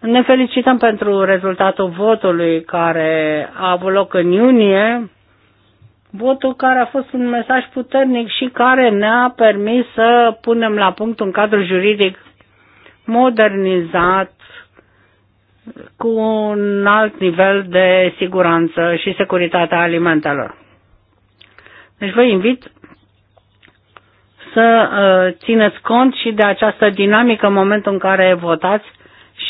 Ne felicităm pentru rezultatul votului care a avut loc în iunie, votul care a fost un mesaj puternic și care ne-a permis să punem la punct un cadru juridic modernizat cu un alt nivel de siguranță și securitatea alimentelor. Deci vă invit să uh, țineți cont și de această dinamică în momentul în care votați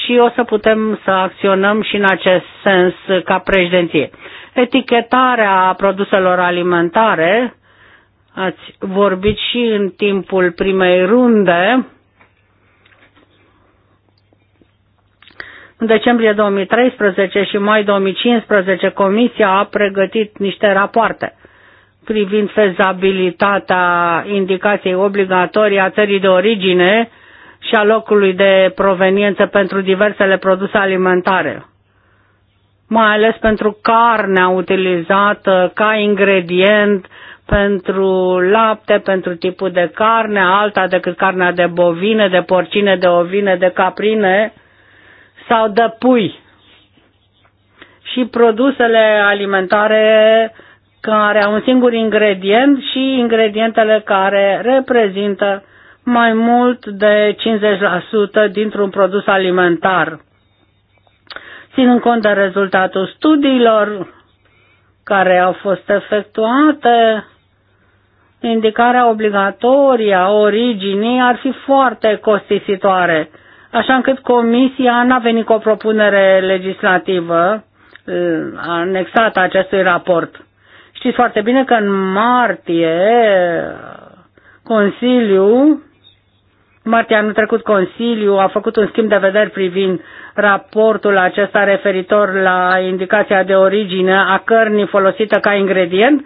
și o să putem să acționăm și în acest sens ca președinție. Etichetarea produselor alimentare, ați vorbit și în timpul primei runde, În decembrie 2013 și mai 2015 Comisia a pregătit niște rapoarte privind fezabilitatea indicației obligatorii a țării de origine și a locului de proveniență pentru diversele produse alimentare, mai ales pentru carnea utilizată ca ingredient pentru lapte, pentru tipul de carne, alta decât carnea de bovine, de porcine, de ovine, de caprine sau de pui. Și produsele alimentare care au un singur ingredient și ingredientele care reprezintă mai mult de 50% dintr-un produs alimentar. Ținând cont de rezultatul studiilor care au fost efectuate, indicarea obligatorie a originii ar fi foarte costisitoare, așa încât Comisia n-a venit cu o propunere legislativă anexată acestui raport. Știți foarte bine că în martie Consiliul martie anul trecut Consiliu a făcut un schimb de vedere privind raportul acesta referitor la indicația de origine a cărnii folosită ca ingredient,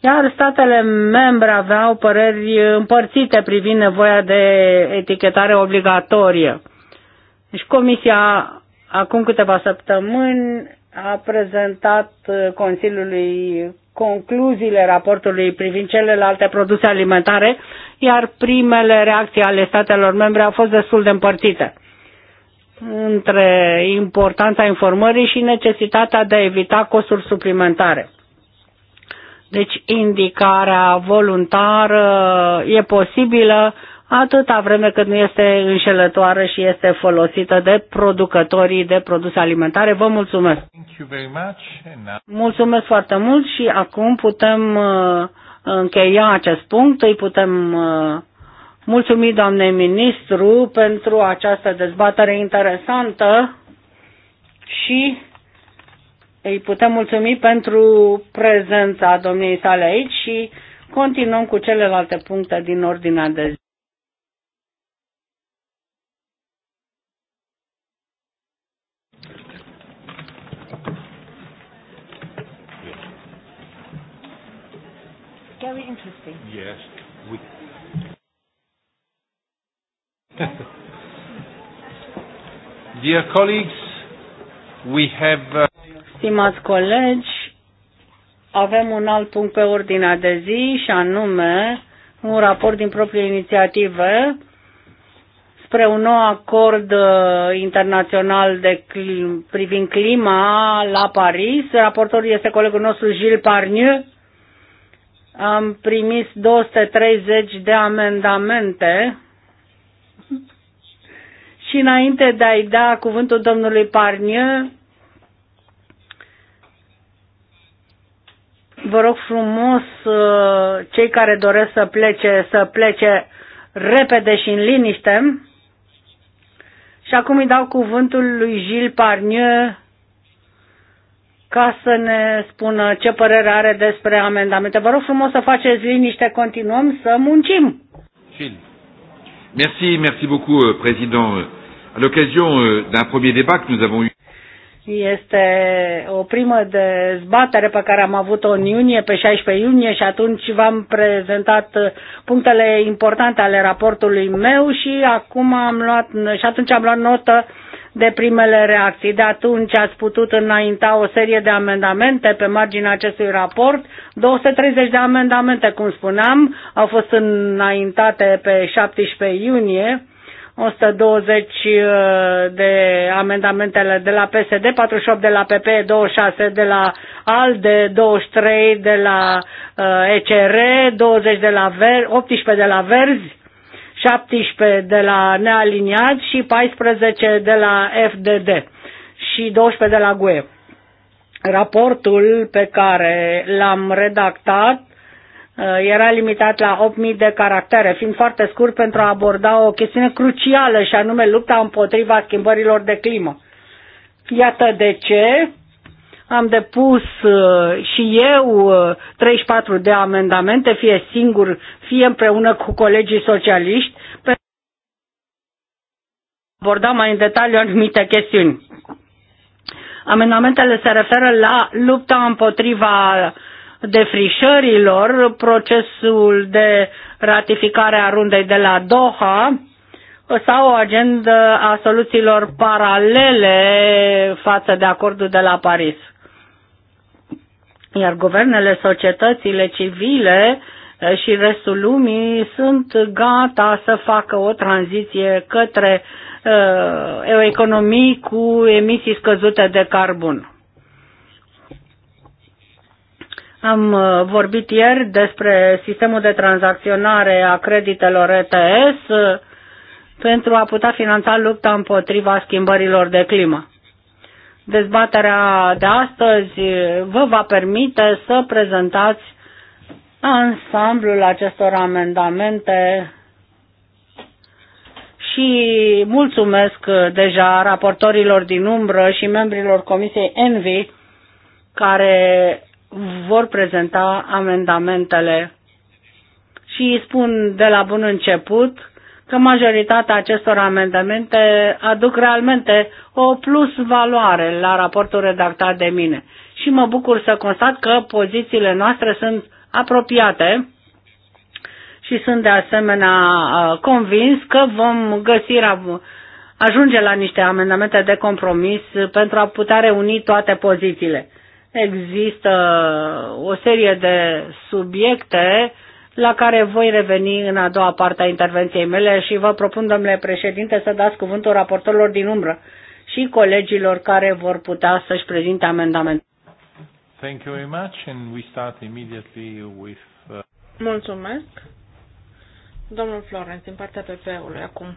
iar statele membre aveau păreri împărțite privind nevoia de etichetare obligatorie. Deci Comisia, acum câteva săptămâni, a prezentat Consiliului concluziile raportului privind celelalte produse alimentare iar primele reacții ale statelor membre au fost destul de împărțite între importanța informării și necesitatea de a evita costuri suplimentare. Deci indicarea voluntară e posibilă atâta vreme cât nu este înșelătoare și este folosită de producătorii de produse alimentare. Vă mulțumesc! Mulțumesc foarte mult și acum putem uh, încheia acest punct. Îi putem uh, mulțumi doamnei ministru pentru această dezbatere interesantă și îi putem mulțumi pentru prezența domniei sale aici și continuăm cu celelalte puncte din ordinea de zi. very interesting. Yes. We Dear colleagues, we have... Uh, Stimați colegi, avem un alt punct pe ordinea de zi și anume un raport din proprie inițiativă spre un nou acord uh, internațional de cl- privind clima la Paris. Raportorul este colegul nostru Gilles Parnieu am primit 230 de amendamente și înainte de a-i da cuvântul domnului Parnie, vă rog frumos uh, cei care doresc să plece, să plece repede și în liniște. Și acum îi dau cuvântul lui Gilles Parnier ca să ne spună ce părere are despre amendamente. Vă rog frumos să faceți liniște, continuăm să muncim. Gilles. Merci, merci beaucoup, euh, président. À l'occasion euh, d'un premier débat que nous avons eu. Este o primă dezbatere pe care am avut-o în iunie, pe 16 iunie, și atunci v-am prezentat uh, punctele importante ale raportului meu și acum am luat, și atunci am luat notă de primele reacții. De atunci ați putut înainta o serie de amendamente pe marginea acestui raport. 230 de amendamente, cum spuneam, au fost înaintate pe 17 iunie. 120 uh, de amendamentele de la PSD, 48 de la PP, 26 de la ALDE, 23 de la uh, ECR, 20 de la Ver, 18 de la Verzi, 17 de la nealiniat și 14 de la FDD și 12 de la GUE. Raportul pe care l-am redactat uh, era limitat la 8.000 de caractere, fiind foarte scurt pentru a aborda o chestiune crucială și anume lupta împotriva schimbărilor de climă. Iată de ce am depus uh, și eu 34 uh, de amendamente, fie singur, fie împreună cu colegii socialiști, pentru a aborda mai în detaliu anumite chestiuni. Amendamentele se referă la lupta împotriva defrișărilor, procesul de ratificare a rundei de la Doha sau o agendă a soluțiilor paralele față de acordul de la Paris. Iar guvernele, societățile civile și restul lumii sunt gata să facă o tranziție către uh, o economie cu emisii scăzute de carbon. Am vorbit ieri despre sistemul de tranzacționare a creditelor ETS pentru a putea finanța lupta împotriva schimbărilor de climă. Dezbaterea de astăzi vă va permite să prezentați ansamblul acestor amendamente și mulțumesc deja raportorilor din umbră și membrilor Comisiei Envi care vor prezenta amendamentele. Și spun de la bun început că majoritatea acestor amendamente aduc realmente o plus valoare la raportul redactat de mine. Și mă bucur să constat că pozițiile noastre sunt apropiate și sunt de asemenea convins că vom găsi ajunge la niște amendamente de compromis pentru a putea reuni toate pozițiile. Există o serie de subiecte la care voi reveni în a doua parte a intervenției mele și vă propun, domnule președinte, să dați cuvântul raportorilor din umbră și colegilor care vor putea să-și prezinte amendamente. Thank you very much and we start immediately with uh... Mulțumesc. Domnul Florenț, din partea PP-ului acum.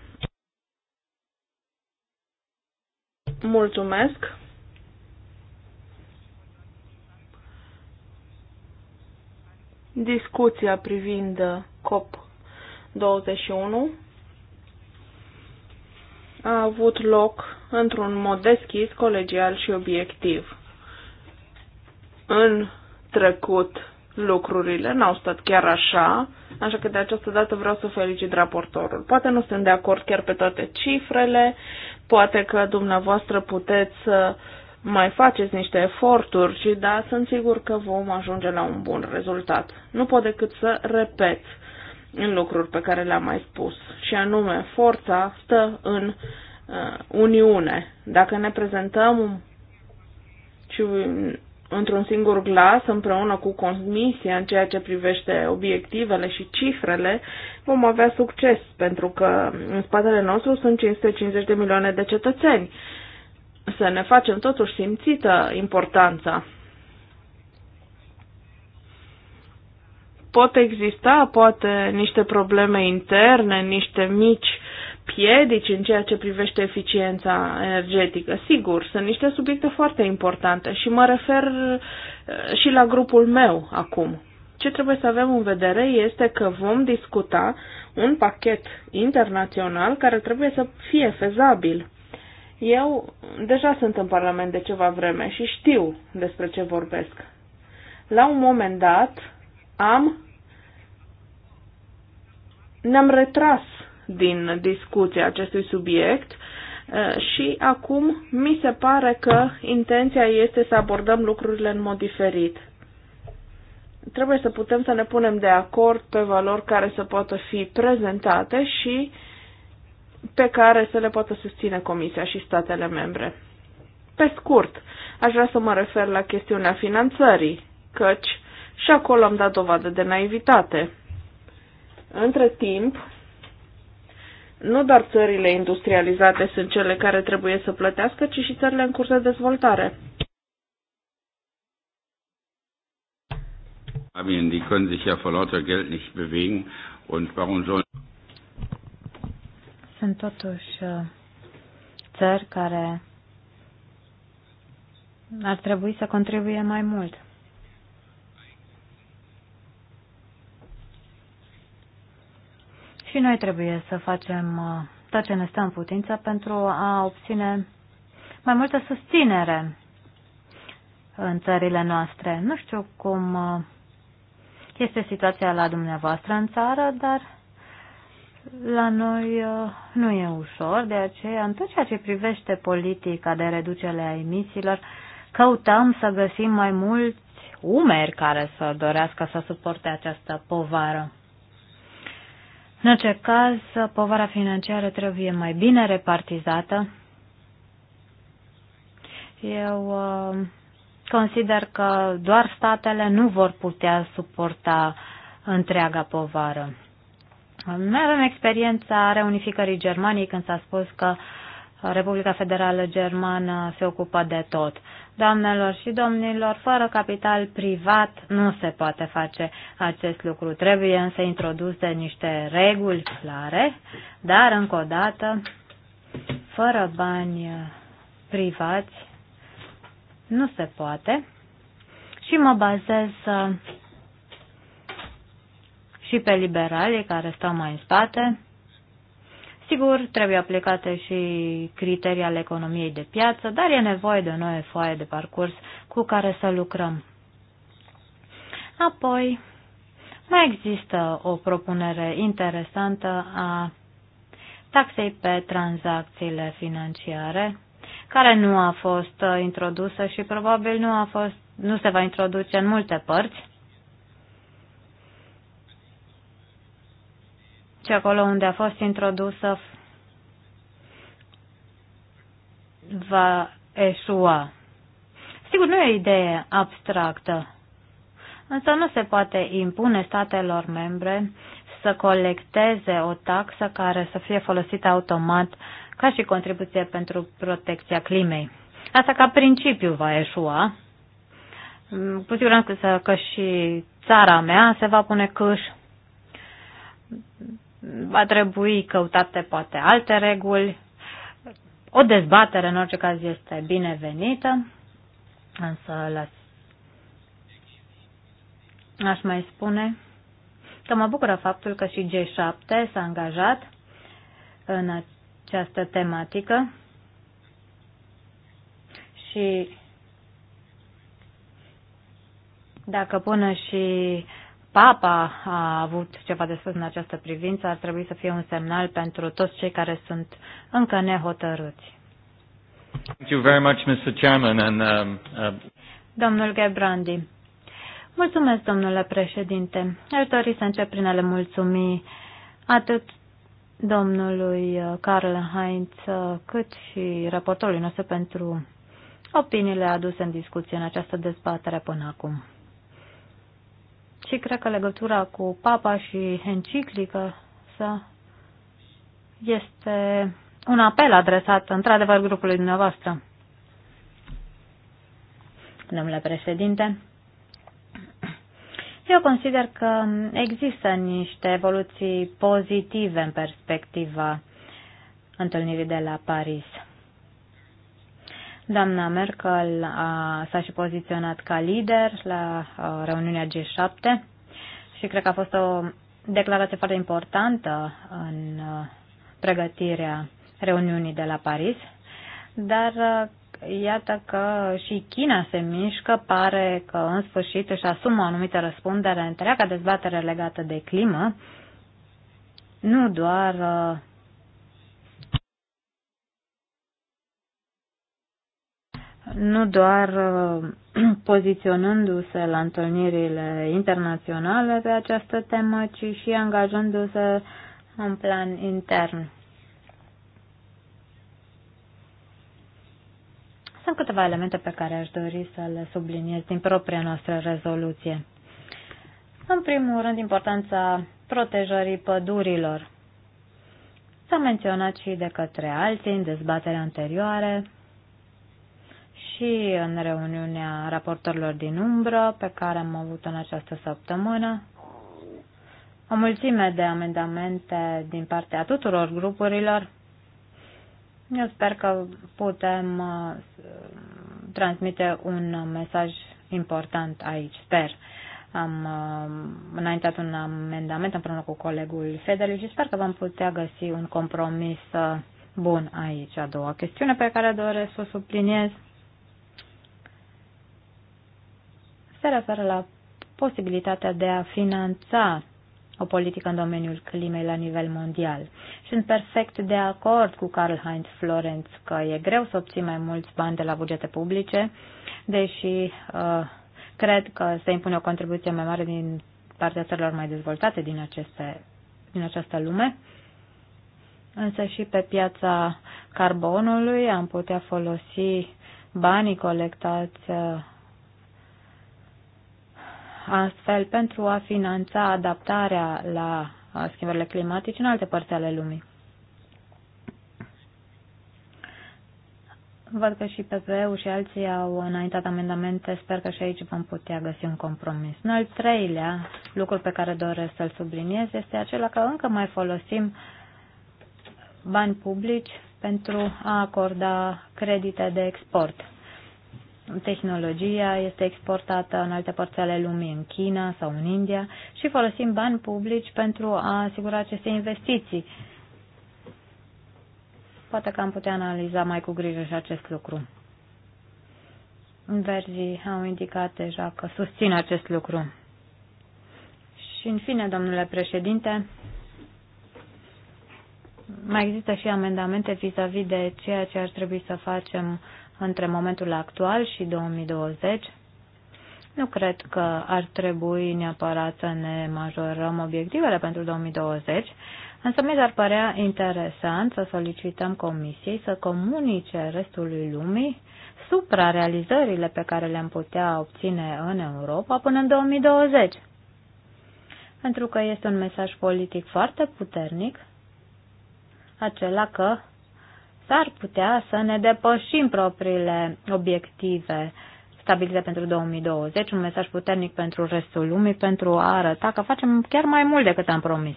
Mulțumesc. discuția privind COP21 a avut loc într-un mod deschis, colegial și obiectiv. În trecut, lucrurile n-au stat chiar așa, așa că de această dată vreau să felicit raportorul. Poate nu sunt de acord chiar pe toate cifrele, poate că dumneavoastră puteți să uh, mai faceți niște eforturi și da, sunt sigur că vom ajunge la un bun rezultat. Nu pot decât să repet în lucruri pe care le-am mai spus, și anume, forța stă în uh, uniune. Dacă ne prezentăm și într-un singur glas, împreună cu Comisia, în ceea ce privește obiectivele și cifrele, vom avea succes, pentru că în spatele nostru sunt 550 de milioane de cetățeni să ne facem totuși simțită importanța. Pot exista poate niște probleme interne, niște mici piedici în ceea ce privește eficiența energetică. Sigur, sunt niște subiecte foarte importante și mă refer eh, și la grupul meu acum. Ce trebuie să avem în vedere este că vom discuta un pachet internațional care trebuie să fie fezabil eu deja sunt în Parlament de ceva vreme și știu despre ce vorbesc. La un moment dat am ne-am retras din discuția acestui subiect uh, și acum mi se pare că intenția este să abordăm lucrurile în mod diferit. Trebuie să putem să ne punem de acord pe valori care să poată fi prezentate și uh, pe care să le poată susține Comisia și statele membre. Pe scurt, aș vrea să mă refer la chestiunea finanțării, căci și acolo am dat dovadă de naivitate. Între timp, nu doar țările industrializate sunt cele care trebuie să plătească, ci și țările în curs de dezvoltare. Armenien, die können sich ja vor lauter Geld nicht bewegen und warum sollen sunt totuși uh, țări care ar trebui să contribuie mai mult. Și noi trebuie să facem uh, tot ce ne stă în putință pentru a obține mai multă susținere în țările noastre. Nu știu cum uh, este situația la dumneavoastră în țară, dar la noi uh, nu e ușor, de aceea în tot ceea ce privește politica de reducere a emisiilor, căutăm să găsim mai mulți umeri care să dorească să suporte această povară. În orice caz, povara financiară trebuie mai bine repartizată. Eu uh, consider că doar statele nu vor putea suporta întreaga povară. Noi avem experiența reunificării Germaniei când s-a spus că Republica Federală Germană se ocupă de tot. Doamnelor și domnilor, fără capital privat nu se poate face acest lucru. Trebuie însă introduse niște reguli clare, dar încă o dată, fără bani privați nu se poate. Și mă bazez uh, și pe liberalii care stau mai în spate. Sigur, trebuie aplicate și criterii ale economiei de piață, dar e nevoie de o nouă foaie de parcurs cu care să lucrăm. Apoi, mai există o propunere interesantă a taxei pe tranzacțiile financiare, care nu a fost introdusă și probabil nu, a fost, nu se va introduce în multe părți. și acolo unde a fost introdusă va eșua. Sigur, nu e o idee abstractă, însă nu se poate impune statelor membre să colecteze o taxă care să fie folosită automat ca și contribuție pentru protecția climei. Asta ca principiu va eșua. Cu siguranță că și țara mea se va pune câș va trebui căutate poate alte reguli. O dezbatere, în orice caz, este binevenită, însă las aș mai spune că mă bucură faptul că și G7 s-a angajat în această tematică și dacă până și Papa a avut ceva de spus în această privință, ar trebui să fie un semnal pentru toți cei care sunt încă nehotărâți. Thank you very much, Mr. Chairman, and, um, uh... Domnul Gebrandi. Mulțumesc, domnule președinte. Aș dori să încep prin a le mulțumi atât domnului uh, Karl Heinz, uh, cât și raportorului nostru pentru opiniile aduse în discuție în această dezbatere până acum și cred că legătura cu papa și enciclică să este un apel adresat într-adevăr grupului dumneavoastră. Domnule președinte, eu consider că există niște evoluții pozitive în perspectiva întâlnirii de la Paris. Doamna Merkel s-a și poziționat ca lider la uh, reuniunea G7 și cred că a fost o declarație foarte importantă în uh, pregătirea reuniunii de la Paris, dar uh, iată că și China se mișcă, pare că în sfârșit își asumă o anumită răspundere întreaga dezbatere legată de climă, nu doar nu doar uh, poziționându-se la întâlnirile internaționale pe această temă, ci și angajându-se în plan intern. Sunt câteva elemente pe care aș dori să le subliniez din propria noastră rezoluție. În primul rând, importanța protejării pădurilor. S-a menționat și de către alții în dezbaterea anterioare, și în reuniunea raportorilor din umbră pe care am avut-o în această săptămână. O mulțime de amendamente din partea tuturor grupurilor. Eu sper că putem uh, transmite un mesaj important aici, sper. Am uh, înaintat un amendament împreună cu colegul Fedeli și sper că vom putea găsi un compromis uh, bun aici. A doua chestiune pe care doresc să o subliniez se referă la posibilitatea de a finanța o politică în domeniul climei la nivel mondial. Sunt perfect de acord cu Karl Heinz Florenz că e greu să obții mai mulți bani de la bugete publice, deși uh, cred că se impune o contribuție mai mare din partea țărilor mai dezvoltate din, aceste, din această lume. Însă și pe piața carbonului am putea folosi banii colectați uh, astfel pentru a finanța adaptarea la schimbările climatice în alte părți ale lumii. Văd că și PPU și alții au înaintat amendamente. Sper că și aici vom putea găsi un compromis. În al treilea lucru pe care doresc să-l subliniez este acela că încă mai folosim bani publici pentru a acorda credite de export tehnologia este exportată în alte părți ale lumii, în China sau în India, și folosim bani publici pentru a asigura aceste investiții. Poate că am putea analiza mai cu grijă și acest lucru. Verzii au indicat deja că susțin acest lucru. Și în fine, domnule președinte, mai există și amendamente vis-a-vis -vis de ceea ce ar trebui să facem între momentul actual și 2020, nu cred că ar trebui neapărat să ne majorăm obiectivele pentru 2020, însă mi ar părea interesant să solicităm Comisiei să comunice restului lumii supra realizările pe care le-am putea obține în Europa până în 2020. Pentru că este un mesaj politic foarte puternic, acela că s-ar putea să ne depășim propriile obiective stabilite pentru 2020, un mesaj puternic pentru restul lumii, pentru a arăta că facem chiar mai mult decât am promis.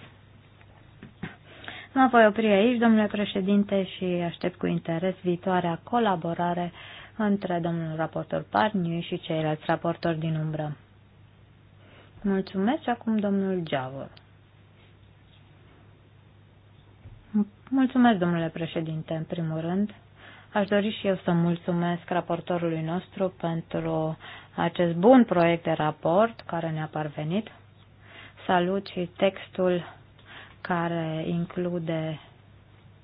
Mă voi opri aici, domnule președinte, și aștept cu interes viitoarea colaborare între domnul raportor Parniu și ceilalți raportori din umbră. Mulțumesc acum domnul Geavor. Mulțumesc, domnule președinte, în primul rând. Aș dori și eu să mulțumesc raportorului nostru pentru acest bun proiect de raport care ne-a parvenit. Salut și textul care include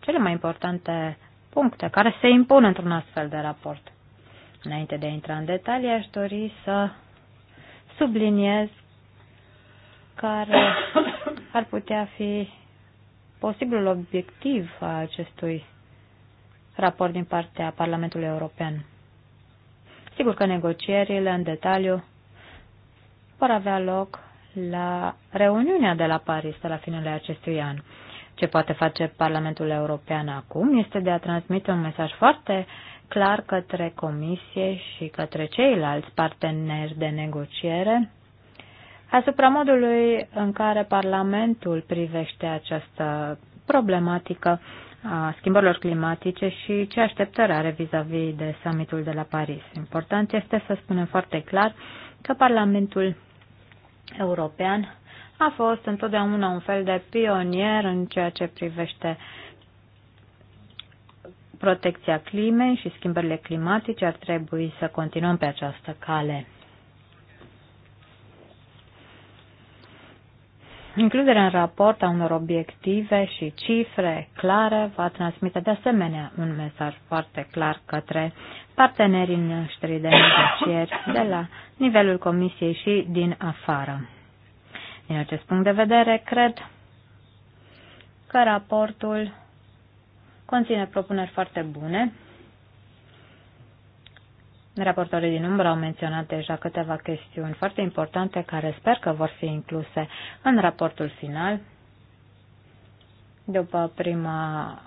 cele mai importante puncte care se impun într-un astfel de raport. Înainte de a intra în detalii, aș dori să subliniez care ar putea fi posibilul obiectiv a acestui raport din partea Parlamentului European. Sigur că negocierile în detaliu vor avea loc la reuniunea de la Paris de la finele acestui an. Ce poate face Parlamentul European acum este de a transmite un mesaj foarte clar către Comisie și către ceilalți parteneri de negociere asupra modului în care Parlamentul privește această problematică a schimbărilor climatice și ce așteptări are vis-a-vis -vis de summitul de la Paris. Important este să spunem foarte clar că Parlamentul European a fost întotdeauna un fel de pionier în ceea ce privește protecția climei și schimbările climatice. Ar trebui să continuăm pe această cale. Includerea în raport a unor obiective și cifre clare va transmite de asemenea un mesaj foarte clar către partenerii noștri de negocieri de la nivelul Comisiei și din afară. Din acest punct de vedere, cred că raportul conține propuneri foarte bune Raportorii din umbră au menționat deja câteva chestiuni foarte importante care sper că vor fi incluse în raportul final. După prima,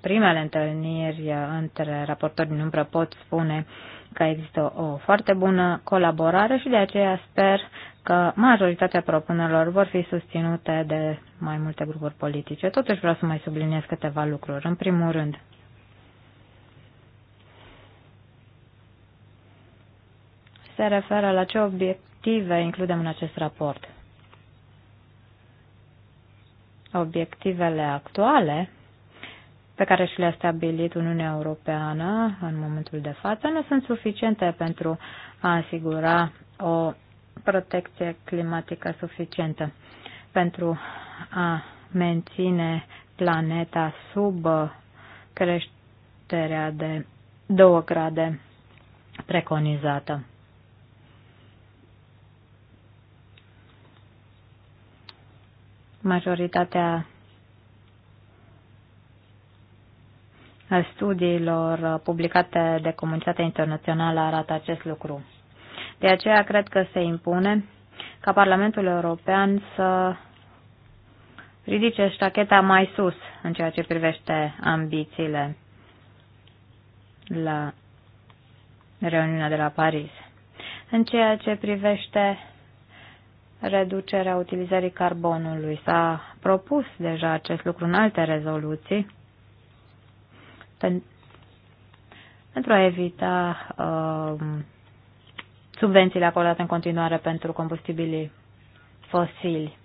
primele întâlniri între raportori din umbră pot spune că există o foarte bună colaborare și de aceea sper că majoritatea propunerilor vor fi susținute de mai multe grupuri politice. Totuși vreau să mai subliniez câteva lucruri. În primul rând, se referă la ce obiective includem în acest raport. Obiectivele actuale pe care și le-a stabilit Uniunea Europeană în momentul de față nu sunt suficiente pentru a asigura o protecție climatică suficientă pentru a menține planeta sub creșterea de 2 grade preconizată. majoritatea studiilor publicate de comunitatea internațională arată acest lucru. De aceea cred că se impune ca Parlamentul European să ridice ștacheta mai sus în ceea ce privește ambițiile la reuniunea de la Paris. În ceea ce privește reducerea utilizării carbonului. S-a propus deja acest lucru în alte rezoluții pentru a evita uh, subvențiile acordate în continuare pentru combustibilii fosili.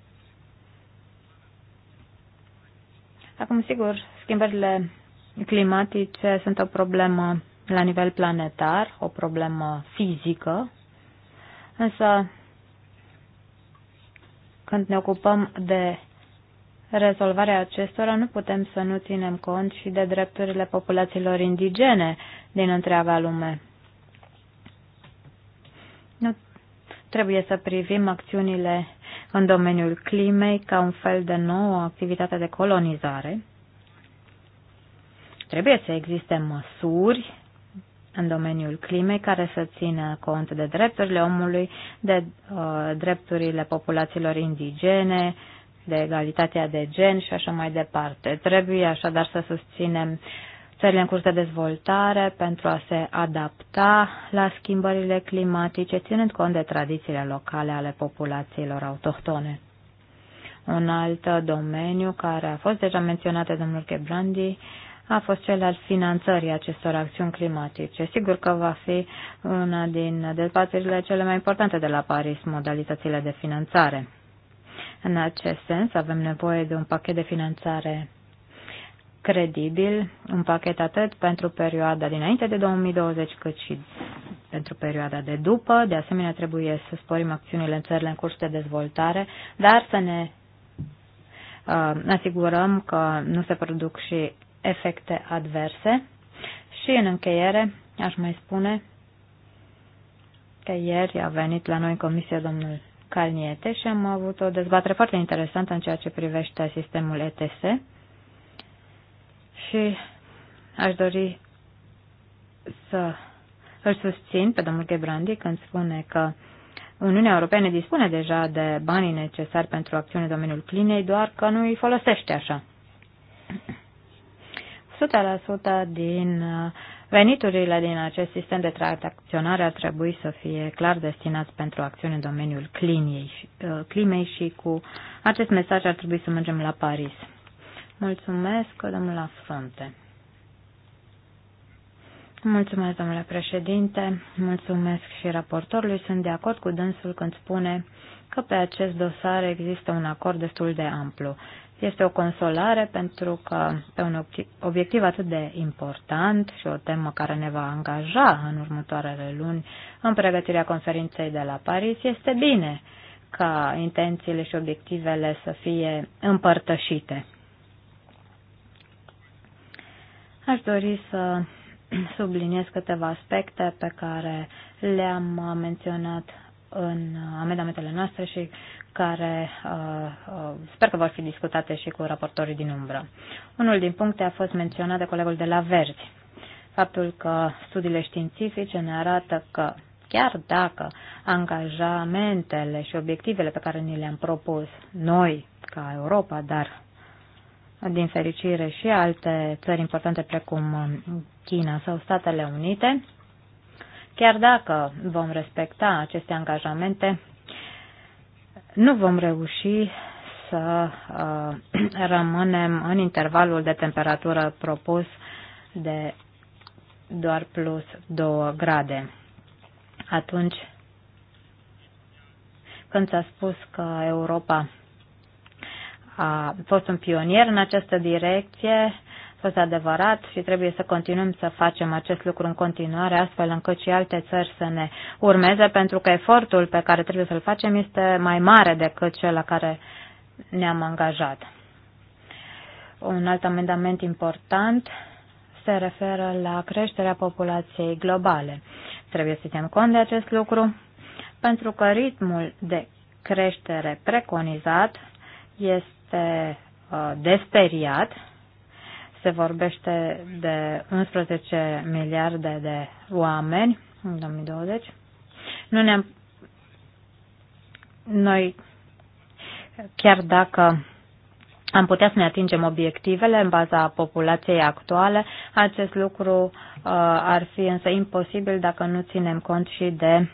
Acum, sigur, schimbările climatice sunt o problemă la nivel planetar, o problemă fizică, însă când ne ocupăm de rezolvarea acestora, nu putem să nu ținem cont și de drepturile populațiilor indigene din întreaga lume. Nu trebuie să privim acțiunile în domeniul climei ca un fel de nouă activitate de colonizare. Trebuie să existe măsuri în domeniul climei care să țină cont de drepturile omului, de uh, drepturile populațiilor indigene, de egalitatea de gen și așa mai departe. Trebuie așadar să susținem țările în curs de dezvoltare pentru a se adapta la schimbările climatice, ținând cont de tradițiile locale ale populațiilor autohtone. Un alt domeniu care a fost deja menționat de domnul Kebrandi a fost cel al finanțării acestor acțiuni climatice. Sigur că va fi una din dezbaterile cele mai importante de la Paris, modalitățile de finanțare. În acest sens, avem nevoie de un pachet de finanțare credibil, un pachet atât pentru perioada dinainte de 2020, cât și pentru perioada de după. De asemenea, trebuie să sporim acțiunile în țările în curs de dezvoltare, dar să ne uh, asigurăm că nu se produc și efecte adverse. Și în încheiere, aș mai spune că ieri a venit la noi comisia domnul Calniete și am avut o dezbatere foarte interesantă în ceea ce privește sistemul ETS. Și aș dori să îl susțin pe domnul Gebrandi când spune că Uniunea Europeană dispune deja de banii necesari pentru acțiune în domeniul clinei, doar că nu îi folosește așa. 100% din uh, veniturile din acest sistem de tranzacționare ar trebui să fie clar destinați pentru acțiuni în domeniul cliniei, uh, climei și cu acest mesaj ar trebui să mergem la Paris. Mulțumesc, domnul fronte. Mulțumesc, domnule președinte, mulțumesc și raportorului. Sunt de acord cu dânsul când spune că pe acest dosar există un acord destul de amplu. Este o consolare pentru că pe un obiectiv atât de important și o temă care ne va angaja în următoarele luni în pregătirea conferinței de la Paris, este bine ca intențiile și obiectivele să fie împărtășite. Aș dori să subliniez câteva aspecte pe care le-am menționat în amendamentele noastre și care uh, uh, sper că vor fi discutate și cu raportorii din umbră. Unul din puncte a fost menționat de colegul de la Verzi. Faptul că studiile științifice ne arată că chiar dacă angajamentele și obiectivele pe care ni le-am propus noi ca Europa, dar din fericire și alte țări importante precum China sau Statele Unite, Chiar dacă vom respecta aceste angajamente, nu vom reuși să uh, rămânem în intervalul de temperatură propus de doar plus 2 grade. Atunci când s-a spus că Europa a fost un pionier în această direcție, fost adevărat și trebuie să continuăm să facem acest lucru în continuare, astfel încât și alte țări să ne urmeze, pentru că efortul pe care trebuie să-l facem este mai mare decât cel la care ne-am angajat. Un alt amendament important se referă la creșterea populației globale. Trebuie să ținem cont de acest lucru, pentru că ritmul de creștere preconizat este uh, desperiat se vorbește de 11 miliarde de oameni în 2020. Nu ne noi chiar dacă am putea să ne atingem obiectivele în baza populației actuale. Acest lucru uh, ar fi însă imposibil dacă nu ținem cont și de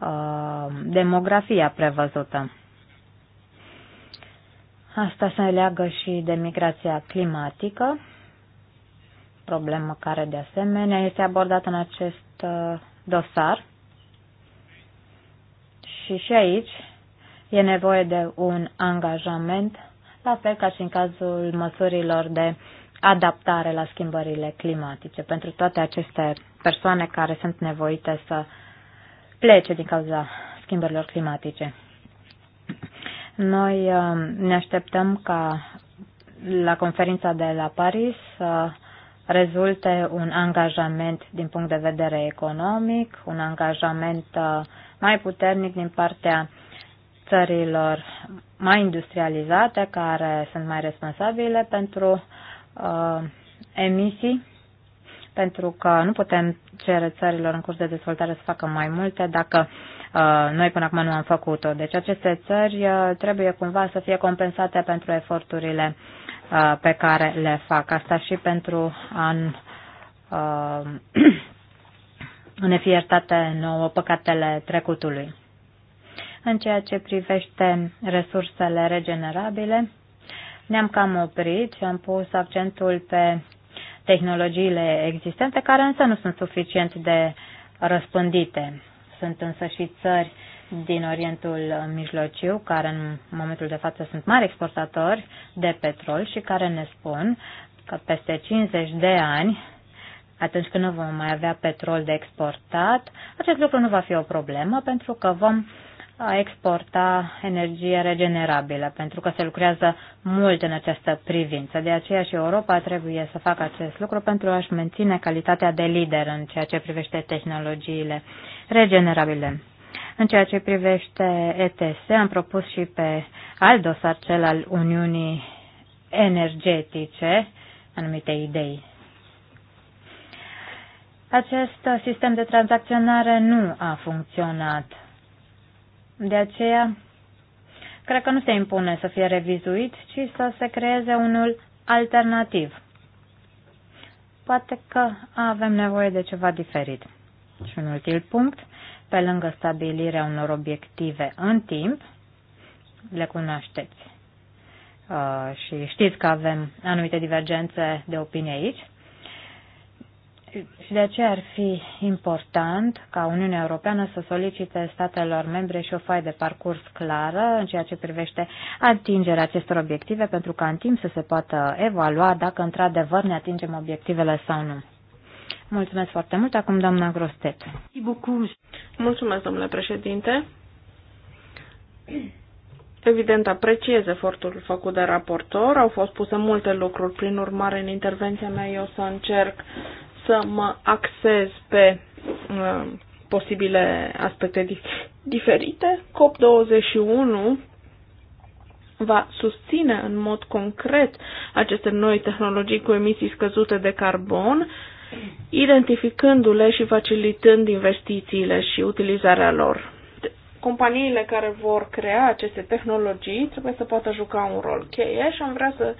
uh, demografia prevăzută. Asta se leagă și de migrația climatică, problemă care de asemenea este abordată în acest uh, dosar. Și și aici e nevoie de un angajament, la fel ca și în cazul măsurilor de adaptare la schimbările climatice pentru toate aceste persoane care sunt nevoite să plece din cauza schimbărilor climatice. Noi uh, ne așteptăm ca la conferința de la Paris să rezulte un angajament din punct de vedere economic, un angajament uh, mai puternic din partea țărilor mai industrializate care sunt mai responsabile pentru uh, emisii, pentru că nu putem cere țărilor în curs de dezvoltare să facă mai multe dacă Uh, noi până acum nu am făcut-o. Deci aceste țări uh, trebuie cumva să fie compensate pentru eforturile uh, pe care le fac. Asta și pentru a ne fi iertate nouă păcatele trecutului. În ceea ce privește resursele regenerabile, ne-am cam oprit și am pus accentul pe tehnologiile existente, care însă nu sunt suficient de răspândite. Sunt însă și țări din Orientul Mijlociu, care în momentul de față sunt mari exportatori de petrol și care ne spun că peste 50 de ani, atunci când nu vom mai avea petrol de exportat, acest lucru nu va fi o problemă pentru că vom exporta energie regenerabilă, pentru că se lucrează mult în această privință. De aceea și Europa trebuie să facă acest lucru pentru a-și menține calitatea de lider în ceea ce privește tehnologiile uh, regenerabile. În ceea ce privește ETS, am propus și pe alt dosar, cel al Uniunii Energetice, anumite idei. Acest sistem de tranzacționare nu a funcționat. De aceea, cred că nu se impune să fie revizuit, ci să se creeze unul alternativ. Poate că avem nevoie de ceva diferit. Și un ultim punct, pe lângă stabilirea unor obiective în timp, le cunoașteți. Uh, și știți că avem anumite divergențe de opinie aici. Și de aceea ar fi important ca Uniunea Europeană să solicite statelor membre și o faie de parcurs clară în ceea ce privește atingerea acestor obiective, pentru ca în timp să se poată evalua dacă într-adevăr ne atingem obiectivele sau nu. Mulțumesc foarte mult. Acum doamna Grostet. Mulțumesc, domnule președinte. Evident, apreciez efortul făcut de raportor. Au fost puse multe lucruri. Prin urmare, în intervenția mea eu să încerc să mă axez pe uh, posibile aspecte dif- diferite. COP21 va susține în mod concret aceste noi tehnologii cu emisii scăzute de carbon identificându-le și facilitând investițiile și utilizarea lor. Companiile care vor crea aceste tehnologii trebuie să poată juca un rol cheie și am vrea să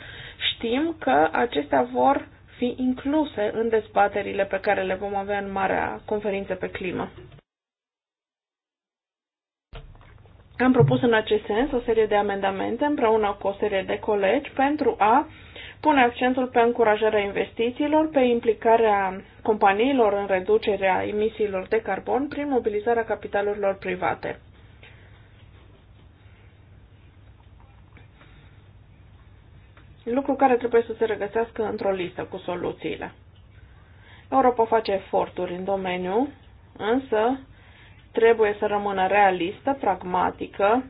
știm că acestea vor fi incluse în dezbaterile pe care le vom avea în marea conferință pe climă. Am propus în acest sens o serie de amendamente împreună cu o serie de colegi pentru a uh, pune accentul pe încurajarea investițiilor, pe implicarea companiilor în reducerea emisiilor de carbon prin mobilizarea capitalurilor private. Lucru care trebuie să se regăsească într-o listă cu soluțiile. Europa face eforturi în domeniu, însă trebuie să rămână realistă, pragmatică,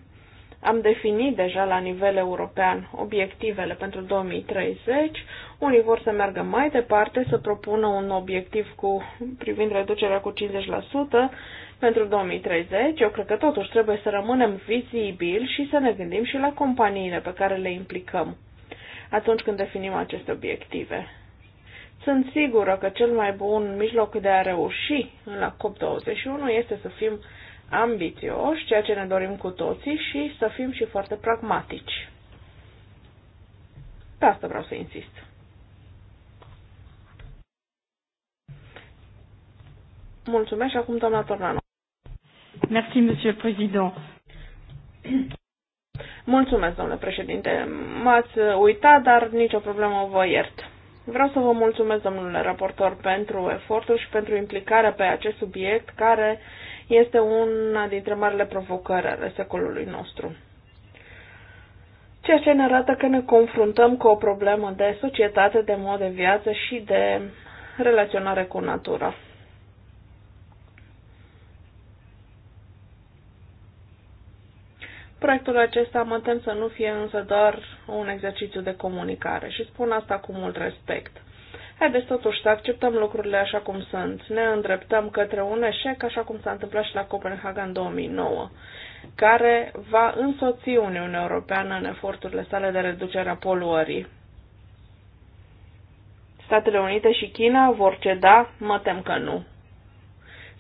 am definit deja la nivel european obiectivele pentru 2030. Unii vor să meargă mai departe, să propună un obiectiv cu, privind reducerea cu 50% pentru 2030. Eu cred că totuși trebuie să rămânem vizibili și să ne gândim și la companiile pe care le implicăm atunci când definim aceste obiective. Sunt sigură că cel mai bun mijloc de a reuși la COP21 este să fim ambițioși, ceea ce ne dorim cu toții și să fim și foarte pragmatici. Pe asta vreau să insist. Mulțumesc și acum doamna Tornano. Merci, monsieur président. Mulțumesc, domnule președinte. M-ați uitat, dar nicio problemă vă iert. Vreau să vă mulțumesc, domnule raportor, pentru efortul și pentru implicarea pe acest subiect care uh, este una dintre marile provocări ale secolului nostru. Ceea ce ne arată că ne confruntăm cu o problemă de societate, de mod de viață și de relaționare cu natura. Proiectul acesta mă tem să nu fie însă doar un exercițiu de comunicare și spun asta cu mult respect. Haideți totuși să acceptăm lucrurile așa cum sunt. Ne îndreptăm către un eșec, așa cum s-a întâmplat și la Copenhaga în 2009, care va însoți Uniunea Europeană în eforturile sale de reducere a poluării. Statele Unite și China vor ceda? Mă tem că nu.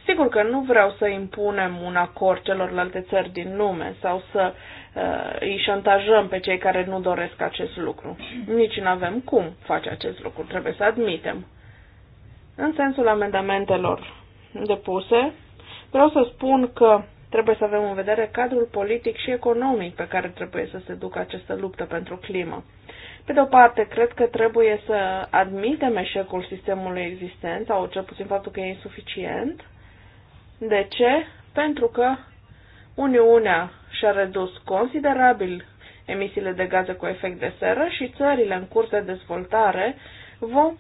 Sigur că nu vreau să impunem un acord celorlalte țări din lume sau să uh, Uh, îi șantajăm pe cei care nu doresc acest lucru. Nici nu avem cum face acest lucru, trebuie să admitem. În sensul amendamentelor depuse, vreau să spun că trebuie să avem în vedere cadrul politic și economic pe care trebuie să se ducă această luptă pentru climă. Pe de o parte, cred că trebuie să admitem eșecul sistemului existent, sau cel puțin faptul că e insuficient. De ce? Pentru că Uniunea și-a redus considerabil emisiile de gaze cu efect de seră și țările în curs de dezvoltare vom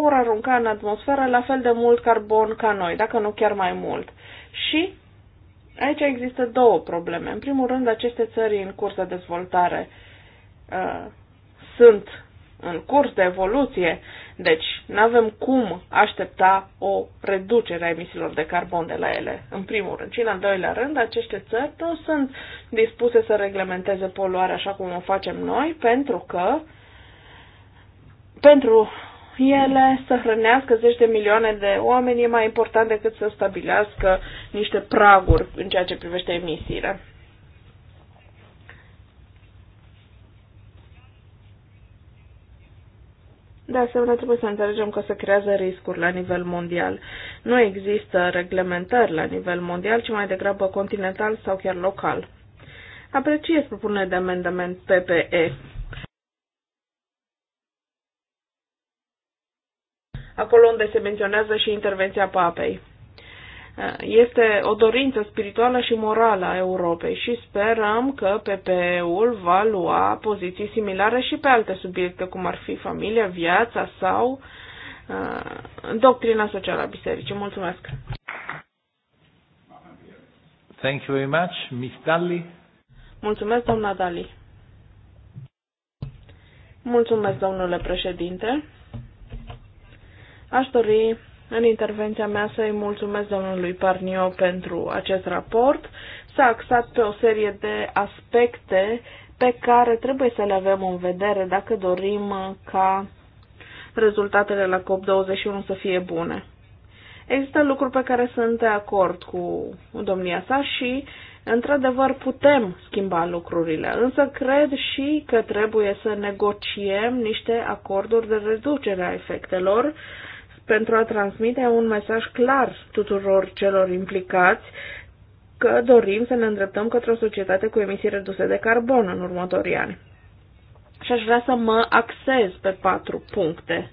vor arunca în atmosferă la fel de mult carbon ca noi, dacă nu chiar mai mult. Și aici există două probleme. În primul rând, aceste țări în curs de dezvoltare uh, sunt în curs de evoluție deci, nu avem cum aștepta o reducere a emisiilor de carbon de la ele, în primul rând. Și în al doilea rând, aceste țări nu sunt dispuse să reglementeze poluarea așa cum o facem noi, pentru că pentru ele să hrănească zeci de milioane de oameni e mai important decât să stabilească niște praguri în ceea ce privește emisiile. De asemenea, trebuie să înțelegem că se creează riscuri la nivel mondial. Nu există reglementări la nivel mondial, ci mai degrabă continental sau chiar local. Apreciez propunerea de amendament PPE. Acolo unde se menționează și intervenția papei este o dorință spirituală și morală a Europei și sperăm că PPE-ul va lua poziții similare și pe alte subiecte, cum ar fi familia, viața sau uh, doctrina socială a bisericii. Mulțumesc! Thank you very much, Miss Dalli. Mulțumesc, doamna Dali. Mulțumesc, domnule președinte. Aș dori în intervenția mea să-i mulțumesc domnului Parnio pentru acest raport. S-a axat pe o serie de aspecte pe care trebuie să le avem în vedere dacă dorim ca rezultatele la COP21 să fie bune. Există lucruri pe care sunt de acord cu domnia sa și, într-adevăr, putem schimba lucrurile, însă cred și că trebuie să negociem niște acorduri de reducere a efectelor pentru a transmite un mesaj clar tuturor celor implicați că dorim să ne îndreptăm către o societate cu emisii reduse de carbon în următorii ani. Și aș vrea să mă axez pe patru puncte,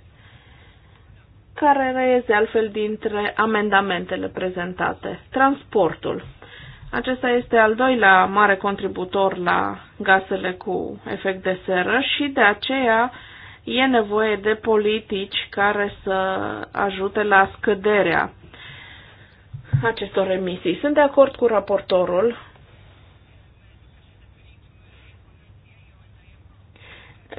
care reiese altfel dintre amendamentele prezentate. Transportul. Acesta este al doilea mare contributor la gazele cu efect de seră și de aceea uh, e nevoie de politici care să ajute la scăderea acestor emisii. Sunt de acord cu raportorul.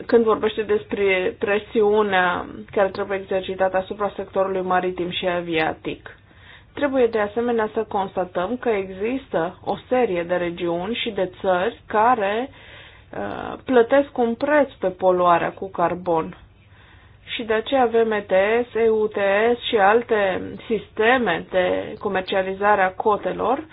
Când vorbește despre presiunea care trebuie exercitată asupra sectorului maritim și aviatic. Trebuie de asemenea să constatăm că există o serie de regiuni și de țări care uh, Uh, plătesc un preț pe poluarea cu carbon. Și de aceea avem ETS, EUTS și alte sisteme de comercializare a cotelor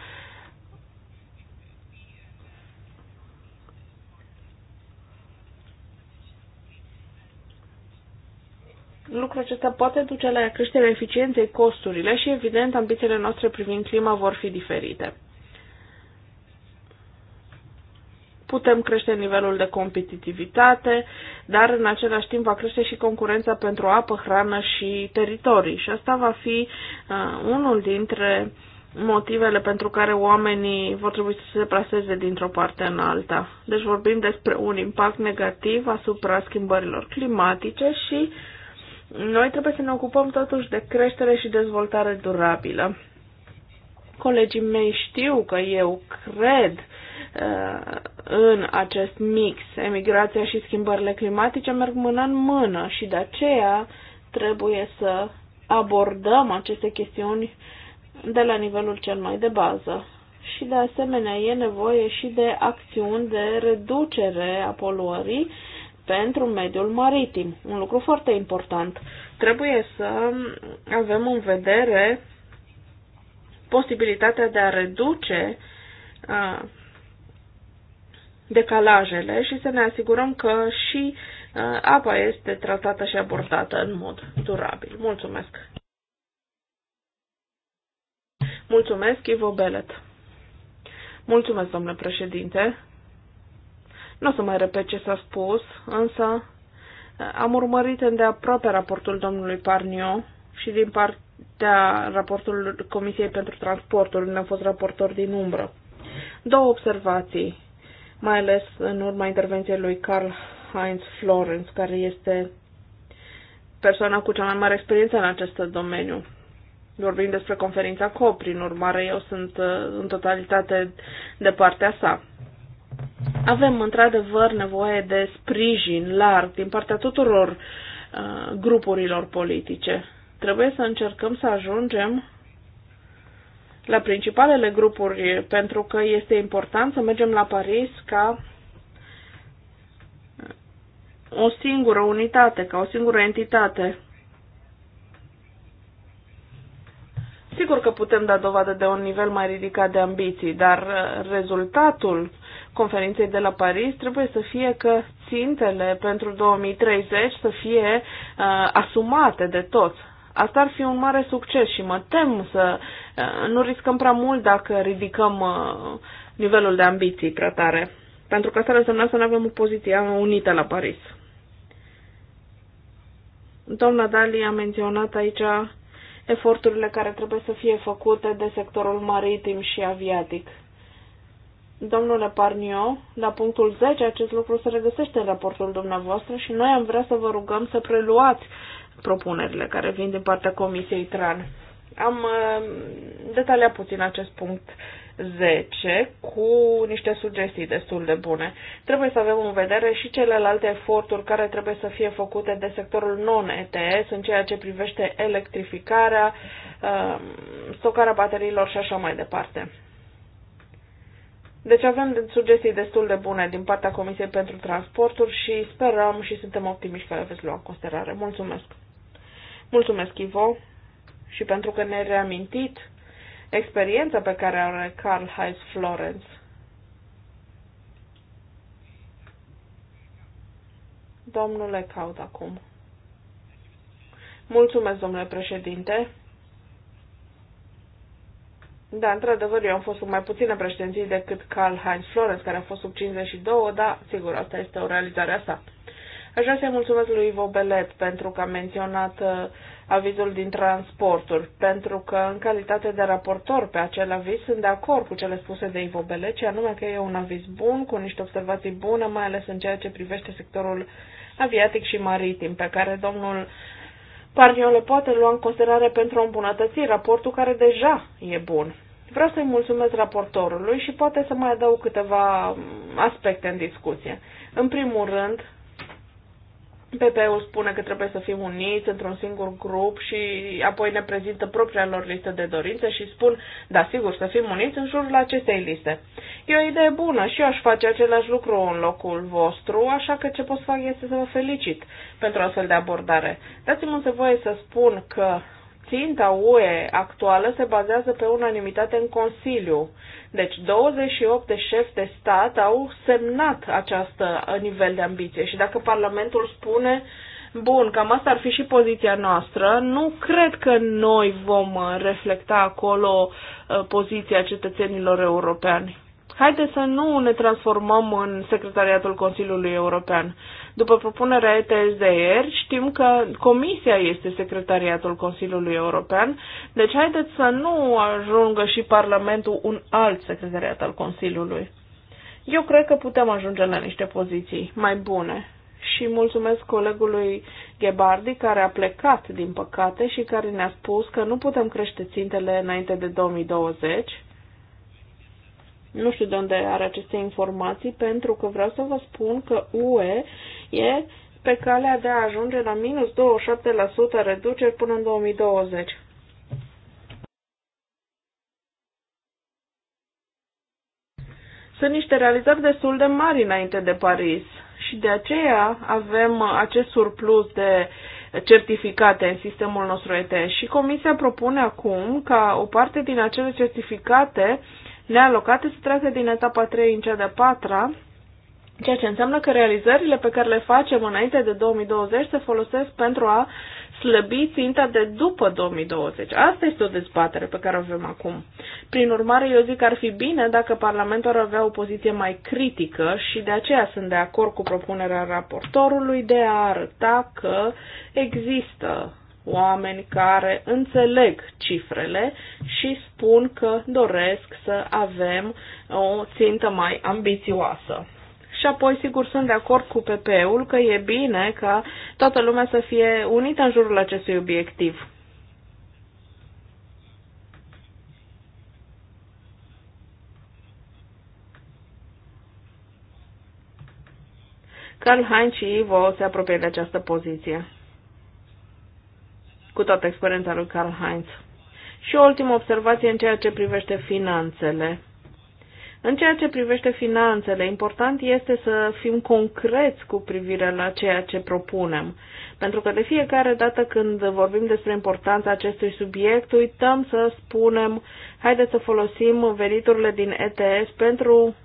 Lucrul acesta poate duce la creșterea eficienței costurile și, evident, ambițiile noastre privind clima vor fi diferite. putem crește nivelul de competitivitate, dar în același timp va crește și concurența pentru apă, hrană și teritorii. Și asta va fi uh, unul dintre motivele pentru care oamenii vor trebui să se plaseze dintr-o parte în alta. Deci vorbim despre un impact negativ asupra schimbărilor climatice și noi trebuie să ne ocupăm totuși de creștere și dezvoltare durabilă. Colegii mei știu că eu cred Uh, în acest mix. Emigrația și schimbările climatice merg mână în mână și de aceea trebuie să abordăm aceste chestiuni de la nivelul cel mai de bază. Și de asemenea e nevoie și de acțiuni de reducere a poluării pentru mediul maritim. Un lucru foarte important. Trebuie să avem în vedere posibilitatea de a reduce uh, decalajele și să ne asigurăm că și uh, apa este tratată și abordată în mod durabil. Mulțumesc! Mulțumesc, Ivo Belet. Mulțumesc, domnule președinte. Nu o să mai repet ce s-a spus, însă uh, am urmărit îndeaproape raportul domnului Parnio și din partea raportul Comisiei pentru Transportul, unde am fost raportor din umbră. Două observații mai ales în urma intervenției lui Carl Heinz Florence care este persoana cu cea mai mare experiență în acest domeniu. Vorbim despre conferința COP, prin urmare eu sunt uh, în totalitate de partea sa. Avem într-adevăr nevoie de sprijin larg din partea tuturor uh, grupurilor politice. Trebuie să încercăm să ajungem la principalele grupuri, pentru că este important să mergem la Paris ca o singură unitate, ca o singură entitate. Sigur că putem da dovadă de un nivel mai ridicat de ambiții, dar rezultatul conferinței de la Paris trebuie să fie că țintele pentru 2030 să fie uh, asumate de toți. Asta ar fi un mare succes și mă tem să eh, nu riscăm prea mult dacă ridicăm eh, nivelul de ambiții prea tare. Pentru că asta ar însemna să nu avem o poziție unită la Paris. Doamna Dali a menționat aici eforturile care trebuie să fie făcute de sectorul maritim și aviatic. Domnule Parnio, la punctul 10 acest lucru se regăsește în raportul dumneavoastră și noi am vrea să vă rugăm să preluați propunerile care vin din partea Comisiei TRAN. Am uh, detaliat puțin acest punct 10 cu niște sugestii destul de bune. Trebuie să avem în vedere și celelalte eforturi care trebuie să fie făcute de sectorul non-ETS în ceea ce privește electrificarea, um, stocarea bateriilor și așa mai departe. Deci avem sugestii destul de bune din partea Comisiei pentru Transporturi și sperăm și suntem optimiști că le veți lua în considerare. Mulțumesc! Mulțumesc, Ivo, și pentru că ne-ai reamintit experiența pe care are Carl Heinz Florence. Domnule Caut acum. Mulțumesc, domnule președinte. Da, într-adevăr, eu am fost sub mai puține președinții decât Carl Heinz Florence, care a fost sub 52, dar, sigur, asta este o realizare a sa. Aș vrea să-i mulțumesc lui Ivo Belet pentru că a menționat uh, avizul din transporturi, pentru că în calitate de raportor pe acel aviz sunt de acord cu cele spuse de Ivo Belet, și anume că e un aviz bun, cu niște observații bune, mai ales în ceea ce privește sectorul aviatic și maritim, pe care domnul Parnio le poate lua în considerare pentru a îmbunătăți raportul care deja e bun. Vreau să-i mulțumesc raportorului și poate să mai adaug câteva um, aspecte în discuție. În primul rând, PP-ul spune că trebuie să fim uniți într-un singur grup și apoi ne prezintă propria lor listă de dorințe și spun, da, sigur, să fim uniți în jurul acestei liste. E o idee bună și eu aș face același lucru în locul vostru, așa că ce pot să fac este să vă felicit pentru o astfel de abordare. Dați-mi însă voie să spun că ținta UE actuală se bazează pe unanimitate în Consiliu. Deci 28 de șefi de stat au semnat acest uh, nivel de ambiție și dacă Parlamentul spune Bun, cam asta ar fi și poziția noastră. Nu cred că noi vom uh, reflecta acolo uh, poziția cetățenilor europeni. Haideți să nu ne transformăm în Secretariatul Consiliului European. După propunerea ETSDR, știm că Comisia este secretariatul Consiliului European, deci haideți să nu ajungă și Parlamentul un alt secretariat al Consiliului. Eu cred că putem ajunge la niște poziții mai bune și mulțumesc colegului Ghebardi care a plecat, din păcate, și care ne-a spus că nu putem crește țintele înainte de 2020. Nu știu de unde are aceste informații, pentru că vreau să vă spun că UE e pe calea de a ajunge la minus 27% reduceri până în 2020. Sunt niște realizări destul de mari înainte de Paris și de aceea avem acest surplus de certificate în sistemul nostru ETS și Comisia propune acum ca o parte din acele certificate nealocate să treacă din etapa 3 în cea de 4 Ceea ce înseamnă că realizările pe care le facem înainte de 2020 se folosesc pentru a slăbi ținta de după 2020. Asta este o dezbatere pe care o avem acum. Prin urmare, eu zic că ar fi bine dacă Parlamentul ar avea o poziție mai critică și de aceea sunt de acord cu propunerea raportorului de a arăta că există oameni care înțeleg cifrele și spun că doresc să avem o țintă mai ambițioasă. Și apoi, sigur, sunt de acord cu PP-ul că e bine ca toată lumea să fie unită în jurul acestui obiectiv. Karl Heinz și Ivo se apropie de această poziție, cu toată experiența lui Karl Heinz. Și o ultimă observație în ceea ce privește finanțele. În ceea ce privește finanțele, important este să fim concreți cu privire la ceea ce propunem. Pentru că de fiecare dată când vorbim despre importanța acestui subiect, uităm să spunem, haideți să folosim veniturile din ETS pentru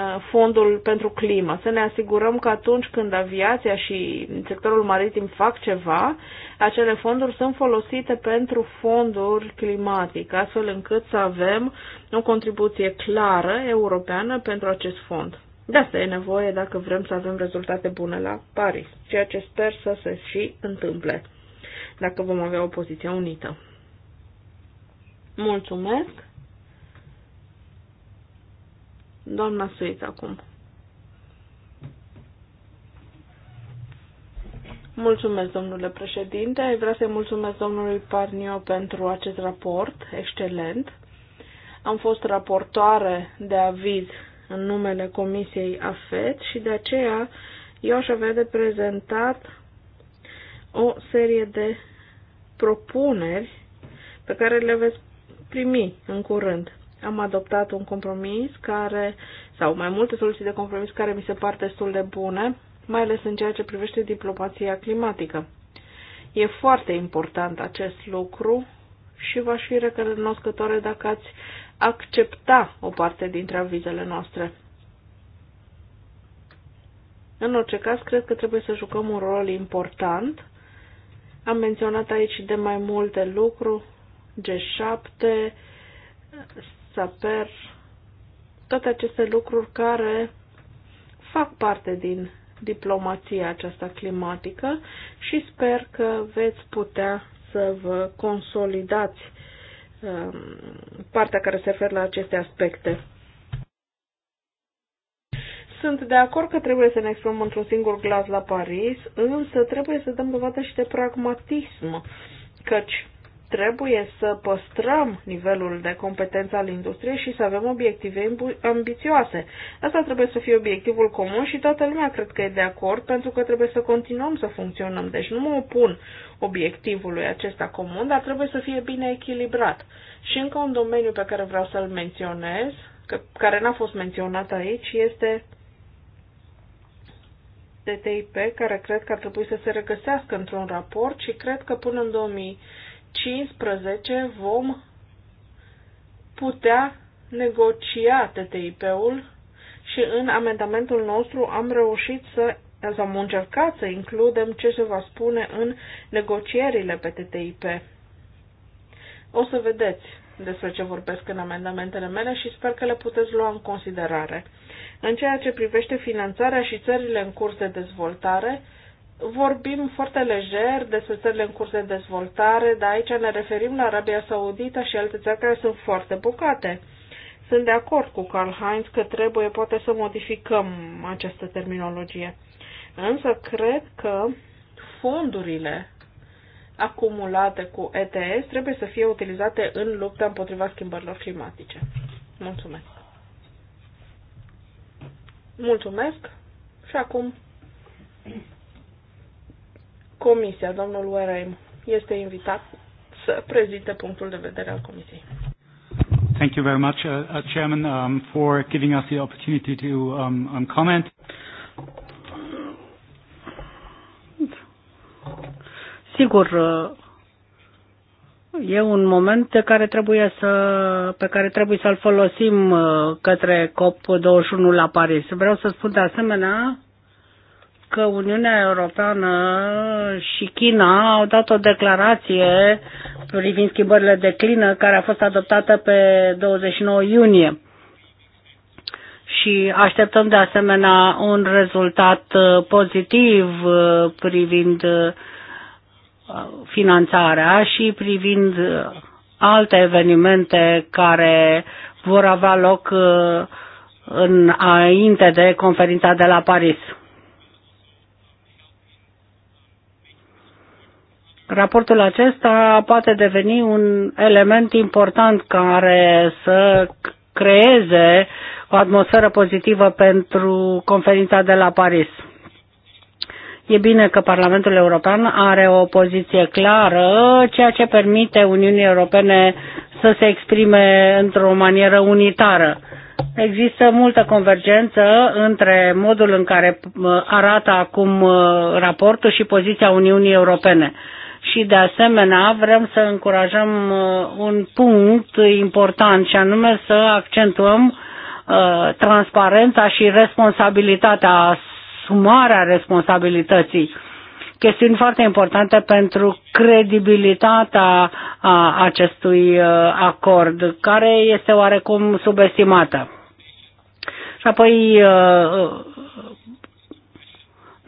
Uh, fondul pentru climă, să ne asigurăm că atunci când aviația și sectorul maritim fac ceva, acele fonduri sunt folosite pentru fonduri climatice, astfel încât să avem o contribuție clară europeană pentru acest fond. De asta e nevoie dacă vrem să avem rezultate bune la Paris, ceea ce sper să se și întâmple, dacă vom avea o poziție unită. Mulțumesc! Doamna Suiț acum. Mulțumesc, domnule președinte. Vreau să-i mulțumesc domnului Parnio pentru acest raport excelent. Am fost raportoare de aviz în numele Comisiei AFET și de aceea eu aș avea de prezentat o serie de propuneri pe care le veți primi în curând am adoptat un compromis care, sau mai multe soluții de compromis care mi se par destul de bune, mai ales în ceea ce privește diplomația climatică. E foarte important acest lucru și v-aș fi recunoscătoare dacă ați accepta o parte dintre avizele noastre. În orice caz, cred că trebuie să jucăm un rol important. Am menționat aici de mai multe lucruri, G7, Saper, toate aceste lucruri care fac parte din diplomația aceasta climatică și sper că veți putea să vă consolidați um, partea care se referă la aceste aspecte. Sunt de acord că trebuie să ne exprimăm într-un singur glas la Paris, însă trebuie să dăm dovadă și de pragmatism, căci trebuie să păstrăm nivelul de competență al industriei și să avem obiective ambițioase. Asta trebuie să fie obiectivul comun și toată lumea cred că e de acord pentru că trebuie să continuăm să funcționăm. Deci nu mă opun obiectivului acesta comun, dar trebuie să fie bine echilibrat. Și încă un domeniu pe care vreau să-l menționez, că, care n-a fost menționat aici, este TTIP, care cred că ar trebui să se regăsească într-un raport și cred că până în 2000 15 vom putea negocia TTIP-ul și în amendamentul nostru am reușit să sau am încercat să includem ce se va spune în negocierile pe TTIP. O să vedeți despre ce vorbesc în amendamentele mele și sper că le puteți lua în considerare. În ceea ce privește finanțarea și țările în curs de dezvoltare, Vorbim foarte lejer despre țările în curs de dezvoltare, dar aici ne referim la Arabia Saudită și alte țări care sunt foarte bogate. Sunt de acord cu Karl Heinz că trebuie poate să modificăm această terminologie. Însă cred că fondurile acumulate cu ETS trebuie să fie utilizate în lupta împotriva schimbărilor climatice. Mulțumesc! Mulțumesc și acum Comisia, domnul URM, este invitat să prezinte punctul de vedere al Comisiei. Thank you very much, uh, uh, Chairman, um, for giving us the opportunity to um, um, comment. Sigur, uh, e un moment pe care trebuie să, pe care trebuie să-l folosim uh, către COP21 la Paris. Vreau să spun de asemenea că Uniunea Europeană și China au dat o declarație privind schimbările de clină care a fost adoptată pe 29 iunie. Și așteptăm de asemenea un rezultat uh, pozitiv uh, privind uh, finanțarea și privind alte evenimente care vor avea loc înainte de conferința de la Paris. Raportul acesta poate deveni un element important care să creeze o atmosferă pozitivă pentru conferința de la Paris. E bine că Parlamentul European are o poziție clară, ceea ce permite Uniunii Europene să se exprime într-o manieră unitară. Există multă convergență între modul în care uh, arată acum uh, raportul și poziția Uniunii Europene și de asemenea vrem să încurajăm uh, un punct important și anume să accentuăm uh, transparența și responsabilitatea, sumarea responsabilității. Chestiuni foarte importante pentru credibilitatea a acestui uh, acord, care este oarecum subestimată. Și apoi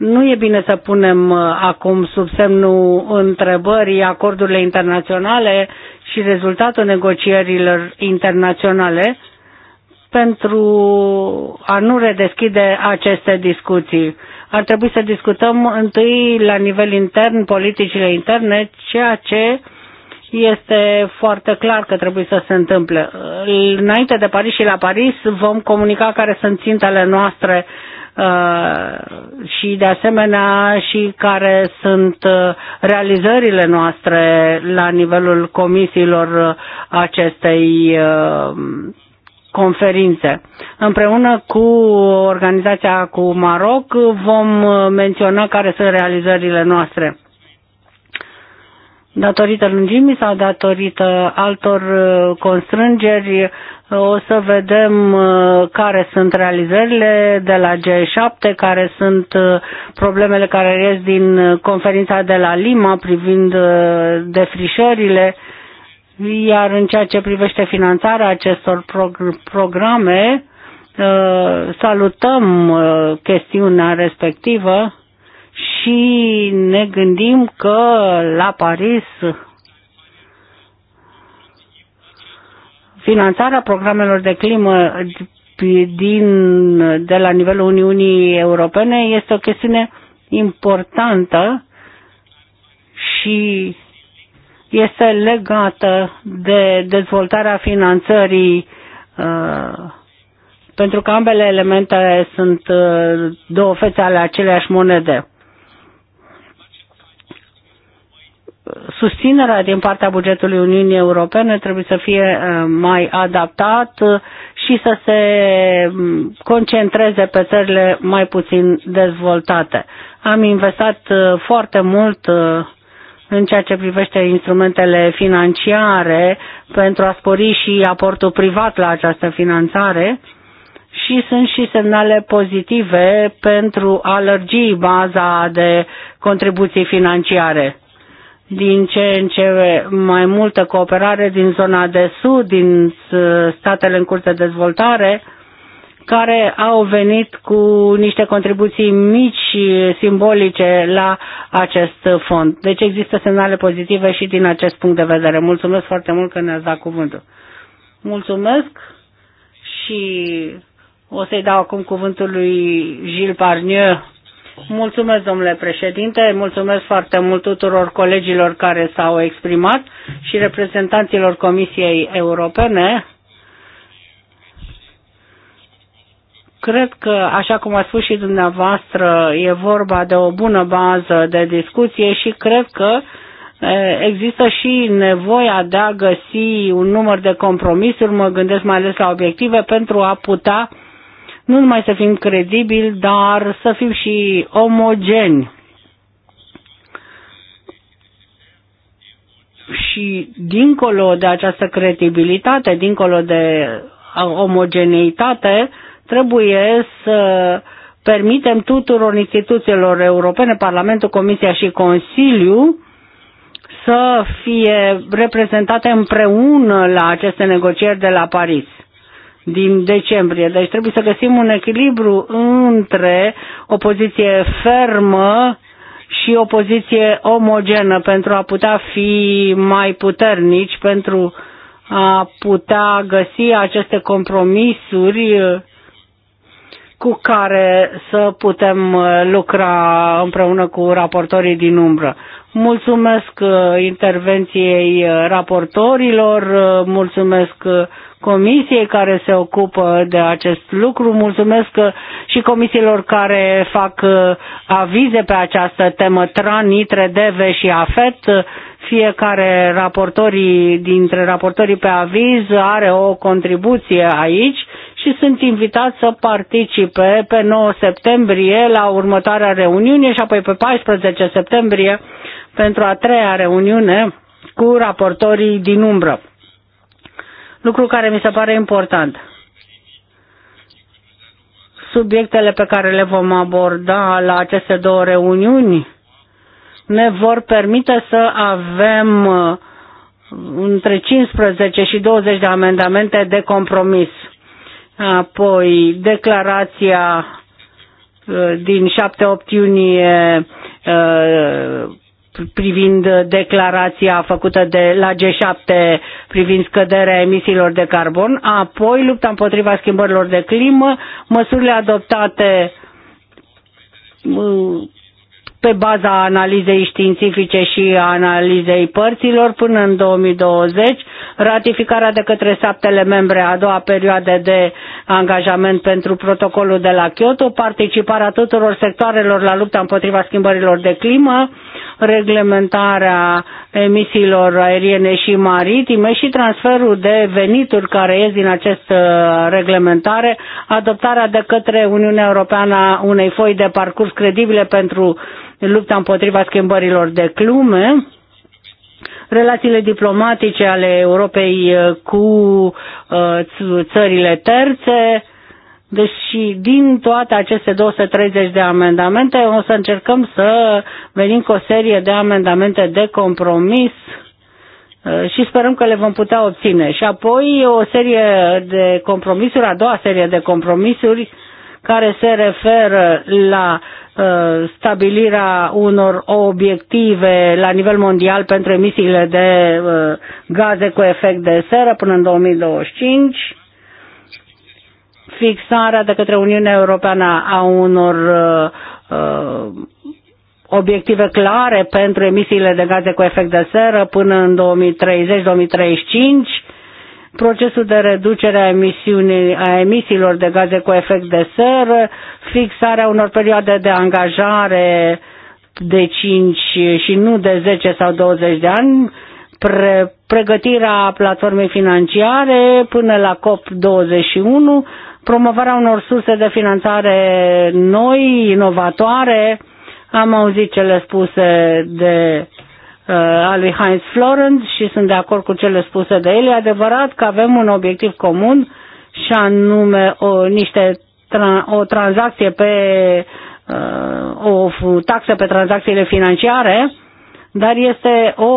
nu e bine să punem uh, acum sub semnul întrebării acordurile internaționale și rezultatul negocierilor internaționale pentru a nu redeschide aceste discuții. Ar trebui să discutăm întâi la nivel intern politicile interne, ceea ce este foarte clar că trebuie să se întâmple. Înainte de Paris și la Paris vom comunica care sunt țintele noastre Uh, și de asemenea și care sunt uh, realizările noastre la nivelul comisiilor uh, acestei conferințe. Împreună cu organizația cu Maroc vom menționa care sunt realizările noastre datorită lungimii sau datorită altor uh, constrângeri, uh, o să vedem uh, care sunt realizările de la G7, care sunt problemele care ies din conferința de la Lima privind defrișările, iar în ceea ce privește finanțarea acestor programe, salutăm chestiunea respectivă și ne gândim că la Paris finanțarea programelor de climă din, de la nivelul Uniunii Europene este o chestiune importantă și este legată de dezvoltarea finanțării uh, pentru că ambele elemente sunt uh, două fețe ale aceleași monede. susținerea din partea bugetului Uniunii Europene trebuie să fie uh, mai adaptat uh, și să se mm, concentreze pe țările mai puțin dezvoltate. Am investat uh, foarte mult în ceea ce privește instrumentele financiare pentru a spori și aportul privat la această finanțare și sunt și semnale pozitive pentru a lărgi baza de contribuții financiare din ce în ce mai multă cooperare din zona de sud, din uh, statele în curs de dezvoltare, care au venit cu niște contribuții mici, simbolice la acest fond. Deci există semnale pozitive și din acest punct de vedere. Mulțumesc foarte mult că ne-ați dat cuvântul. Mulțumesc și o să-i dau acum cuvântul lui Gilles Parnieu Mulțumesc, domnule președinte, mulțumesc foarte mult tuturor colegilor care s-au exprimat și reprezentanților Comisiei Europene. Cred că, așa cum a spus și dumneavoastră, e vorba de o bună bază de discuție și cred că există și nevoia de a găsi un număr de compromisuri, mă gândesc mai ales la obiective, pentru a putea nu numai să fim credibili, dar să fim și omogeni. Și dincolo de această credibilitate, dincolo de omogeneitate, trebuie să permitem tuturor instituțiilor europene, Parlamentul, Comisia și Consiliu, să fie reprezentate împreună la aceste negocieri de la Paris din decembrie. Deci trebuie să găsim un echilibru între o poziție fermă și o poziție omogenă pentru a putea fi mai puternici, pentru a putea găsi aceste compromisuri cu care să putem lucra împreună cu raportorii din umbră. Mulțumesc uh, intervenției uh, raportorilor, uh, mulțumesc comisiei care se ocupă de acest lucru. Mulțumesc și comisiilor care fac uh, avize pe această temă, TRAN, ITRE, DEVE și AFET. Fiecare raportorii, dintre raportorii pe aviz are o contribuție aici și sunt invitat să participe pe 9 septembrie la următoarea reuniune și apoi pe 14 septembrie pentru a treia reuniune cu raportorii din umbră lucru care mi se pare important. Subiectele pe care le vom aborda la aceste două reuniuni ne vor permite să avem uh, între 15 și 20 de amendamente de compromis. Apoi declarația uh, din 7-8 iunie uh, privind uh, declarația făcută de la G7 privind scăderea emisiilor de carbon, apoi lupta împotriva schimbărilor de climă, măsurile adoptate uh, pe baza analizei științifice și analizei părților până în 2020, ratificarea de către statele membre a doua perioadă de angajament pentru protocolul de la Kyoto, participarea tuturor sectoarelor la lupta împotriva schimbărilor de climă, reglementarea emisiilor aeriene și maritime și transferul de venituri care ies din această reglementare, adoptarea de către Uniunea Europeană a unei foi de parcurs credibile pentru lupta împotriva schimbărilor de clume, relațiile diplomatice ale Europei uh, cu uh, țările terțe, deci și din toate aceste 230 de amendamente o să încercăm să venim cu o serie de amendamente de compromis uh, și sperăm că le vom putea obține. Și apoi o serie de compromisuri, a doua serie de compromisuri care se referă la uh, stabilirea unor obiective la nivel mondial pentru emisiile de uh, gaze cu efect de seră până în 2025 fixarea de către Uniunea Europeană a unor uh, uh, obiective clare pentru emisiile de gaze cu efect de seră până în 2030-2035, procesul de reducere a, emisiunii, a emisiilor de gaze cu efect de seră, fixarea unor perioade de angajare de 5 și nu de 10 sau 20 de ani, pre, pregătirea platformei financiare până la COP21, promovarea unor surse de finanțare noi, inovatoare. Am auzit cele spuse de uh, al lui Heinz Florenz și sunt de acord cu cele spuse de el. E adevărat că avem un obiectiv comun și anume o, niște tra- o tranzacție pe uh, o taxă pe tranzacțiile financiare, dar este o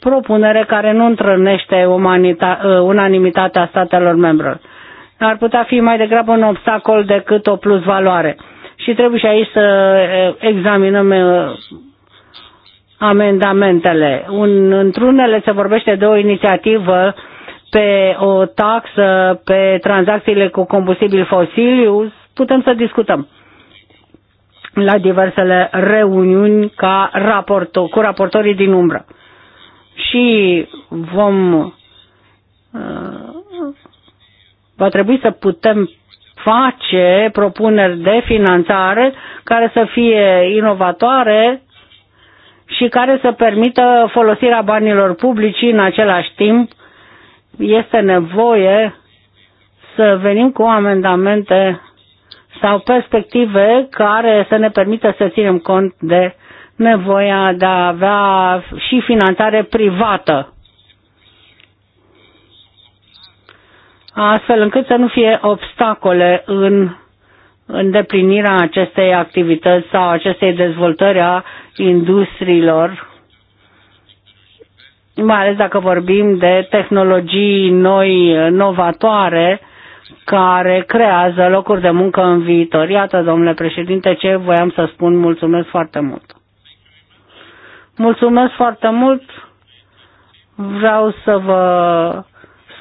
propunere care nu întrănește umanita- uh, unanimitatea statelor membre ar putea fi mai degrabă un obstacol decât o plusvaloare. Și trebuie și aici să examinăm amendamentele. Un, într-unele se vorbește de o inițiativă pe o taxă pe tranzacțiile cu combustibil fosiliu, putem să discutăm la diversele reuniuni ca raportor, cu raportorii din umbră. Și vom uh, va trebui să putem face propuneri de finanțare care să fie inovatoare și care să permită folosirea banilor publici în același timp. Este nevoie să venim cu amendamente sau perspective care să ne permită să ținem cont de nevoia de a avea și finanțare privată. astfel încât să nu fie obstacole în îndeplinirea acestei activități sau acestei dezvoltări a industriilor, mai ales dacă vorbim de tehnologii noi, novatoare, care creează locuri de muncă în viitor. Iată, domnule președinte, ce voiam să spun. Mulțumesc foarte mult. Mulțumesc foarte mult. Vreau să vă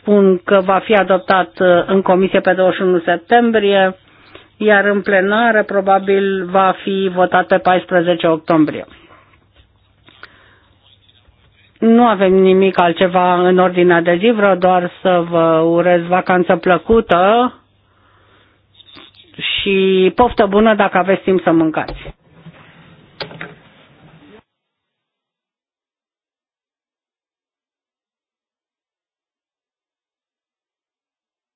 spun că va fi adoptat uh, în comisie pe 21 septembrie, iar în plenară probabil va fi votat pe 14 octombrie. Nu avem nimic altceva în ordinea de zi, vreau doar să vă urez vacanță plăcută și poftă bună dacă aveți timp să mâncați.